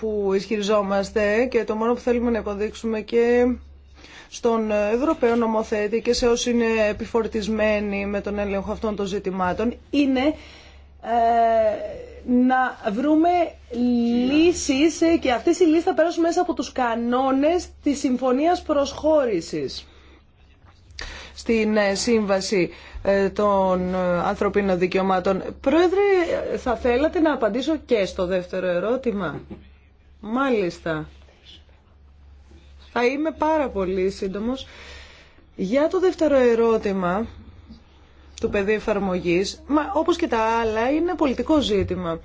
που ισχυριζόμαστε και το μόνο που θέλουμε να υποδείξουμε και στον Ευρωπαίο νομοθέτη και σε όσοι είναι επιφορτισμένοι με τον έλεγχο αυτών των ζητημάτων είναι ε, να βρούμε λύσεις και αυτές οι λύσεις θα περάσουν μέσα από τους κανόνες της Συμφωνίας Προσχώρησης στην ε, Σύμβαση ε, των Ανθρωπίνων Δικαιωμάτων. Πρόεδρε, θα θέλατε να απαντήσω και στο δεύτερο ερώτημα. Μάλιστα. Θα είμαι πάρα πολύ σύντομος. Για το δεύτερο ερώτημα του πεδίου εφαρμογή, μα όπως και τα άλλα, είναι πολιτικό ζήτημα.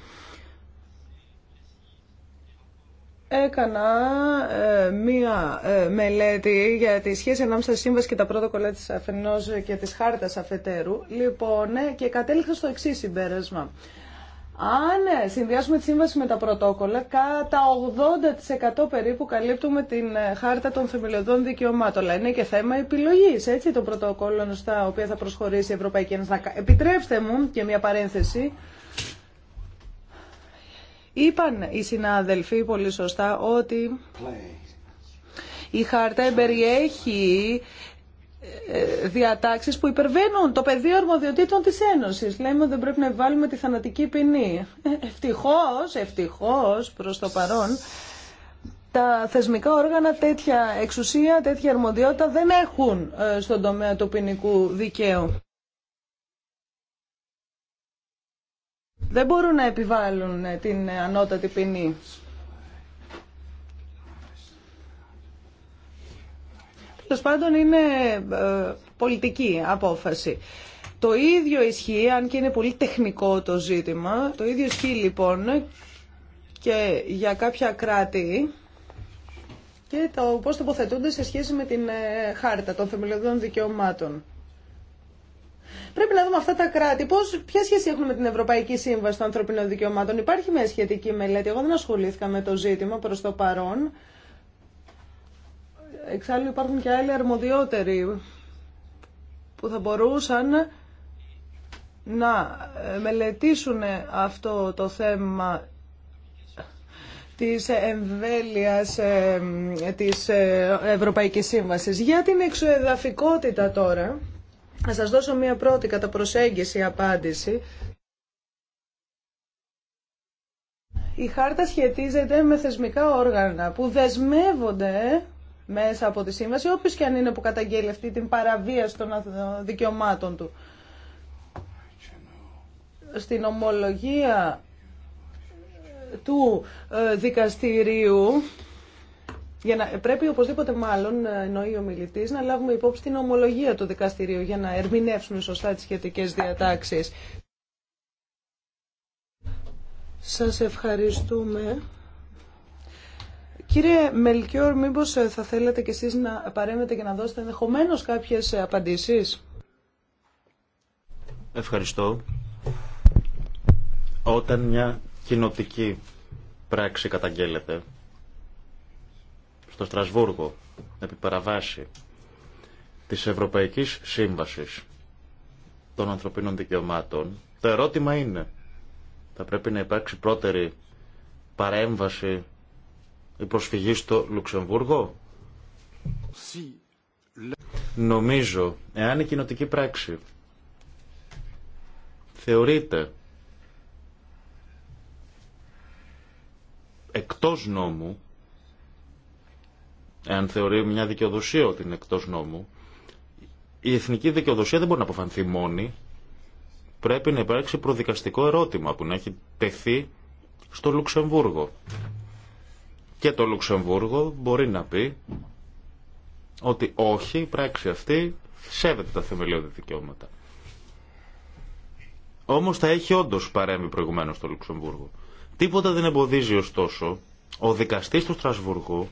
Έκανα ε, μία ε, μελέτη για τη σχέση ανάμεσα στη σύμβαση και τα πρωτοκολλά της αφενός και της χάρτας αφετέρου. Λοιπόν, ε, και κατέληξα στο εξή συμπέρασμα. Αν ε, συνδυάσουμε τη σύμβαση με τα πρωτόκολλα, κατά 80% περίπου καλύπτουμε την ε, χάρτα των θεμελιωδών δικαιωμάτων. Αλλά είναι και θέμα επιλογή έτσι των πρωτοκόλλων στα οποία θα προσχωρήσει η Ευρωπαϊκή Ένωση. Επιτρέψτε μου και μια παρένθεση. Είπαν οι συνάδελφοι πολύ σωστά ότι η χάρτα εμπεριέχει ε, διατάξεις που υπερβαίνουν το πεδίο αρμοδιοτήτων της Ένωσης. Λέμε ότι δεν πρέπει να επιβάλλουμε τη θανατική ποινή. Ευτυχώ, ευτυχώ, προς το παρόν, τα θεσμικά όργανα τέτοια εξουσία, τέτοια αρμοδιότητα δεν έχουν ε, στον τομέα του ποινικού δικαίου. Δεν μπορούν να επιβάλλουν ε, την ανώτατη ποινή. Τέλο πάντων είναι ε, πολιτική απόφαση. Το ίδιο ισχύει, αν και είναι πολύ τεχνικό το ζήτημα, το ίδιο ισχύει λοιπόν και για κάποια κράτη και το πώς τοποθετούνται σε σχέση με την ε, χάρτα των θεμελιωδών δικαιωμάτων. Πρέπει να δούμε αυτά τα κράτη. Πώς, ποια σχέση έχουν με την Ευρωπαϊκή Σύμβαση των Ανθρωπίνων Δικαιωμάτων. Υπάρχει μια σχετική μελέτη. Εγώ δεν ασχολήθηκα με το ζήτημα προς το παρόν. Εξάλλου υπάρχουν και άλλοι αρμοδιότεροι που θα μπορούσαν να ε, μελετήσουν αυτό το θέμα της εμβέλειας ε, της ε, Ευρωπαϊκής Σύμβασης. Για την εξοεδαφικότητα τώρα, να σας δώσω μία πρώτη κατά προσέγγιση απάντηση. Η χάρτα σχετίζεται με θεσμικά όργανα που δεσμεύονται μέσα από τη σύμβαση, όποιος και αν είναι που καταγγέλει αυτή την παραβίαση των δικαιωμάτων του. Στην ομολογία του ε, δικαστηρίου, για να, πρέπει οπωσδήποτε μάλλον, ε, εννοεί ο μιλητή, να λάβουμε υπόψη την ομολογία του δικαστηρίου για να ερμηνεύσουμε σωστά τις σχετικές διατάξεις. Σας ευχαριστούμε. Κύριε Μελκιόρ, μήπως ε, θα θέλετε κι εσείς να παρέμετε και να δώσετε ενδεχομένω κάποιες ε, απαντήσεις. Ευχαριστώ. Όταν μια κοινοτική πράξη καταγγέλλεται στο Στρασβούργο επί παραβάση της Ευρωπαϊκής Σύμβασης των Ανθρωπίνων Δικαιωμάτων, το ερώτημα είναι θα πρέπει να υπάρξει πρώτερη παρέμβαση η προσφυγή στο Λουξεμβούργο. Νομίζω, εάν η κοινοτική πράξη θεωρείται εκτός νόμου, εάν θεωρεί μια δικαιοδοσία ότι είναι εκτός νόμου, η εθνική δικαιοδοσία δεν μπορεί να αποφανθεί μόνη. Πρέπει να υπάρξει προδικαστικό ερώτημα που να έχει τεθεί στο Λουξεμβούργο και το Λουξεμβούργο μπορεί να πει ότι όχι, η πράξη αυτή σέβεται τα θεμελιώδη δικαιώματα. Όμω θα έχει όντω παρέμβει προηγουμένω στο Λουξεμβούργο. Τίποτα δεν εμποδίζει ωστόσο ο δικαστής του Στρασβουργού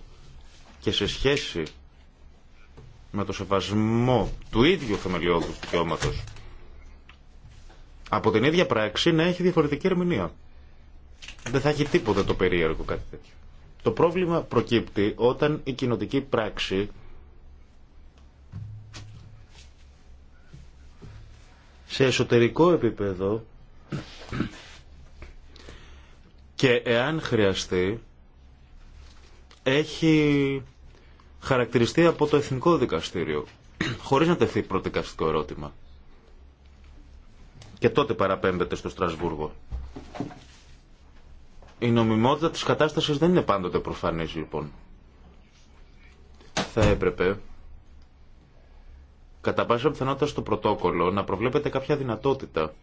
και σε σχέση με το σεβασμό του ίδιου θεμελιώδους δικαιώματο από την ίδια πράξη να έχει διαφορετική ερμηνεία. Δεν θα έχει τίποτα το περίεργο κάτι τέτοιο. Το πρόβλημα προκύπτει όταν η κοινοτική πράξη σε εσωτερικό επίπεδο και εάν χρειαστεί έχει χαρακτηριστεί από το Εθνικό Δικαστήριο χωρίς να τεθεί προδικαστικό ερώτημα και τότε παραπέμπεται στο Στρασβούργο. Η νομιμότητα της κατάστασης δεν είναι πάντοτε προφανής λοιπόν. Θα έπρεπε κατά πάσα πιθανότητα στο πρωτόκολλο να προβλέπετε κάποια δυνατότητα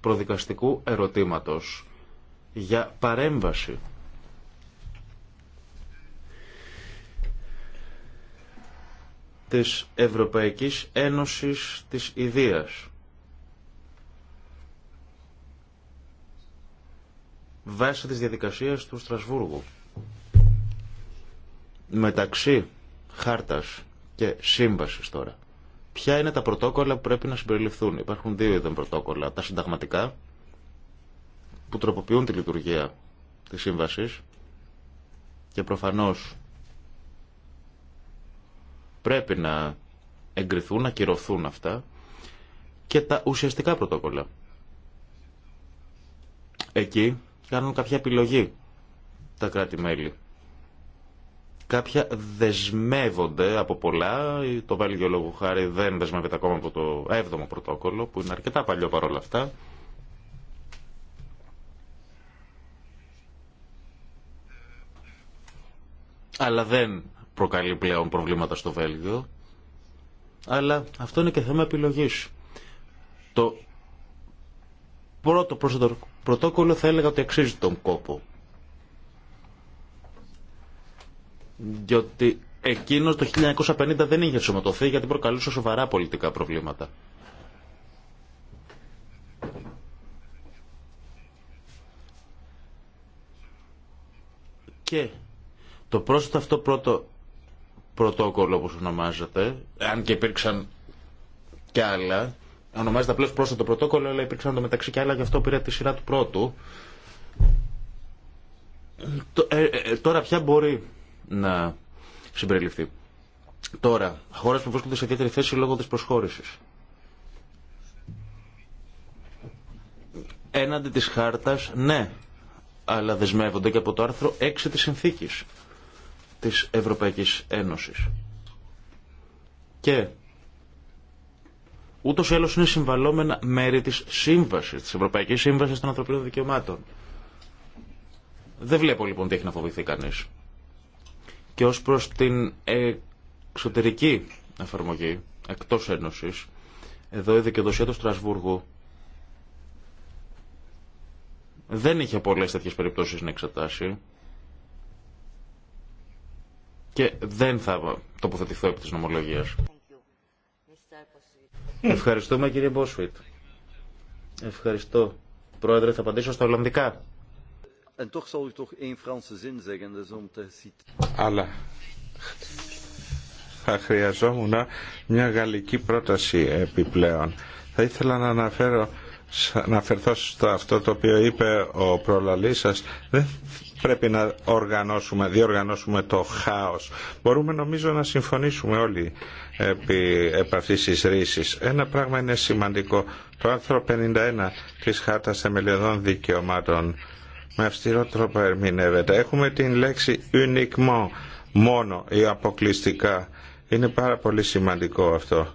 προδικαστικού ερωτήματος για παρέμβαση. της Ευρωπαϊκής Ένωσης της Ιδίας βάσει της διαδικασίας του Στρασβούργου. Μεταξύ χάρτας και σύμβασης τώρα. Ποια είναι τα πρωτόκολλα που πρέπει να συμπεριληφθούν. Υπάρχουν δύο είδων πρωτόκολλα. Τα συνταγματικά που τροποποιούν τη λειτουργία της σύμβασης και προφανώς πρέπει να εγκριθούν, να κυρωθούν αυτά και τα ουσιαστικά πρωτόκολλα. Εκεί κάνουν κάποια επιλογή τα κράτη-μέλη. Κάποια δεσμεύονται από πολλά, το Βέλγιο λόγω χάρη δεν δεσμεύεται ακόμα από το 7ο πρωτόκολλο, που είναι αρκετά παλιό παρόλα αυτά. Αλλά δεν προκαλεί πλέον προβλήματα στο Βέλγιο. Αλλά αυτό είναι και θέμα επιλογής. Το πρώτο πρωτόκολλο θα έλεγα ότι αξίζει τον κόπο. Διότι εκείνος το 1950 δεν είχε σωματωθεί γιατί προκαλούσε σοβαρά πολιτικά προβλήματα. Και το πρόσθετο αυτό πρώτο πρωτόκολλο όπως ονομάζεται, αν και υπήρξαν και άλλα, Ονομάζεται απλώ πρόσθετο πρωτόκολλο, αλλά υπήρξαν το μεταξύ και άλλα, γι' αυτό πήρα τη σειρά του πρώτου. Ε, ε, ε, τώρα πια μπορεί να συμπεριληφθεί. Τώρα, χώρε που βρίσκονται σε ιδιαίτερη θέση λόγω τη προσχώρηση. Έναντι τη χάρτα, ναι, αλλά δεσμεύονται και από το άρθρο 6 της συνθήκης της Ευρωπαϊκής Ένωσης. Και ούτω ή άλλω είναι συμβαλόμενα μέρη τη σύμβαση, τη Ευρωπαϊκή Σύμβαση των Ανθρωπίνων Δικαιωμάτων. Δεν βλέπω λοιπόν τι έχει να φοβηθεί κανεί. Και ω προ την εξωτερική εφαρμογή, εκτό Ένωση, εδώ η δικαιοδοσία του Στρασβούργου δεν είχε πολλέ τέτοιε περιπτώσει να εξετάσει. Και δεν θα τοποθετηθώ επί της νομολογίας. Ευχαριστούμε κύριε Μπόσουιτ. Ευχαριστώ. Πρόεδρε, θα απαντήσω στα Ολλανδικά. Αλλά θα χρειαζόμουν μια γαλλική πρόταση επιπλέον. Θα ήθελα να αναφέρω να αναφερθώ στο αυτό το οποίο είπε ο προλαλής σας. Δεν πρέπει να οργανώσουμε, διοργανώσουμε το χάος. Μπορούμε νομίζω να συμφωνήσουμε όλοι επί, επαφής αυτής της Ένα πράγμα είναι σημαντικό. Το άρθρο 51 της Χάρτας Θεμελιωδών Δικαιωμάτων με αυστηρό τρόπο ερμηνεύεται. Έχουμε την λέξη uniquement, μόνο ή αποκλειστικά. Είναι πάρα πολύ σημαντικό αυτό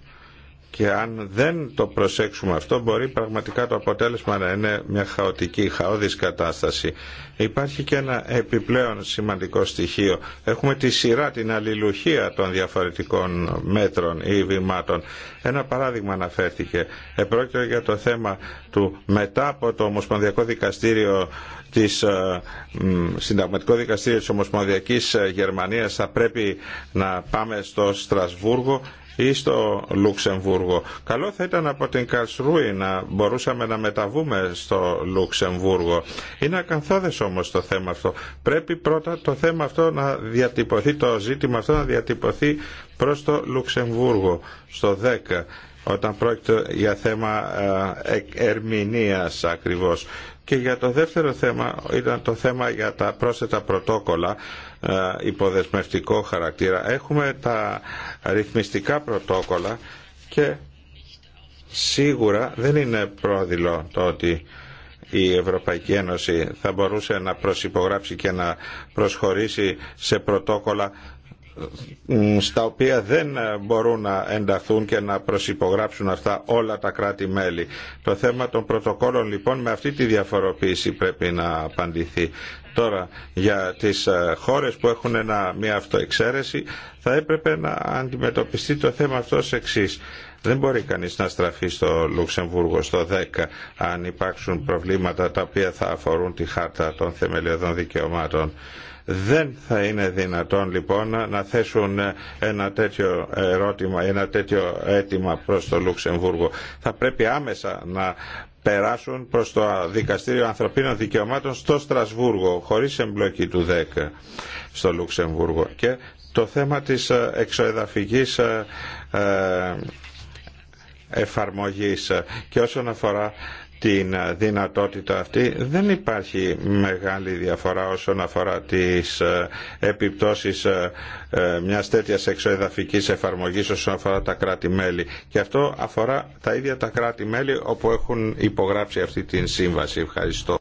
και αν δεν το προσέξουμε αυτό μπορεί πραγματικά το αποτέλεσμα να είναι μια χαοτική, χαόδης κατάσταση. Υπάρχει και ένα επιπλέον σημαντικό στοιχείο. Έχουμε τη σειρά, την αλληλουχία των διαφορετικών μέτρων ή βημάτων. Ένα παράδειγμα αναφέρθηκε. Επρόκειτο για το θέμα του μετά από το Ομοσπονδιακό Δικαστήριο της ε, Συνταγματικό Δικαστήριο της Ομοσπονδιακής Γερμανίας θα πρέπει να πάμε στο Στρασβούργο ή στο Λουξεμβούργο. Καλό θα ήταν από την Καρσρούη να μπορούσαμε να μεταβούμε στο Λουξεμβούργο. Είναι ακαθόδες όμως το θέμα αυτό. Πρέπει πρώτα το θέμα αυτό να διατυπωθεί, το ζήτημα αυτό να διατυπωθεί προς το Λουξεμβούργο, στο 10 όταν πρόκειται για θέμα ε, ερμηνείας ακριβώς. Και για το δεύτερο θέμα ήταν το θέμα για τα πρόσθετα πρωτόκολλα ε, υποδεσμευτικό χαρακτήρα. Έχουμε τα ρυθμιστικά πρωτόκολλα και σίγουρα δεν είναι πρόδειλο το ότι η Ευρωπαϊκή Ένωση θα μπορούσε να προσυπογράψει και να προσχωρήσει σε πρωτόκολλα στα οποία δεν μπορούν να ενταθούν και να προσυπογράψουν αυτά όλα τα κράτη-μέλη. Το θέμα των πρωτοκόλων λοιπόν με αυτή τη διαφοροποίηση πρέπει να απαντηθεί. Τώρα, για τις ε, χώρες που έχουν ένα, μια αυτοεξαίρεση, θα έπρεπε να αντιμετωπιστεί το θέμα αυτό ως εξής. Δεν μπορεί κανείς να στραφεί στο Λουξεμβούργο στο 10 αν υπάρξουν προβλήματα τα οποία θα αφορούν τη χάρτα των θεμελιωδών δικαιωμάτων. Δεν θα είναι δυνατόν λοιπόν να θέσουν ένα τέτοιο ερώτημα, ένα τέτοιο αίτημα προς το Λουξεμβούργο. Θα πρέπει άμεσα να περάσουν προς το Δικαστήριο Ανθρωπίνων Δικαιωμάτων στο Στρασβούργο, χωρίς εμπλοκή του ΔΕΚ στο Λουξεμβούργο. Και το θέμα της ε, εξοεδαφικής ε, ε, εφαρμογής και όσον αφορά την δυνατότητα αυτή δεν υπάρχει μεγάλη διαφορά όσον αφορά τις ε, επιπτώσεις ε, ε, μιας τέτοιας εξοεδαφικής εφαρμογής όσον αφορά τα κράτη-μέλη και αυτό αφορά τα ίδια τα κράτη-μέλη όπου έχουν υπογράψει αυτή την σύμβαση. Ευχαριστώ.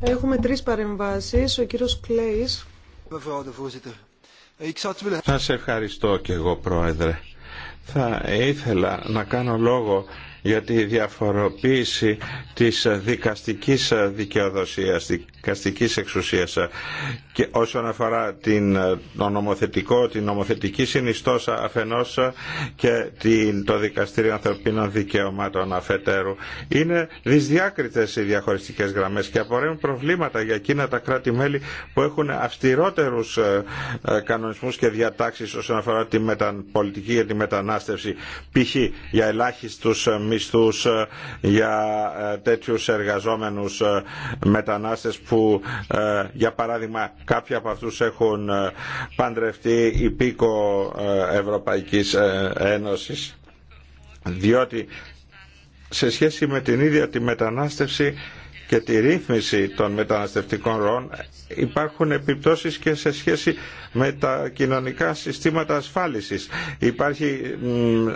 Έχουμε τρεις παρεμβάσεις. Ο κύριος Κλέης. Σας ευχαριστώ και εγώ πρόεδρε. Θα ήθελα να κάνω λόγο για τη διαφοροποίηση της δικαστικής δικαιοδοσίας, δικαστικής εξουσίας και όσον αφορά την, το νομοθετικό, την νομοθετική συνιστόσα αφενός και την, το Δικαστήριο Ανθρωπίνων Δικαιωμάτων αφετέρου. Είναι δυσδιάκριτες οι διαχωριστικές γραμμές και απορρέουν προβλήματα για εκείνα τα κράτη-μέλη που έχουν αυστηρότερους ε, ε, κανονισμούς και διατάξεις όσον αφορά την πολιτική για τη μετανάστευση π.χ. για ελάχιστους ε, μισθούς ε, για ε, τέτοιους εργαζόμενους ε, μετανάστες που για παράδειγμα κάποιοι από αυτούς έχουν παντρευτεί υπήκο Ευρωπαϊκής Ένωσης διότι σε σχέση με την ίδια τη μετανάστευση και τη ρύθμιση των μεταναστευτικών ροών υπάρχουν επιπτώσεις και σε σχέση με τα κοινωνικά συστήματα ασφάλισης. Υπάρχει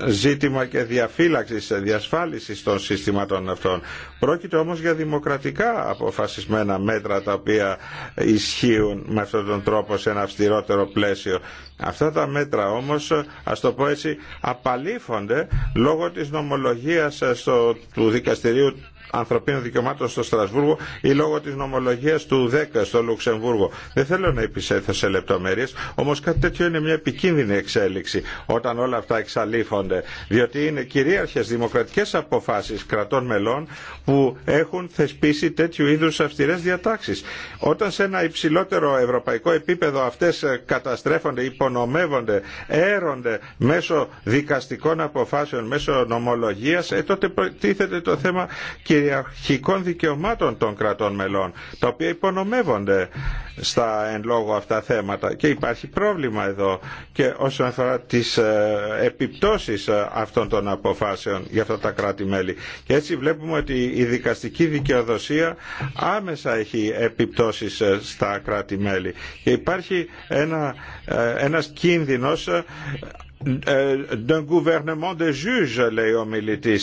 ζήτημα και διαφύλαξης, διασφάλισης των συστήματων αυτών. Πρόκειται όμως για δημοκρατικά αποφασισμένα μέτρα τα οποία ισχύουν με αυτόν τον τρόπο σε ένα αυστηρότερο πλαίσιο. Αυτά τα μέτρα όμως, ας το πω έτσι, απαλήφονται λόγω της νομολογίας ε, στο, του δικαστηρίου Ανθρωπίνων Δικαιωμάτων στο Στρασβούργο ή λόγω τη νομολογία του 10 στο Λουξεμβούργο. Δεν θέλω να επισέλθω σε λεπτομέρειε, όμω κάτι τέτοιο είναι μια επικίνδυνη εξέλιξη όταν όλα αυτά εξαλείφονται. Διότι είναι κυρίαρχε δημοκρατικέ αποφάσει κρατών μελών που έχουν θεσπίσει τέτοιου είδου αυστηρέ διατάξει. Όταν σε ένα υψηλότερο ευρωπαϊκό επίπεδο αυτέ καταστρέφονται, υπονομεύονται, έρονται μέσω δικαστικών αποφάσεων, μέσω νομολογία, ε, τότε τίθεται το θέμα κυριαρχικών δικαιωμάτων των κρατών μελών, τα οποία υπονομεύονται στα εν λόγω αυτά θέματα. Και υπάρχει πρόβλημα εδώ και όσον αφορά τις ε, επιπτώσεις ε, αυτών των αποφάσεων για αυτά τα κράτη-μέλη. Και έτσι βλέπουμε ότι η δικαστική δικαιοδοσία άμεσα έχει επιπτώσεις ε, στα κράτη-μέλη. Και υπάρχει ένα, ένας κίνδυνος ε, d'un gouvernement de juges λέει ο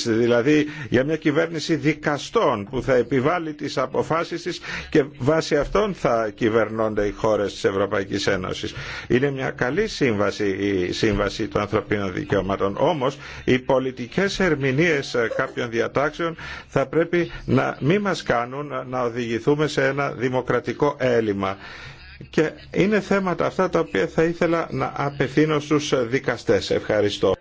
δηλαδή για μια κυβέρνηση δικαστών που θα επιβάλλει τι αποφάσει τη και βάσει αυτών θα κυβερνώνται οι χώρε τη Ευρωπαϊκή Ένωσης είναι μια καλή σύμβαση η σύμβαση των ανθρωπίνων δικαιωμάτων όμως οι πολιτικέ ερμηνείε κάποιων διατάξεων θα πρέπει να μην μα κάνουν να οδηγηθούμε σε ένα δημοκρατικό έλλειμμα και είναι θέματα αυτά τα οποία θα ήθελα να απευθύνω στους δικαστές. Ευχαριστώ.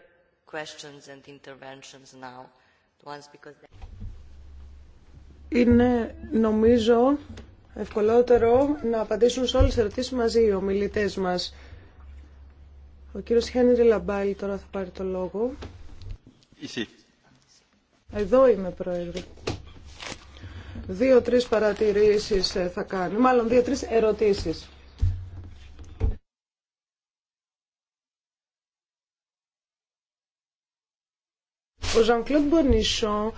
Είναι νομίζω ευκολότερο να απαντήσουν σε όλες τις ερωτήσεις μαζί οι ομιλητές μας. Ο κύριος Χένρι Λαμπάλη τώρα θα πάρει το λόγο. Εδώ είμαι πρόεδρε. Δύο-τρεις παρατηρήσεις ε, θα κάνω, μάλλον δύο-τρεις ερωτήσεις. Ο Ζανκλόντ Μπονισό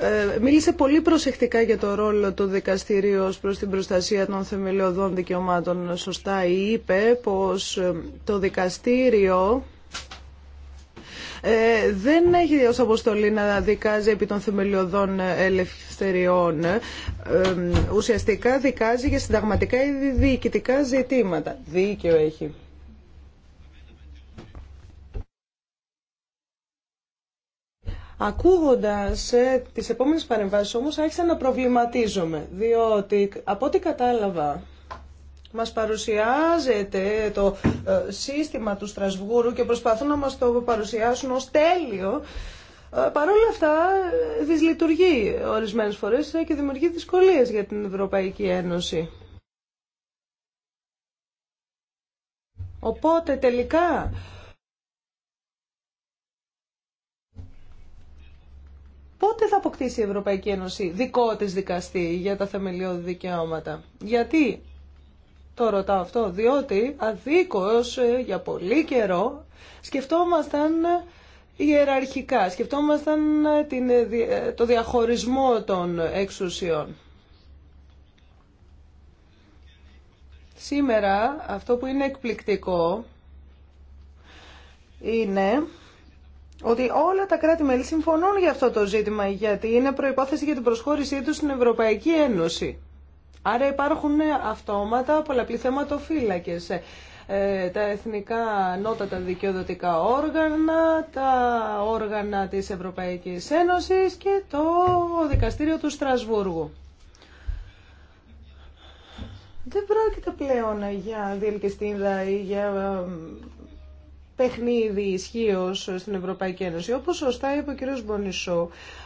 ε, μίλησε πολύ προσεκτικά για το ρόλο του δικαστηρίου ως προς την προστασία των θεμελιωδών δικαιωμάτων. Σωστά είπε πως ε, το δικαστήριο ε, δεν έχει ως αποστολή να δικάζει επί των θεμελιωδών ε, ελευθεριών. Ε, ουσιαστικά δικάζει για συνταγματικά ή διοικητικά ζητήματα. Δίκαιο έχει. Ακούγοντας ε, τις επόμενες παρεμβάσεις όμως άρχισα να προβληματίζομαι, διότι από ό,τι κατάλαβα μας παρουσιάζεται το ε, σύστημα του Στρασβούρου και προσπαθούν να μας το παρουσιάσουν ως τέλειο. Ε, Παρ' αυτά ε, δυσλειτουργεί ορισμένες φορές και δημιουργεί δυσκολίες για την Ευρωπαϊκή Ένωση. Οπότε τελικά πότε θα αποκτήσει η Ευρωπαϊκή Ένωση δικό της δικαστή για τα θεμελιώδη δικαιώματα. Γιατί το ρωτάω αυτό διότι αδίκως ε, για πολύ καιρό σκεφτόμασταν ε, ιεραρχικά, σκεφτόμασταν ε, την, το διαχωρισμό των εξουσιών. Σήμερα αυτό που είναι εκπληκτικό είναι ότι όλα τα κράτη-μέλη συμφωνούν για αυτό το ζήτημα γιατί είναι προϋπόθεση για την προσχώρησή τους στην Ευρωπαϊκή Ένωση. Άρα υπάρχουν ναι, αυτόματα πολλαπλή ε, ε, Τα εθνικά νότατα δικαιοδοτικά όργανα, τα όργανα της Ευρωπαϊκής Ένωσης και το Δικαστήριο του Στρασβούργου. Δεν πρόκειται πλέον για διελκυστίνδα ή για ε, παιχνίδι ισχύω στην Ευρωπαϊκή Ένωση. Όπως σωστά είπε ο κ. Μπονισό,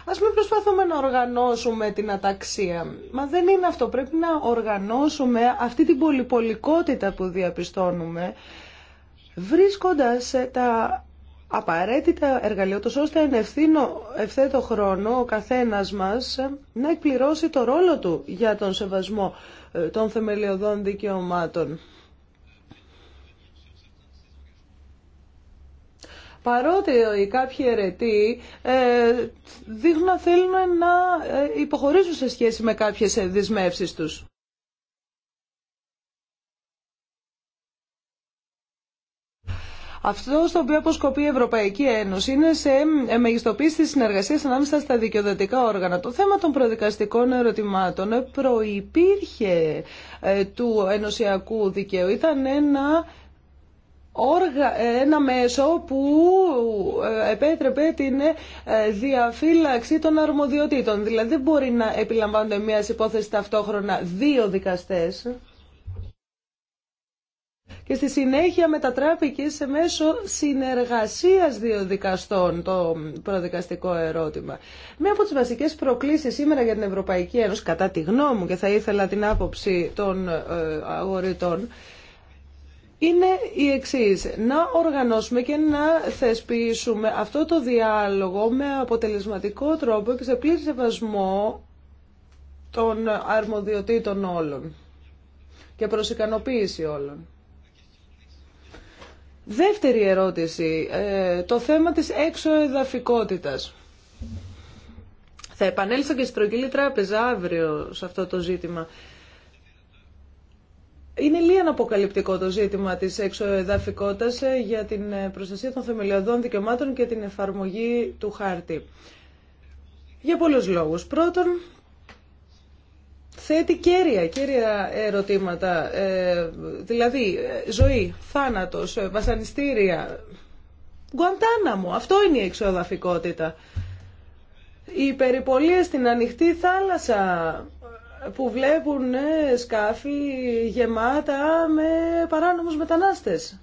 Α μην προσπαθούμε να οργανώσουμε την αταξία. Μα δεν είναι αυτό. Πρέπει να οργανώσουμε αυτή την πολυπολικότητα που διαπιστώνουμε, βρίσκοντας τα απαραίτητα εργαλεία, ώστε εν ευθύνο, ευθέτω χρόνο ο καθένας μας να εκπληρώσει το ρόλο του για τον σεβασμό ε, των θεμελιωδών δικαιωμάτων. παρότι κάποιοι αιρετοί ε, δείχνουν να θέλουν να ε, υποχωρήσουν σε σχέση με κάποιες δυσμεύσει τους. Αυτό στο οποίο αποσκοπεί η Ευρωπαϊκή Ένωση είναι σε ε, μεγιστοποίηση τη συνεργασία ανάμεσα στα δικαιοδοτικά όργανα. Το θέμα των προδικαστικών ερωτημάτων προϋπήρχε του ενωσιακού δικαίου. Ήταν ένα ε, ένα μέσο που ε, επέτρεπε την ε, διαφύλαξη των αρμοδιοτήτων. Δηλαδή δεν μπορεί να επιλαμβάνονται μια υπόθεση ταυτόχρονα δύο δικαστές. Και στη συνέχεια μετατράπηκε σε μέσο συνεργασίας δύο δικαστών το προδικαστικό ερώτημα. Μία από τις βασικές προκλήσεις σήμερα για την Ευρωπαϊκή Ένωση, κατά τη γνώμη μου και θα ήθελα την άποψη των αγορητών, είναι η εξής. Να οργανώσουμε και να θεσπίσουμε αυτό το διάλογο με αποτελεσματικό τρόπο και σε πλήρη σεβασμό των αρμοδιοτήτων όλων και προς ικανοποίηση όλων. Δεύτερη ερώτηση, ε, το θέμα της εξωεδαφικότητας. Θα επανέλθω και στην Τρογγύλη Τράπεζα αύριο σε αυτό το ζήτημα. Είναι λίγο αποκαλυπτικό το ζήτημα της εξοεδαφικότητα ε, για την ε, προστασία των θεμελιωδών δικαιωμάτων και την εφαρμογή του χάρτη. Για πολλούς λόγους. Πρώτον, θέτει κέρια, κέρια ερωτήματα, ε, δηλαδή ε, ζωή, θάνατος, βασανιστήρια, μου, αυτό είναι η εξοδαφικότητα. Οι περιπολία στην ανοιχτή θάλασσα, που βλέπουν ναι, σκάφη γεμάτα με παράνομους μετανάστες.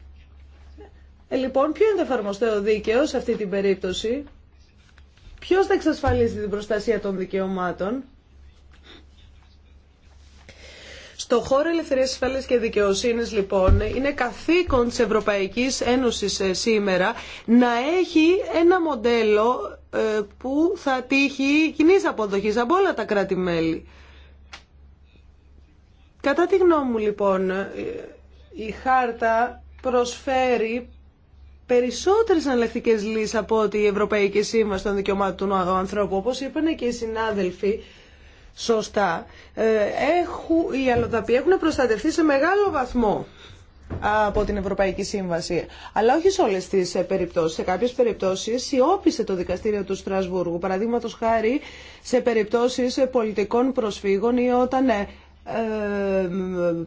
Ε, λοιπόν, ποιο είναι το εφαρμοστέο δίκαιο σε αυτή την περίπτωση. Ποιος θα εξασφαλίσει την προστασία των δικαιωμάτων. Στο χώρο ελευθερίας ασφάλειας και δικαιοσύνης λοιπόν είναι καθήκον της Ευρωπαϊκής Ένωσης ε, σήμερα να έχει ένα μοντέλο ε, που θα τύχει κοινή αποδοχή από όλα τα κράτη-μέλη. Κατά τη γνώμη μου λοιπόν, ε, η χάρτα προσφέρει περισσότερες αναλεκτικές λύσεις από ότι η Ευρωπαϊκή Σύμβαση των Δικαιωμάτων του Ανθρώπου, όπως είπαν και οι συνάδελφοι, σωστά, ε, έχουν, οι αλλοδαποί έχουν προστατευτεί σε μεγάλο βαθμό από την Ευρωπαϊκή Σύμβαση. Αλλά όχι σε όλες τις ε, περιπτώσεις. Σε κάποιες περιπτώσεις σιώπησε το δικαστήριο του Στρασβούργου. Παραδείγματο χάρη σε περιπτώσεις πολιτικών προσφύγων ή όταν ε,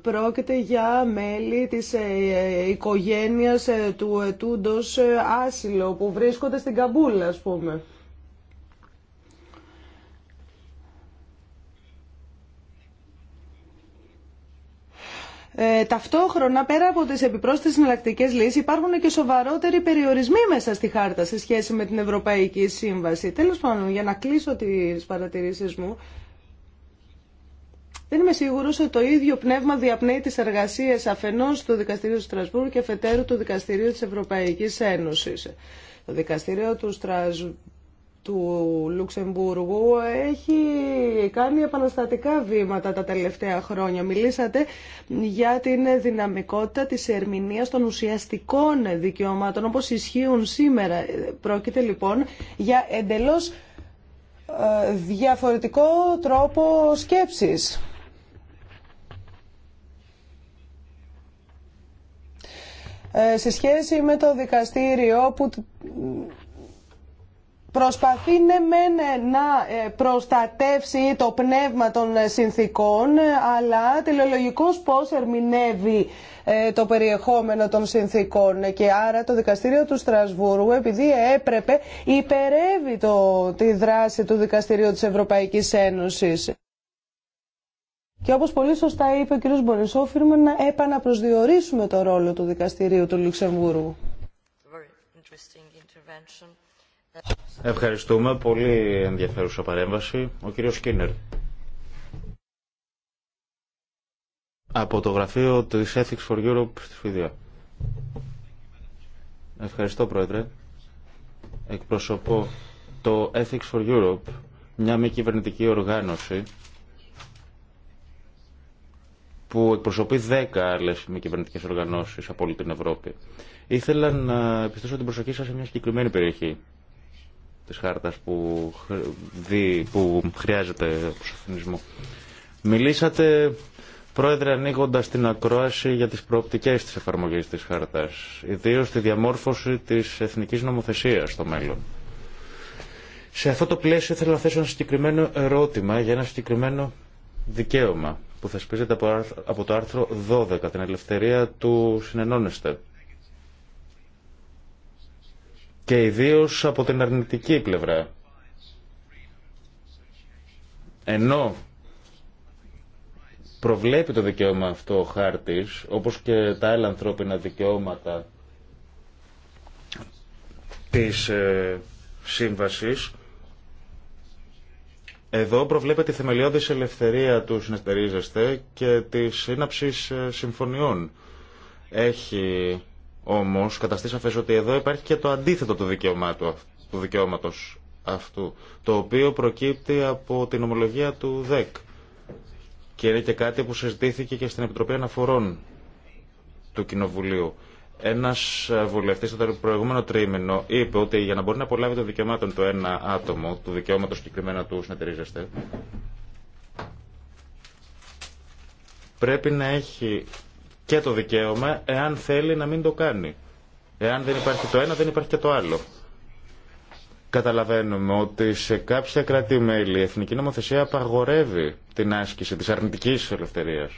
πρόκειται για μέλη της ε, ε, οικογένειας του ετούντος άσυλο που βρίσκονται στην Καμπούλα ας πούμε. Ε, ταυτόχρονα, πέρα από τις επιπρόσθετες συναλλακτικές λύσεις υπάρχουν και σοβαρότεροι περιορισμοί μέσα στη χάρτα σε σχέση με την Ευρωπαϊκή Σύμβαση. Τέλος πάντων, για να κλείσω τι παρατηρήσει μου, δεν είμαι σίγουρο ότι το ίδιο πνεύμα διαπνέει τις εργασίες αφενός του Δικαστηρίου του Στρασβούργου και αφετέρου του Δικαστηρίου της Ευρωπαϊκής Ένωσης. Το Δικαστηρίο του Στρασβούργου του Λουξεμβούργου έχει κάνει επαναστατικά βήματα τα τελευταία χρόνια. Μιλήσατε για την δυναμικότητα της ερμηνείας των ουσιαστικών δικαιωμάτων όπως ισχύουν σήμερα. Πρόκειται λοιπόν για εντελώς ε, διαφορετικό τρόπο σκέψης. Ε, σε σχέση με το δικαστήριο που προσπαθεί ναι ε, να ε, προστατεύσει το πνεύμα των συνθήκων αλλά τελειολογικώς πώς ερμηνεύει το περιεχόμενο των συνθήκων και άρα το δικαστήριο του Στρασβούργου επειδή έπρεπε υπερεύει το, τη δράση του δικαστηρίου της Ευρωπαϊκής Ένωσης. Και όπως πολύ σωστά είπε ο κ. Μπορεσό, οφείλουμε να επαναπροσδιορίσουμε το ρόλο του Δικαστηρίου του Λουξεμβούργου. Ευχαριστούμε. Πολύ ενδιαφέρουσα παρέμβαση. Ο κύριος Σκίνερ. Από το γραφείο της Ethics for Europe στη Σουηδία. Ευχαριστώ, Πρόεδρε. Εκπροσωπώ το Ethics for Europe, μια μη κυβερνητική οργάνωση που εκπροσωπεί δέκα άλλε μη κυβερνητικέ οργανώσει από όλη την Ευρώπη. Ήθελα να επιστήσω την προσοχή σα σε μια συγκεκριμένη περιοχή τη χάρτα που, που χρειάζεται προσωθυνισμό. Μιλήσατε, Πρόεδρε, ανοίγοντα την ακρόαση για τι προοπτικέ τη εφαρμογή τη χάρτα, ιδίω τη διαμόρφωση τη εθνική νομοθεσία στο μέλλον. Σε αυτό το πλαίσιο ήθελα να θέσω ένα συγκεκριμένο ερώτημα για ένα συγκεκριμένο δικαίωμα που θεσπίζεται από το άρθρο 12, την ελευθερία του συνενώνεστε. Και ιδίως από την αρνητική πλευρά. Ενώ προβλέπει το δικαίωμα αυτό ο χάρτης, όπως και τα άλλα ανθρώπινα δικαιώματα της ε, σύμβασης, εδώ προβλέπεται η θεμελιώδης ελευθερία του συνεταιρίζεστε και της σύναψή ε, συμφωνιών. Έχει όμως καταστεί σαφέ ότι εδώ υπάρχει και το αντίθετο του, δικαιωμάτου, του δικαιώματος αυτού, το οποίο προκύπτει από την ομολογία του ΔΕΚ και είναι και κάτι που συζητήθηκε και στην Επιτροπή Αναφορών του Κοινοβουλίου. Ένα βουλευτή το προηγούμενο τρίμηνο είπε ότι για να μπορεί να απολάβει το δικαιωμάτων του ένα άτομο, του δικαιώματο συγκεκριμένα του συνεταιρίζεστε, πρέπει να έχει και το δικαίωμα εάν θέλει να μην το κάνει. Εάν δεν υπάρχει το ένα, δεν υπάρχει και το άλλο. Καταλαβαίνουμε ότι σε κάποια κράτη-μέλη η εθνική νομοθεσία απαγορεύει την άσκηση της αρνητικής ελευθερίας.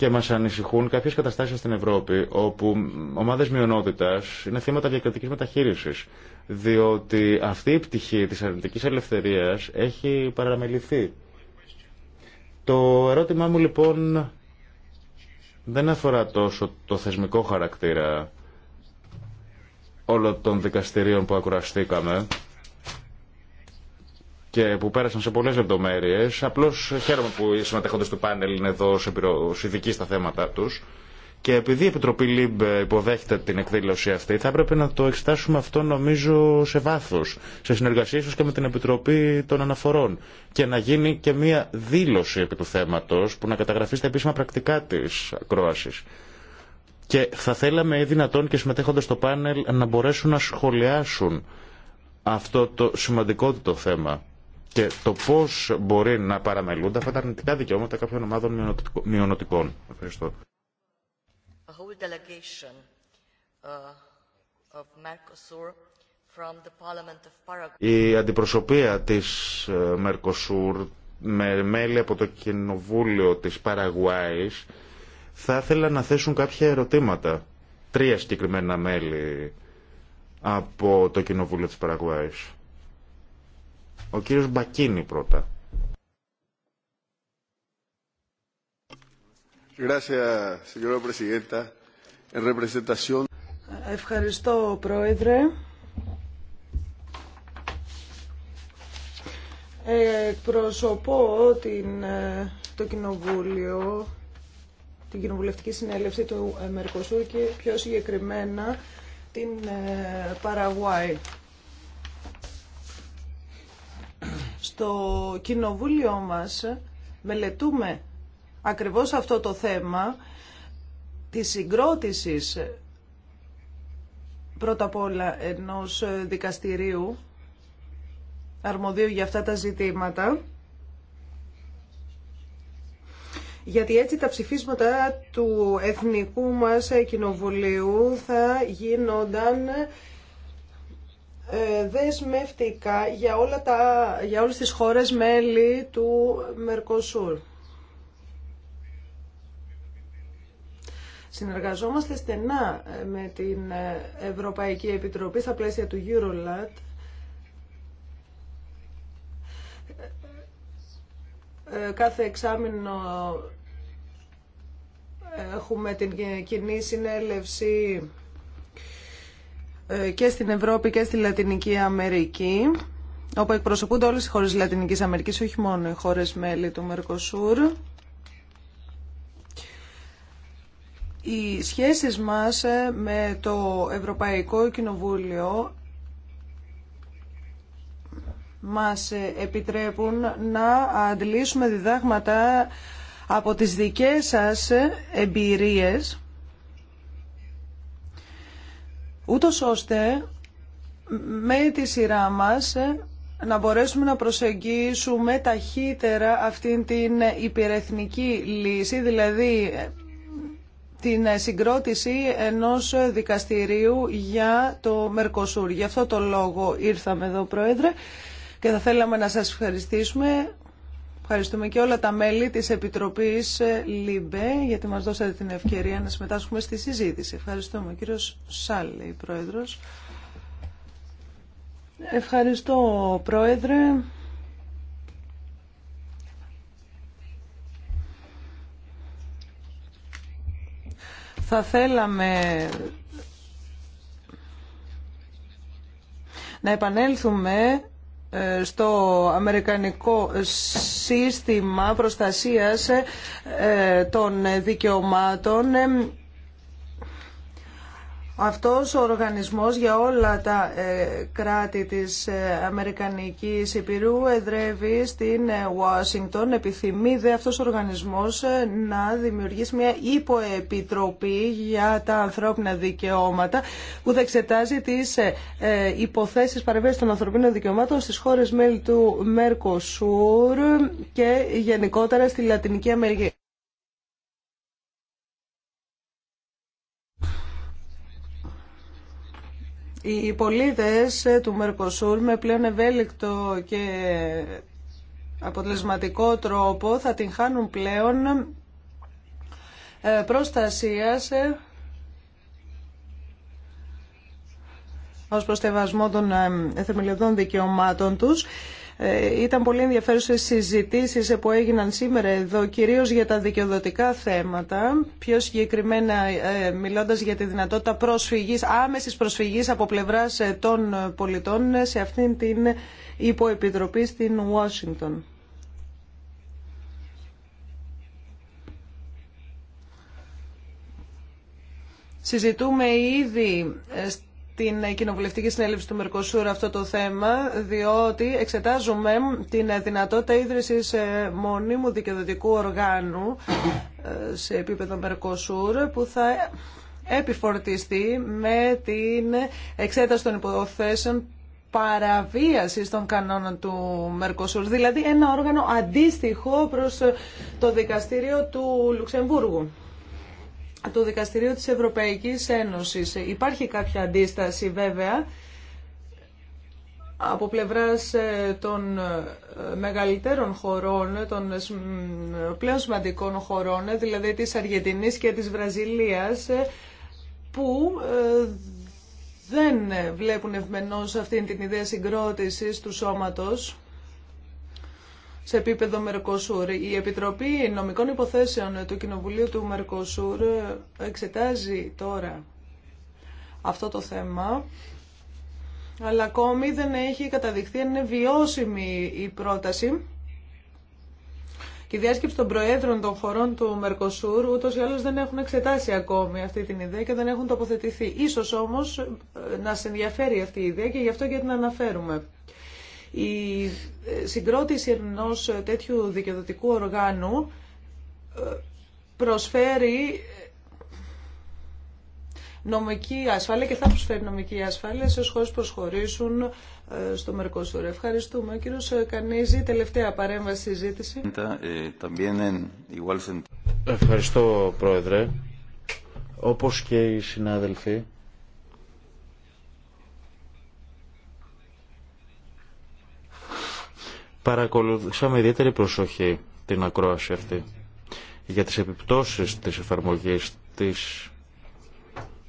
Και μα ανησυχούν κάποιες καταστάσεις στην Ευρώπη όπου ομάδες μειονότητα είναι θύματα διακριτική μεταχείρισης. Διότι αυτή η πτυχή της αρνητική ελευθερίας έχει παραμεληθεί. Το ερώτημά μου λοιπόν δεν αφορά τόσο το θεσμικό χαρακτήρα όλων των δικαστηρίων που ακουραστήκαμε και που πέρασαν σε πολλές λεπτομέρειες. Απλώς χαίρομαι που οι συμμετέχοντες του πάνελ είναι εδώ σε ειδικοί στα θέματα τους. Και επειδή η Επιτροπή ΛΥΜΠ υποδέχεται την εκδήλωση αυτή, θα έπρεπε να το εξετάσουμε αυτό νομίζω σε βάθο, σε συνεργασία ίσω και με την Επιτροπή των Αναφορών. Και να γίνει και μία δήλωση επί του θέματο που να καταγραφεί στα επίσημα πρακτικά τη ακρόαση. Και θα θέλαμε οι δυνατόν και συμμετέχοντες στο πάνελ να μπορέσουν να σχολιάσουν αυτό το σημαντικό θέμα και το πώ μπορεί να παραμελούνται αυτά τα αρνητικά δικαιώματα κάποιων ομάδων μειονοτικών. Ευχαριστώ. Η αντιπροσωπεία της Μερκοσούρ με μέλη από το Κοινοβούλιο της Παραγουάης θα ήθελα να θέσουν κάποια ερωτήματα. Τρία συγκεκριμένα μέλη από το Κοινοβούλιο της Παραγουάης. Ο κύριος Μπακίνη πρώτα. Ευχαριστώ, Πρόεδρε. Εκπροσωπώ την, ε, το Κοινοβούλιο, την Κοινοβουλευτική Συνέλευση του Μερκοσούρ και πιο συγκεκριμένα την ε, Παραγουάη. στο κοινοβούλιο μας μελετούμε ακριβώς αυτό το θέμα της συγκρότησης πρώτα απ' όλα ενός δικαστηρίου αρμοδίου για αυτά τα ζητήματα γιατί έτσι τα ψηφίσματα του Εθνικού μας Κοινοβουλίου θα γίνονταν ε, δεσμευτικά για, όλα τα, για όλες τις χώρες μέλη του Μερκοσούρ. Συνεργαζόμαστε στενά ε, με την ε, Ευρωπαϊκή Επιτροπή στα πλαίσια του Eurolat κάθε εξάμεινο έχουμε την κοινή συνέλευση ε, και στην Ευρώπη και στη Λατινική Αμερική, όπου εκπροσωπούνται όλες οι χώρες της Λατινικής Αμερικής, όχι μόνο οι χώρες μέλη του Μερκοσούρ. Οι σχέσεις μας ε, με το Ευρωπαϊκό Κοινοβούλιο μας ε, επιτρέπουν να αντλήσουμε διδάγματα από τις δικές σας εμπειρίες ούτως ώστε με τη σειρά μας ε, να μπορέσουμε να προσεγγίσουμε ταχύτερα αυτήν την υπερεθνική λύση, δηλαδή ε, την συγκρότηση ενός δικαστηρίου για το Μερκοσούρ. Γι' αυτό το λόγο ήρθαμε εδώ, Πρόεδρε, και θα θέλαμε να σας ευχαριστήσουμε Ευχαριστούμε και όλα τα μέλη της Επιτροπής ε, ΛΥΜΠΕ γιατί μας δώσατε την ευκαιρία να συμμετάσχουμε στη συζήτηση. Ευχαριστούμε. Κύριος Σάλλη, Πρόεδρος. Ευχαριστώ, Πρόεδρε. Θα θέλαμε να επανέλθουμε ε, στο αμερικανικό σύστημα προστασίας ε, των δικαιωμάτων ε, αυτός ο οργανισμός για όλα τα ε, κράτη της ε, Αμερικανικής Υπηρού εδρεύει στην ε, Ουάσιγκτον. Επιθυμεί δε αυτός ο οργανισμός να δημιουργήσει μια υποεπιτροπή για τα ανθρώπινα δικαιώματα που θα εξετάζει τις υποθέσεις παρεμβαίνει των ανθρωπίνων δικαιωμάτων στις χώρες μέλη του Μέρκοσούρ και γενικότερα στη Λατινική Αμερική. Οι πολίτες του Μερκοσούρ με πλέον ευέλικτο και αποτελεσματικό τρόπο θα την χάνουν πλέον ε, προστασίας ε, ως προστευασμό των ε, θεμελιωδών δικαιωμάτων τους. Ε, ήταν πολύ ενδιαφέρουσες συζητήσει που έγιναν σήμερα εδώ, κυρίως για τα δικαιοδοτικά θέματα, πιο συγκεκριμένα ε, μιλώντας για τη δυνατότητα προσφυγής, άμεσης προσφυγής από πλευράς ε, των πολιτών σε αυτήν την υποεπιτροπή στην Ουάσιγκτον. Συζητούμε ήδη την κοινοβουλευτική συνέλευση του Μερκοσούρ αυτό το θέμα, διότι εξετάζουμε την δυνατότητα ίδρυσης ε, μονίμου δικαιοδοτικού οργάνου ε, σε επίπεδο Μερκοσούρ που θα επιφορτιστεί με την εξέταση των υποθέσεων παραβίασης των κανόνων του Μερκοσούρ, δηλαδή ένα όργανο αντίστοιχο προς το δικαστήριο του Λουξεμβούργου το Δικαστηρίο της Ευρωπαϊκής Ένωσης. Υπάρχει κάποια αντίσταση βέβαια από πλευράς ε, των ε, μεγαλύτερων χωρών, των ε, πλέον σημαντικών χωρών, δηλαδή της Αργεντινής και της Βραζιλίας, που δεν βλέπουν ευμενώς αυτή την ιδέα συγκρότησης του σώματος σε επίπεδο Μερκοσούρ. Η Επιτροπή Νομικών Υποθέσεων του Κοινοβουλίου του Μερκοσούρ εξετάζει τώρα αυτό το θέμα, αλλά ακόμη δεν έχει καταδειχθεί είναι βιώσιμη η πρόταση. Και η διάσκεψη των Προέδρων των χωρών του Μερκοσούρ ούτω ή άλλω δεν έχουν εξετάσει ακόμη αυτή την ιδέα και δεν έχουν τοποθετηθεί. σω όμω ε, να σε ενδιαφέρει αυτή η ιδέα και γι' αυτό και την αναφέρουμε. Η συγκρότηση ενός τέτοιου δικαιοδοτικού οργάνου ε, προσφέρει ε, νομική ασφάλεια και θα προσφέρει νομική ασφάλεια σε χώρε που προσχωρήσουν ε, στο Μερκόσουρ. Ευχαριστούμε. κύριος Κανίζη, τελευταία παρέμβαση συζήτηση. Ευχαριστώ, Πρόεδρε. Όπως και οι συνάδελφοι, παρακολουθήσαμε ιδιαίτερη προσοχή την ακρόαση αυτή για τις επιπτώσεις της εφαρμογής της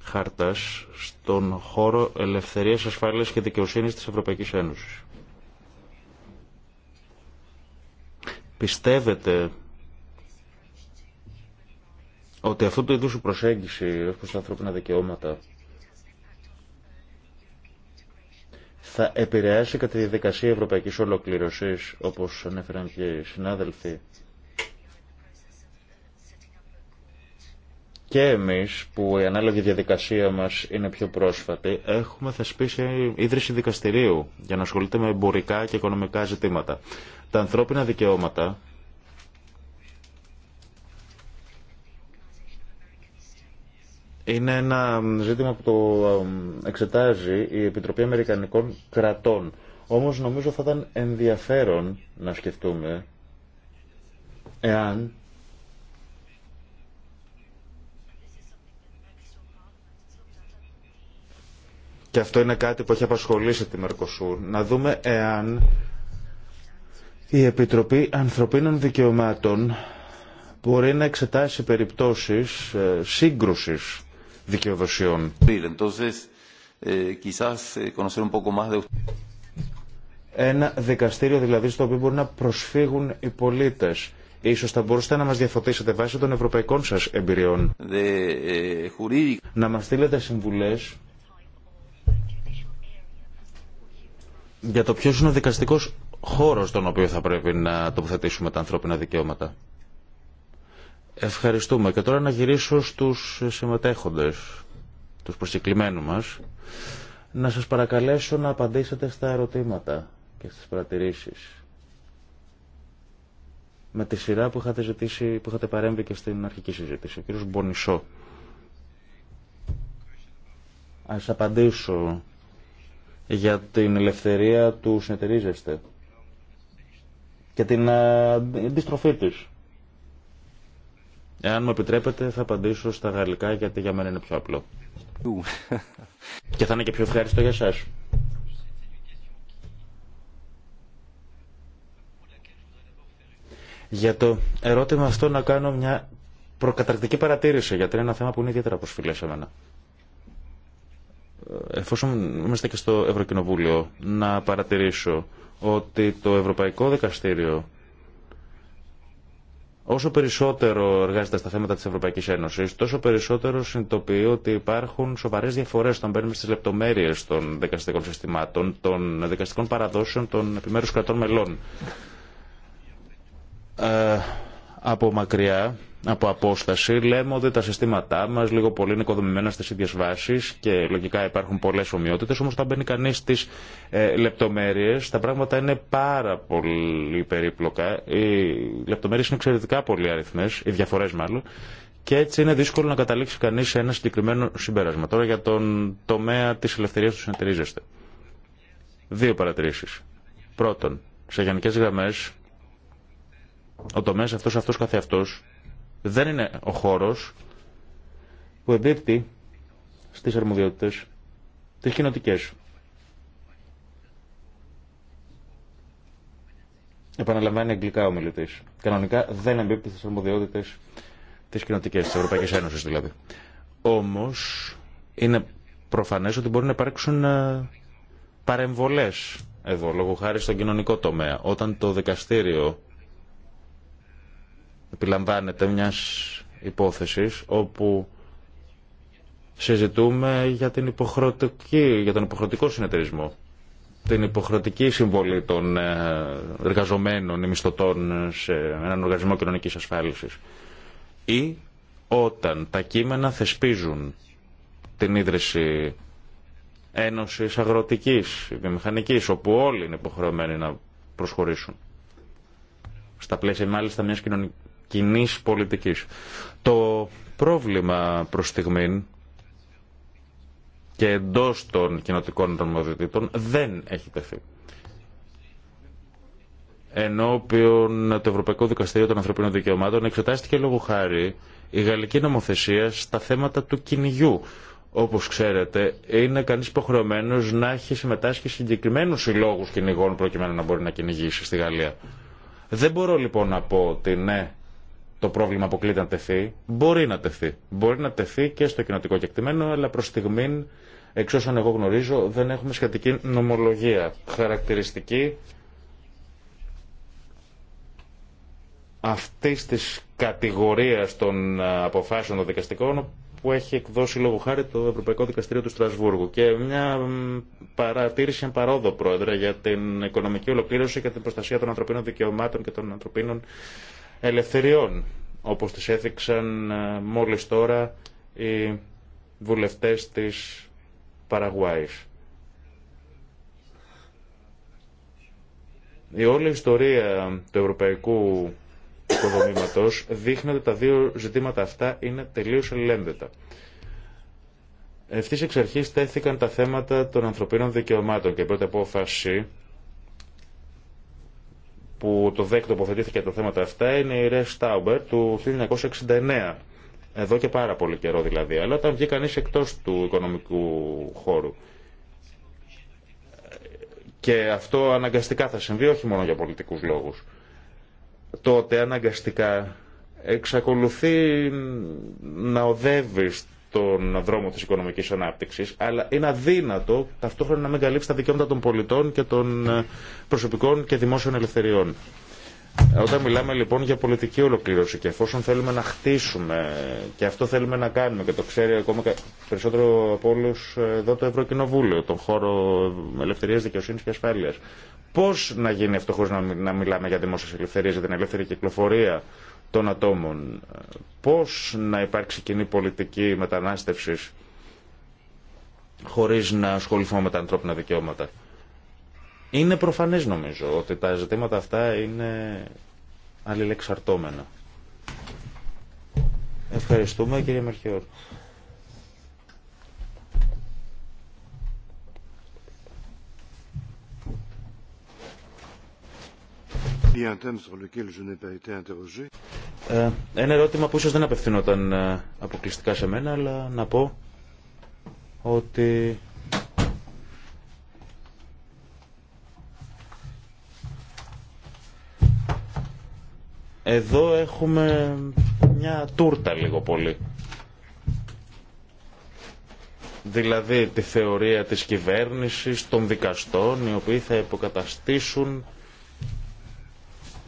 χάρτας στον χώρο ελευθερίας, ασφάλειας και δικαιοσύνης της Ευρωπαϊκής Ένωσης. Πιστεύετε ότι αυτού του είδους προσέγγιση ως προς τα ανθρώπινα δικαιώματα θα επηρεάσει κατά τη διαδικασία... ευρωπαϊκής ολοκληρωσής, όπως ανέφεραν και οι συνάδελφοι. Και εμείς, που η ανάλογη διαδικασία μας είναι πιο πρόσφατη, έχουμε θεσπίσει ίδρυση δικαστηρίου για να ασχολείται με εμπορικά και οικονομικά ζητήματα. Τα ανθρώπινα δικαιώματα Είναι ένα ζήτημα που το εξετάζει η Επιτροπή Αμερικανικών Κρατών. Όμως νομίζω θα ήταν ενδιαφέρον να σκεφτούμε εάν και αυτό είναι κάτι που έχει απασχολήσει τη Μερκοσούρ, να δούμε εάν η Επιτροπή Ανθρωπίνων Δικαιωμάτων μπορεί να εξετάσει περιπτώσεις ε, σύγκρουσης δικαιοδοσιών. Ένα δικαστήριο δηλαδή στο οποίο μπορούν να προσφύγουν οι πολίτες. Ίσως θα μπορούσατε να μας διαφωτίσετε βάσει των ευρωπαϊκών σας εμπειριών. Eh, να μας στείλετε συμβουλές για το ποιος είναι ο δικαστικός χώρος στον οποίο θα πρέπει να τοποθετήσουμε τα ανθρώπινα δικαιώματα. Ευχαριστούμε. Και τώρα να γυρίσω στους συμμετέχοντες, τους προσκεκλημένους μας, να σας παρακαλέσω να απαντήσετε στα ερωτήματα και στις παρατηρήσεις. Με τη σειρά που είχατε, ζητήσει, που είχατε παρέμβει και στην αρχική συζήτηση. Ο κύριος Μπονισό. Ας απαντήσω για την ελευθερία του συνεταιρίζεστε και την ε, αντιστροφή της Εάν μου επιτρέπετε θα απαντήσω στα γαλλικά γιατί για μένα είναι πιο απλό. και θα είναι και πιο ευχάριστο για εσάς. Για το ερώτημα αυτό να κάνω μια προκαταρκτική παρατήρηση γιατί είναι ένα θέμα που είναι ιδιαίτερα προσφυλές σε μένα. Εφόσον είμαστε και στο Ευρωκοινοβούλιο, να παρατηρήσω ότι το Ευρωπαϊκό Δικαστήριο Όσο περισσότερο εργάζεται στα θέματα τη Ευρωπαϊκή Ένωση, τόσο περισσότερο συνειδητοποιεί ότι υπάρχουν σοβαρέ διαφορέ όταν μπαίνουμε στι λεπτομέρειε των δικαστικών συστημάτων, των δικαστικών παραδόσεων των επιμέρου κρατών μελών. Ε, από μακριά από απόσταση λέμε ότι τα συστήματά μα λίγο πολύ είναι οικοδομημένα στι ίδιες βάσεις και λογικά υπάρχουν πολλέ ομοιότητε. όμω όταν μπαίνει κανεί στι ε, λεπτομέρειες τα πράγματα είναι πάρα πολύ περίπλοκα, οι λεπτομέρειε είναι εξαιρετικά πολύ αριθμές, οι διαφορέ μάλλον, και έτσι είναι δύσκολο να καταλήξει κανεί σε ένα συγκεκριμένο συμπέρασμα. Τώρα για τον τομέα τη ελευθερία του συνεταιρίζεστε. Δύο παρατηρήσει. Πρώτον, σε γενικέ γραμμέ ο τομέα αυτό αυτό καθεαυτό δεν είναι ο χώρος που εμπίπτει στις αρμοδιότητες τις κοινοτικέ. Επαναλαμβάνει αγγλικά ο μιλητή. Κανονικά δεν εμπίπτει στι αρμοδιότητε τη κοινοτική, τη Ευρωπαϊκή Ένωση δηλαδή. Όμω είναι προφανέ ότι μπορεί να υπάρξουν ε, παρεμβολέ εδώ, λόγω χάρη στον κοινωνικό τομέα. Όταν το δικαστήριο επιλαμβάνεται μιας υπόθεσης όπου συζητούμε για, την υποχρεωτική, για τον υποχρεωτικό συνεταιρισμό την υποχρεωτική συμβολή των ε, εργαζομένων ή μισθωτών σε έναν οργανισμό κοινωνικής ασφάλισης ή όταν τα κείμενα θεσπίζουν την ίδρυση ένωσης αγροτικής, βιομηχανικής, όπου όλοι είναι υποχρεωμένοι να προσχωρήσουν. Στα πλαίσια μάλιστα μιας κοινή πολιτική. Το πρόβλημα προ στιγμήν και εντό των κοινοτικών νομοθετήτων δεν έχει τεθεί. Ενώπιον το Ευρωπαϊκό Δικαστήριο των Ανθρωπίνων Δικαιωμάτων εξετάστηκε λόγω χάρη η γαλλική νομοθεσία στα θέματα του κυνηγιού. Όπω ξέρετε, είναι κανεί υποχρεωμένο να έχει συμμετάσχει σε συγκεκριμένου συλλόγου κυνηγών προκειμένου να μπορεί να κυνηγήσει στη Γαλλία. Δεν μπορώ λοιπόν να πω ότι ναι, το πρόβλημα αποκλείται να τεθεί. Μπορεί να τεθεί. Μπορεί να τεθεί και στο κοινοτικό κεκτημένο, αλλά προ στιγμήν, εξ όσων εγώ γνωρίζω, δεν έχουμε σχετική νομολογία χαρακτηριστική αυτή τη κατηγορία των ε, αποφάσεων των δικαστικών που έχει εκδώσει λόγω χάρη το Ευρωπαϊκό Δικαστήριο του Στρασβούργου. Και μια παρατήρηση εν παρόδο, Πρόεδρε, για την οικονομική ολοκλήρωση και την προστασία των ανθρωπίνων δικαιωμάτων και των ανθρωπίνων ελευθεριών, όπως τις έθιξαν ε, μόλις τώρα οι βουλευτές της Παραγουάης. Η όλη ιστορία του ευρωπαϊκού οικοδομήματος δείχνει ότι τα δύο ζητήματα αυτά είναι τελείως αλληλένδετα. Ευτής εξ αρχή τέθηκαν τα θέματα των ανθρωπίνων δικαιωμάτων και η πρώτη απόφαση που το ΔΕΚ τοποθετήθηκε το θέματα αυτά είναι η Ρεφ Στάουμπερ του 1969. Εδώ και πάρα πολύ καιρό δηλαδή, αλλά όταν βγει κανείς εκτός του οικονομικού χώρου. Και αυτό αναγκαστικά θα συμβεί, όχι μόνο για πολιτικούς λόγους. Τότε αναγκαστικά εξακολουθεί να οδεύει τον δρόμο τη οικονομική ανάπτυξη, αλλά είναι αδύνατο ταυτόχρονα να μην καλύψει τα δικαιώματα των πολιτών και των ε, προσωπικών και δημόσιων ελευθεριών. Όταν μιλάμε λοιπόν για πολιτική ολοκλήρωση και εφόσον θέλουμε να χτίσουμε και αυτό θέλουμε να κάνουμε και το ξέρει ακόμα περισσότερο από όλου ε, εδώ το Ευρωκοινοβούλιο, τον χώρο ελευθερία, δικαιοσύνη και ασφάλεια. Πώ να γίνει αυτό χωρί να μιλάμε για δημόσιε ελευθερίε, για την ελεύθερη κυκλοφορία, των ατόμων. Πώς να υπάρξει κοινή πολιτική μετανάστευσης χωρίς να ασχοληθούμε με τα ανθρώπινα δικαιώματα. Είναι προφανές νομίζω ότι τα ζητήματα αυτά είναι αλληλεξαρτώμενα. Ευχαριστούμε κύριε Μερχιόρ. Ε, ένα ερώτημα που ίσως δεν απευθυνόταν ε, αποκλειστικά σε μένα, αλλά να πω ότι εδώ έχουμε μια τούρτα λίγο πολύ. Δηλαδή τη θεωρία της κυβέρνησης, των δικαστών, οι οποίοι θα υποκαταστήσουν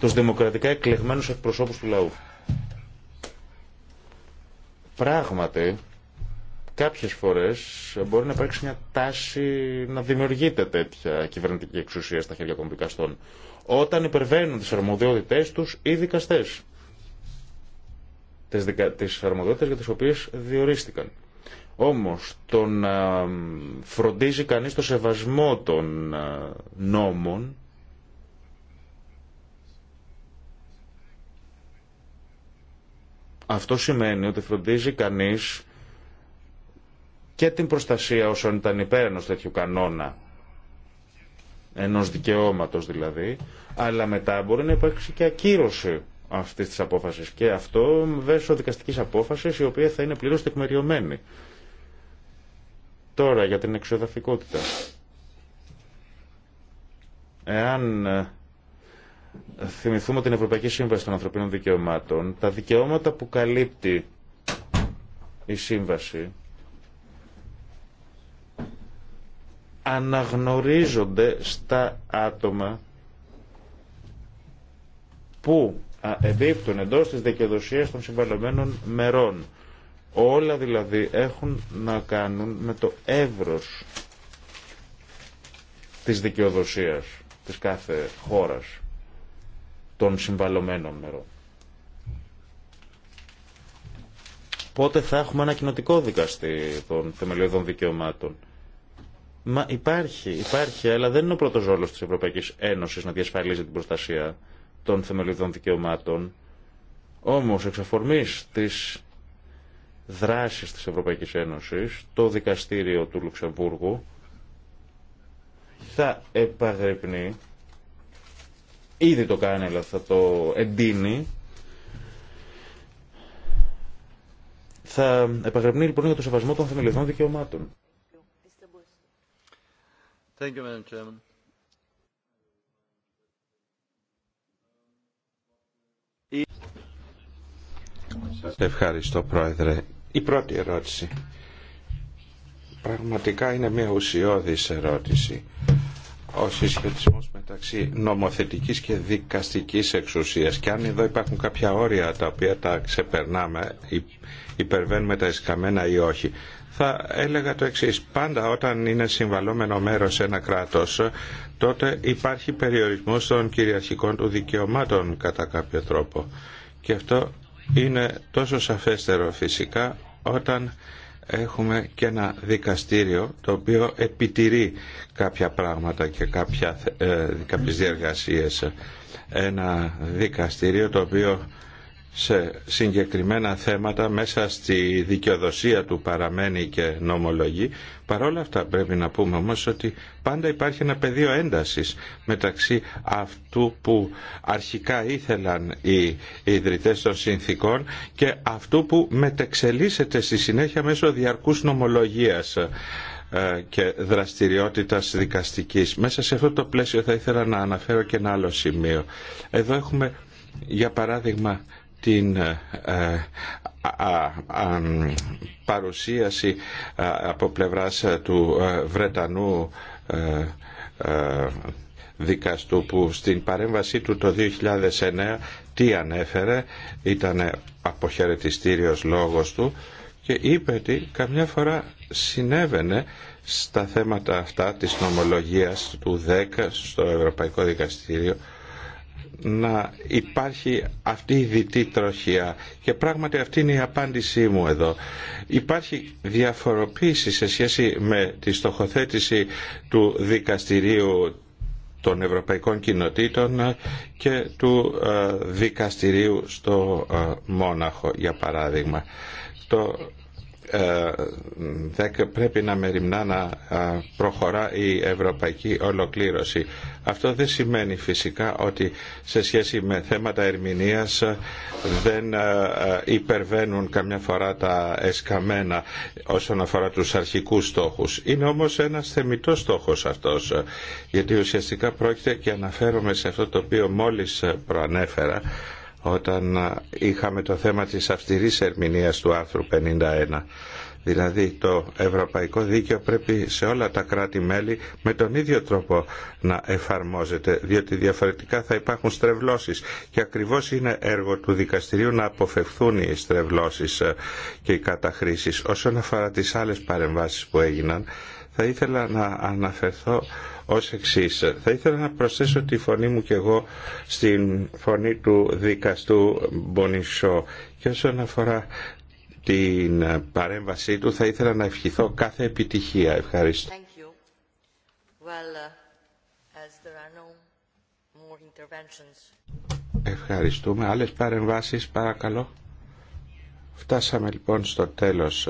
τους δημοκρατικά εκλεγμένους εκπροσώπους του λαού. Πράγματι, κάποιες φορές μπορεί να υπάρξει μια τάση να δημιουργείται τέτοια κυβερνητική εξουσία στα χέρια των δικαστών όταν υπερβαίνουν τις αρμοδιότητές τους οι δικαστές τις, δικα... τις αρμοδιότητες για τις οποίες διορίστηκαν. Όμως το να φροντίζει κανείς το σεβασμό των ε, νόμων Αυτό σημαίνει ότι φροντίζει κανείς και την προστασία όσων ήταν υπέρ ενός τέτοιου κανόνα, ενός δικαιώματος δηλαδή, αλλά μετά μπορεί να υπάρξει και ακύρωση αυτής της απόφασης και αυτό βέσω δικαστικής απόφασης η οποία θα είναι πλήρως τεκμεριωμένη. Τώρα για την εξοδαφικότητα. Εάν ε, θυμηθούμε την Ευρωπαϊκή Σύμβαση των Ανθρωπίνων Δικαιωμάτων, τα δικαιώματα που καλύπτει η Σύμβαση αναγνωρίζονται στα άτομα που εμπίπτουν εντός της δικαιοδοσίας των συμβαλωμένων μερών. Όλα δηλαδή έχουν να κάνουν με το εύρος της δικαιοδοσίας της κάθε χώρας των συμβαλωμένων μερών. Πότε θα έχουμε ένα κοινοτικό δικαστή των θεμελιωδών δικαιωμάτων. Μα υπάρχει, υπάρχει, αλλά δεν είναι ο πρώτο ρόλο τη Ευρωπαϊκή Ένωση να διασφαλίζει την προστασία των θεμελιωδών δικαιωμάτων. Όμως εξ αφορμής τη δράση τη Ευρωπαϊκή Ένωσης το δικαστήριο του Λουξεμβούργου θα επαγρυπνεί Ήδη το κάνει, αλλά θα το εντείνει. Θα επαγρυπνεί λοιπόν για το σεβασμό των θεμελιωδών δικαιωμάτων. ευχαριστώ Πρόεδρε. Η πρώτη ερώτηση. Πραγματικά είναι μια ουσιώδης ερώτηση ο συσχετισμό μεταξύ νομοθετικής και δικαστικής εξουσίας και αν εδώ υπάρχουν κάποια όρια τα οποία τα ξεπερνάμε, υπερβαίνουμε τα εσκαμμένα ή όχι. Θα έλεγα το εξή: πάντα όταν είναι συμβαλόμενο μέρος ένα κράτο, τότε υπάρχει περιορισμός των κυριαρχικών του δικαιωμάτων κατά κάποιο τρόπο. Και αυτό είναι τόσο σαφέστερο φυσικά όταν έχουμε και ένα δικαστήριο το οποίο επιτηρεί κάποια πράγματα και κάποια, ε, κάποιες Ένα δικαστήριο το οποίο σε συγκεκριμένα θέματα μέσα στη δικαιοδοσία του παραμένει και νομολογεί. Παρόλα αυτά πρέπει να πούμε όμως ότι πάντα υπάρχει ένα πεδίο έντασης μεταξύ αυτού που αρχικά ήθελαν οι ιδρυτές των συνθήκων και αυτού που μετεξελίσσεται στη συνέχεια μέσω διαρκούς νομολογίας ε, και δραστηριότητας δικαστικής. Μέσα σε αυτό το πλαίσιο θα ήθελα να αναφέρω και ένα άλλο σημείο. Εδώ έχουμε για παράδειγμα την ε, ε, παρουσίαση ε, από πλευράς του Βρετανού δικαστού που στην παρέμβασή του το 2009 τι ανέφερε ήταν αποχαιρετιστήριος λόγος του και είπε ότι καμιά φορά συνέβαινε στα θέματα αυτά της νομολογίας του 10 στο Ευρωπαϊκό Δικαστήριο να υπάρχει αυτή η διτή τροχία και πράγματι αυτή είναι η απάντησή μου εδώ. Υπάρχει διαφοροποίηση σε σχέση με τη στοχοθέτηση του δικαστηρίου των Ευρωπαϊκών Κοινοτήτων και του ε, δικαστηρίου στο ε, Μόναχο για παράδειγμα. Το ε, πρέπει να μεριμνά να ε, προχωρά η ευρωπαϊκή ολοκλήρωση. Αυτό δεν σημαίνει φυσικά ότι σε σχέση με θέματα ερμηνείας ε, δεν υπερβαίνουν καμιά φορά τα εσκαμμένα όσον αφορά τους αρχικούς στόχους. Είναι όμως ένας θεμητός στόχος αυτός, γιατί ουσιαστικά πρόκειται και αναφέρομαι σε αυτό το οποίο μόλις προανέφερα, όταν είχαμε το θέμα της αυστηρής ερμηνείας του άρθρου 51. Δηλαδή το ευρωπαϊκό δίκαιο πρέπει σε όλα τα κράτη-μέλη με τον ίδιο τρόπο να εφαρμόζεται, διότι διαφορετικά θα υπάρχουν στρεβλώσεις και ακριβώς είναι έργο του δικαστηρίου να αποφευθούν οι στρεβλώσεις ε, και οι καταχρήσεις. Όσον αφορά τις άλλες παρεμβάσεις που έγιναν, θα ήθελα να αναφερθώ ως εξής. Θα ήθελα να προσθέσω τη φωνή μου και εγώ στην φωνή του δικαστού Μπονισό και όσον αφορά την παρέμβασή του θα ήθελα να ευχηθώ κάθε επιτυχία. Ευχαριστώ. Ευχαριστούμε. Άλλες παρεμβάσεις παρακαλώ. Φτάσαμε λοιπόν στο τέλος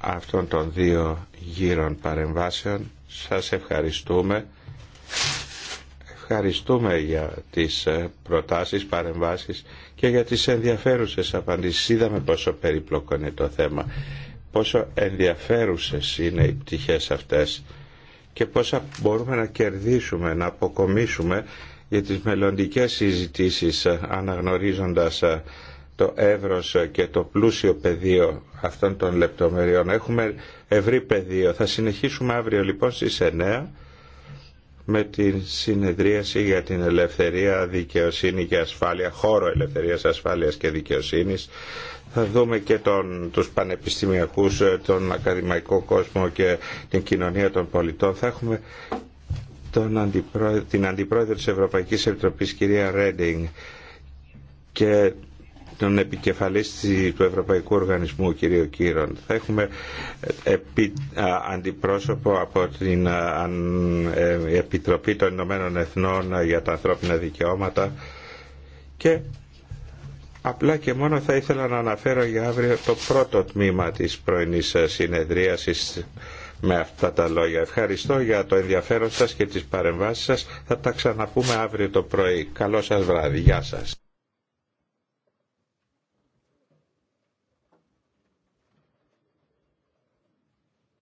αυτών των δύο γύρων παρεμβάσεων. Σας ευχαριστούμε. Ευχαριστούμε για τις ε, προτάσεις, παρεμβάσεις και για τις ενδιαφέρουσες απαντήσεις. Είδαμε πόσο περίπλοκο είναι το θέμα, πόσο ενδιαφέρουσες είναι οι πτυχές αυτές και πόσα μπορούμε να κερδίσουμε, να αποκομίσουμε για τις μελλοντικές συζητήσεις ε, αναγνωρίζοντας ε, το εύρος και το πλούσιο πεδίο αυτών των λεπτομεριών. Έχουμε ευρύ πεδίο. Θα συνεχίσουμε αύριο λοιπόν στις 9 με τη συνεδρίαση για την ελευθερία, δικαιοσύνη και ασφάλεια, χώρο ελευθερίας, ασφάλειας και δικαιοσύνης. Θα δούμε και τον, τους πανεπιστημιακούς, τον ακαδημαϊκό κόσμο και την κοινωνία των πολιτών. Θα έχουμε τον την Αντιπρόεδρο της Ευρωπαϊκής Επιτροπής, κυρία Ρέντινγκ, τον επικεφαλής του Ευρωπαϊκού Οργανισμού, κύριο Κύρον. Θα έχουμε ε, επί, αντιπρόσωπο από την ε, Επιτροπή των Ηνωμένων Εθνών για τα Ανθρώπινα Δικαιώματα και Απλά και μόνο θα ήθελα να αναφέρω για αύριο το πρώτο τμήμα της πρωινής ε, συνεδρίασης με αυτά τα λόγια. Ευχαριστώ για το ενδιαφέρον σας και τις παρεμβάσεις σας. Θα τα ξαναπούμε αύριο το πρωί. Καλό σας βράδυ. Γεια σας.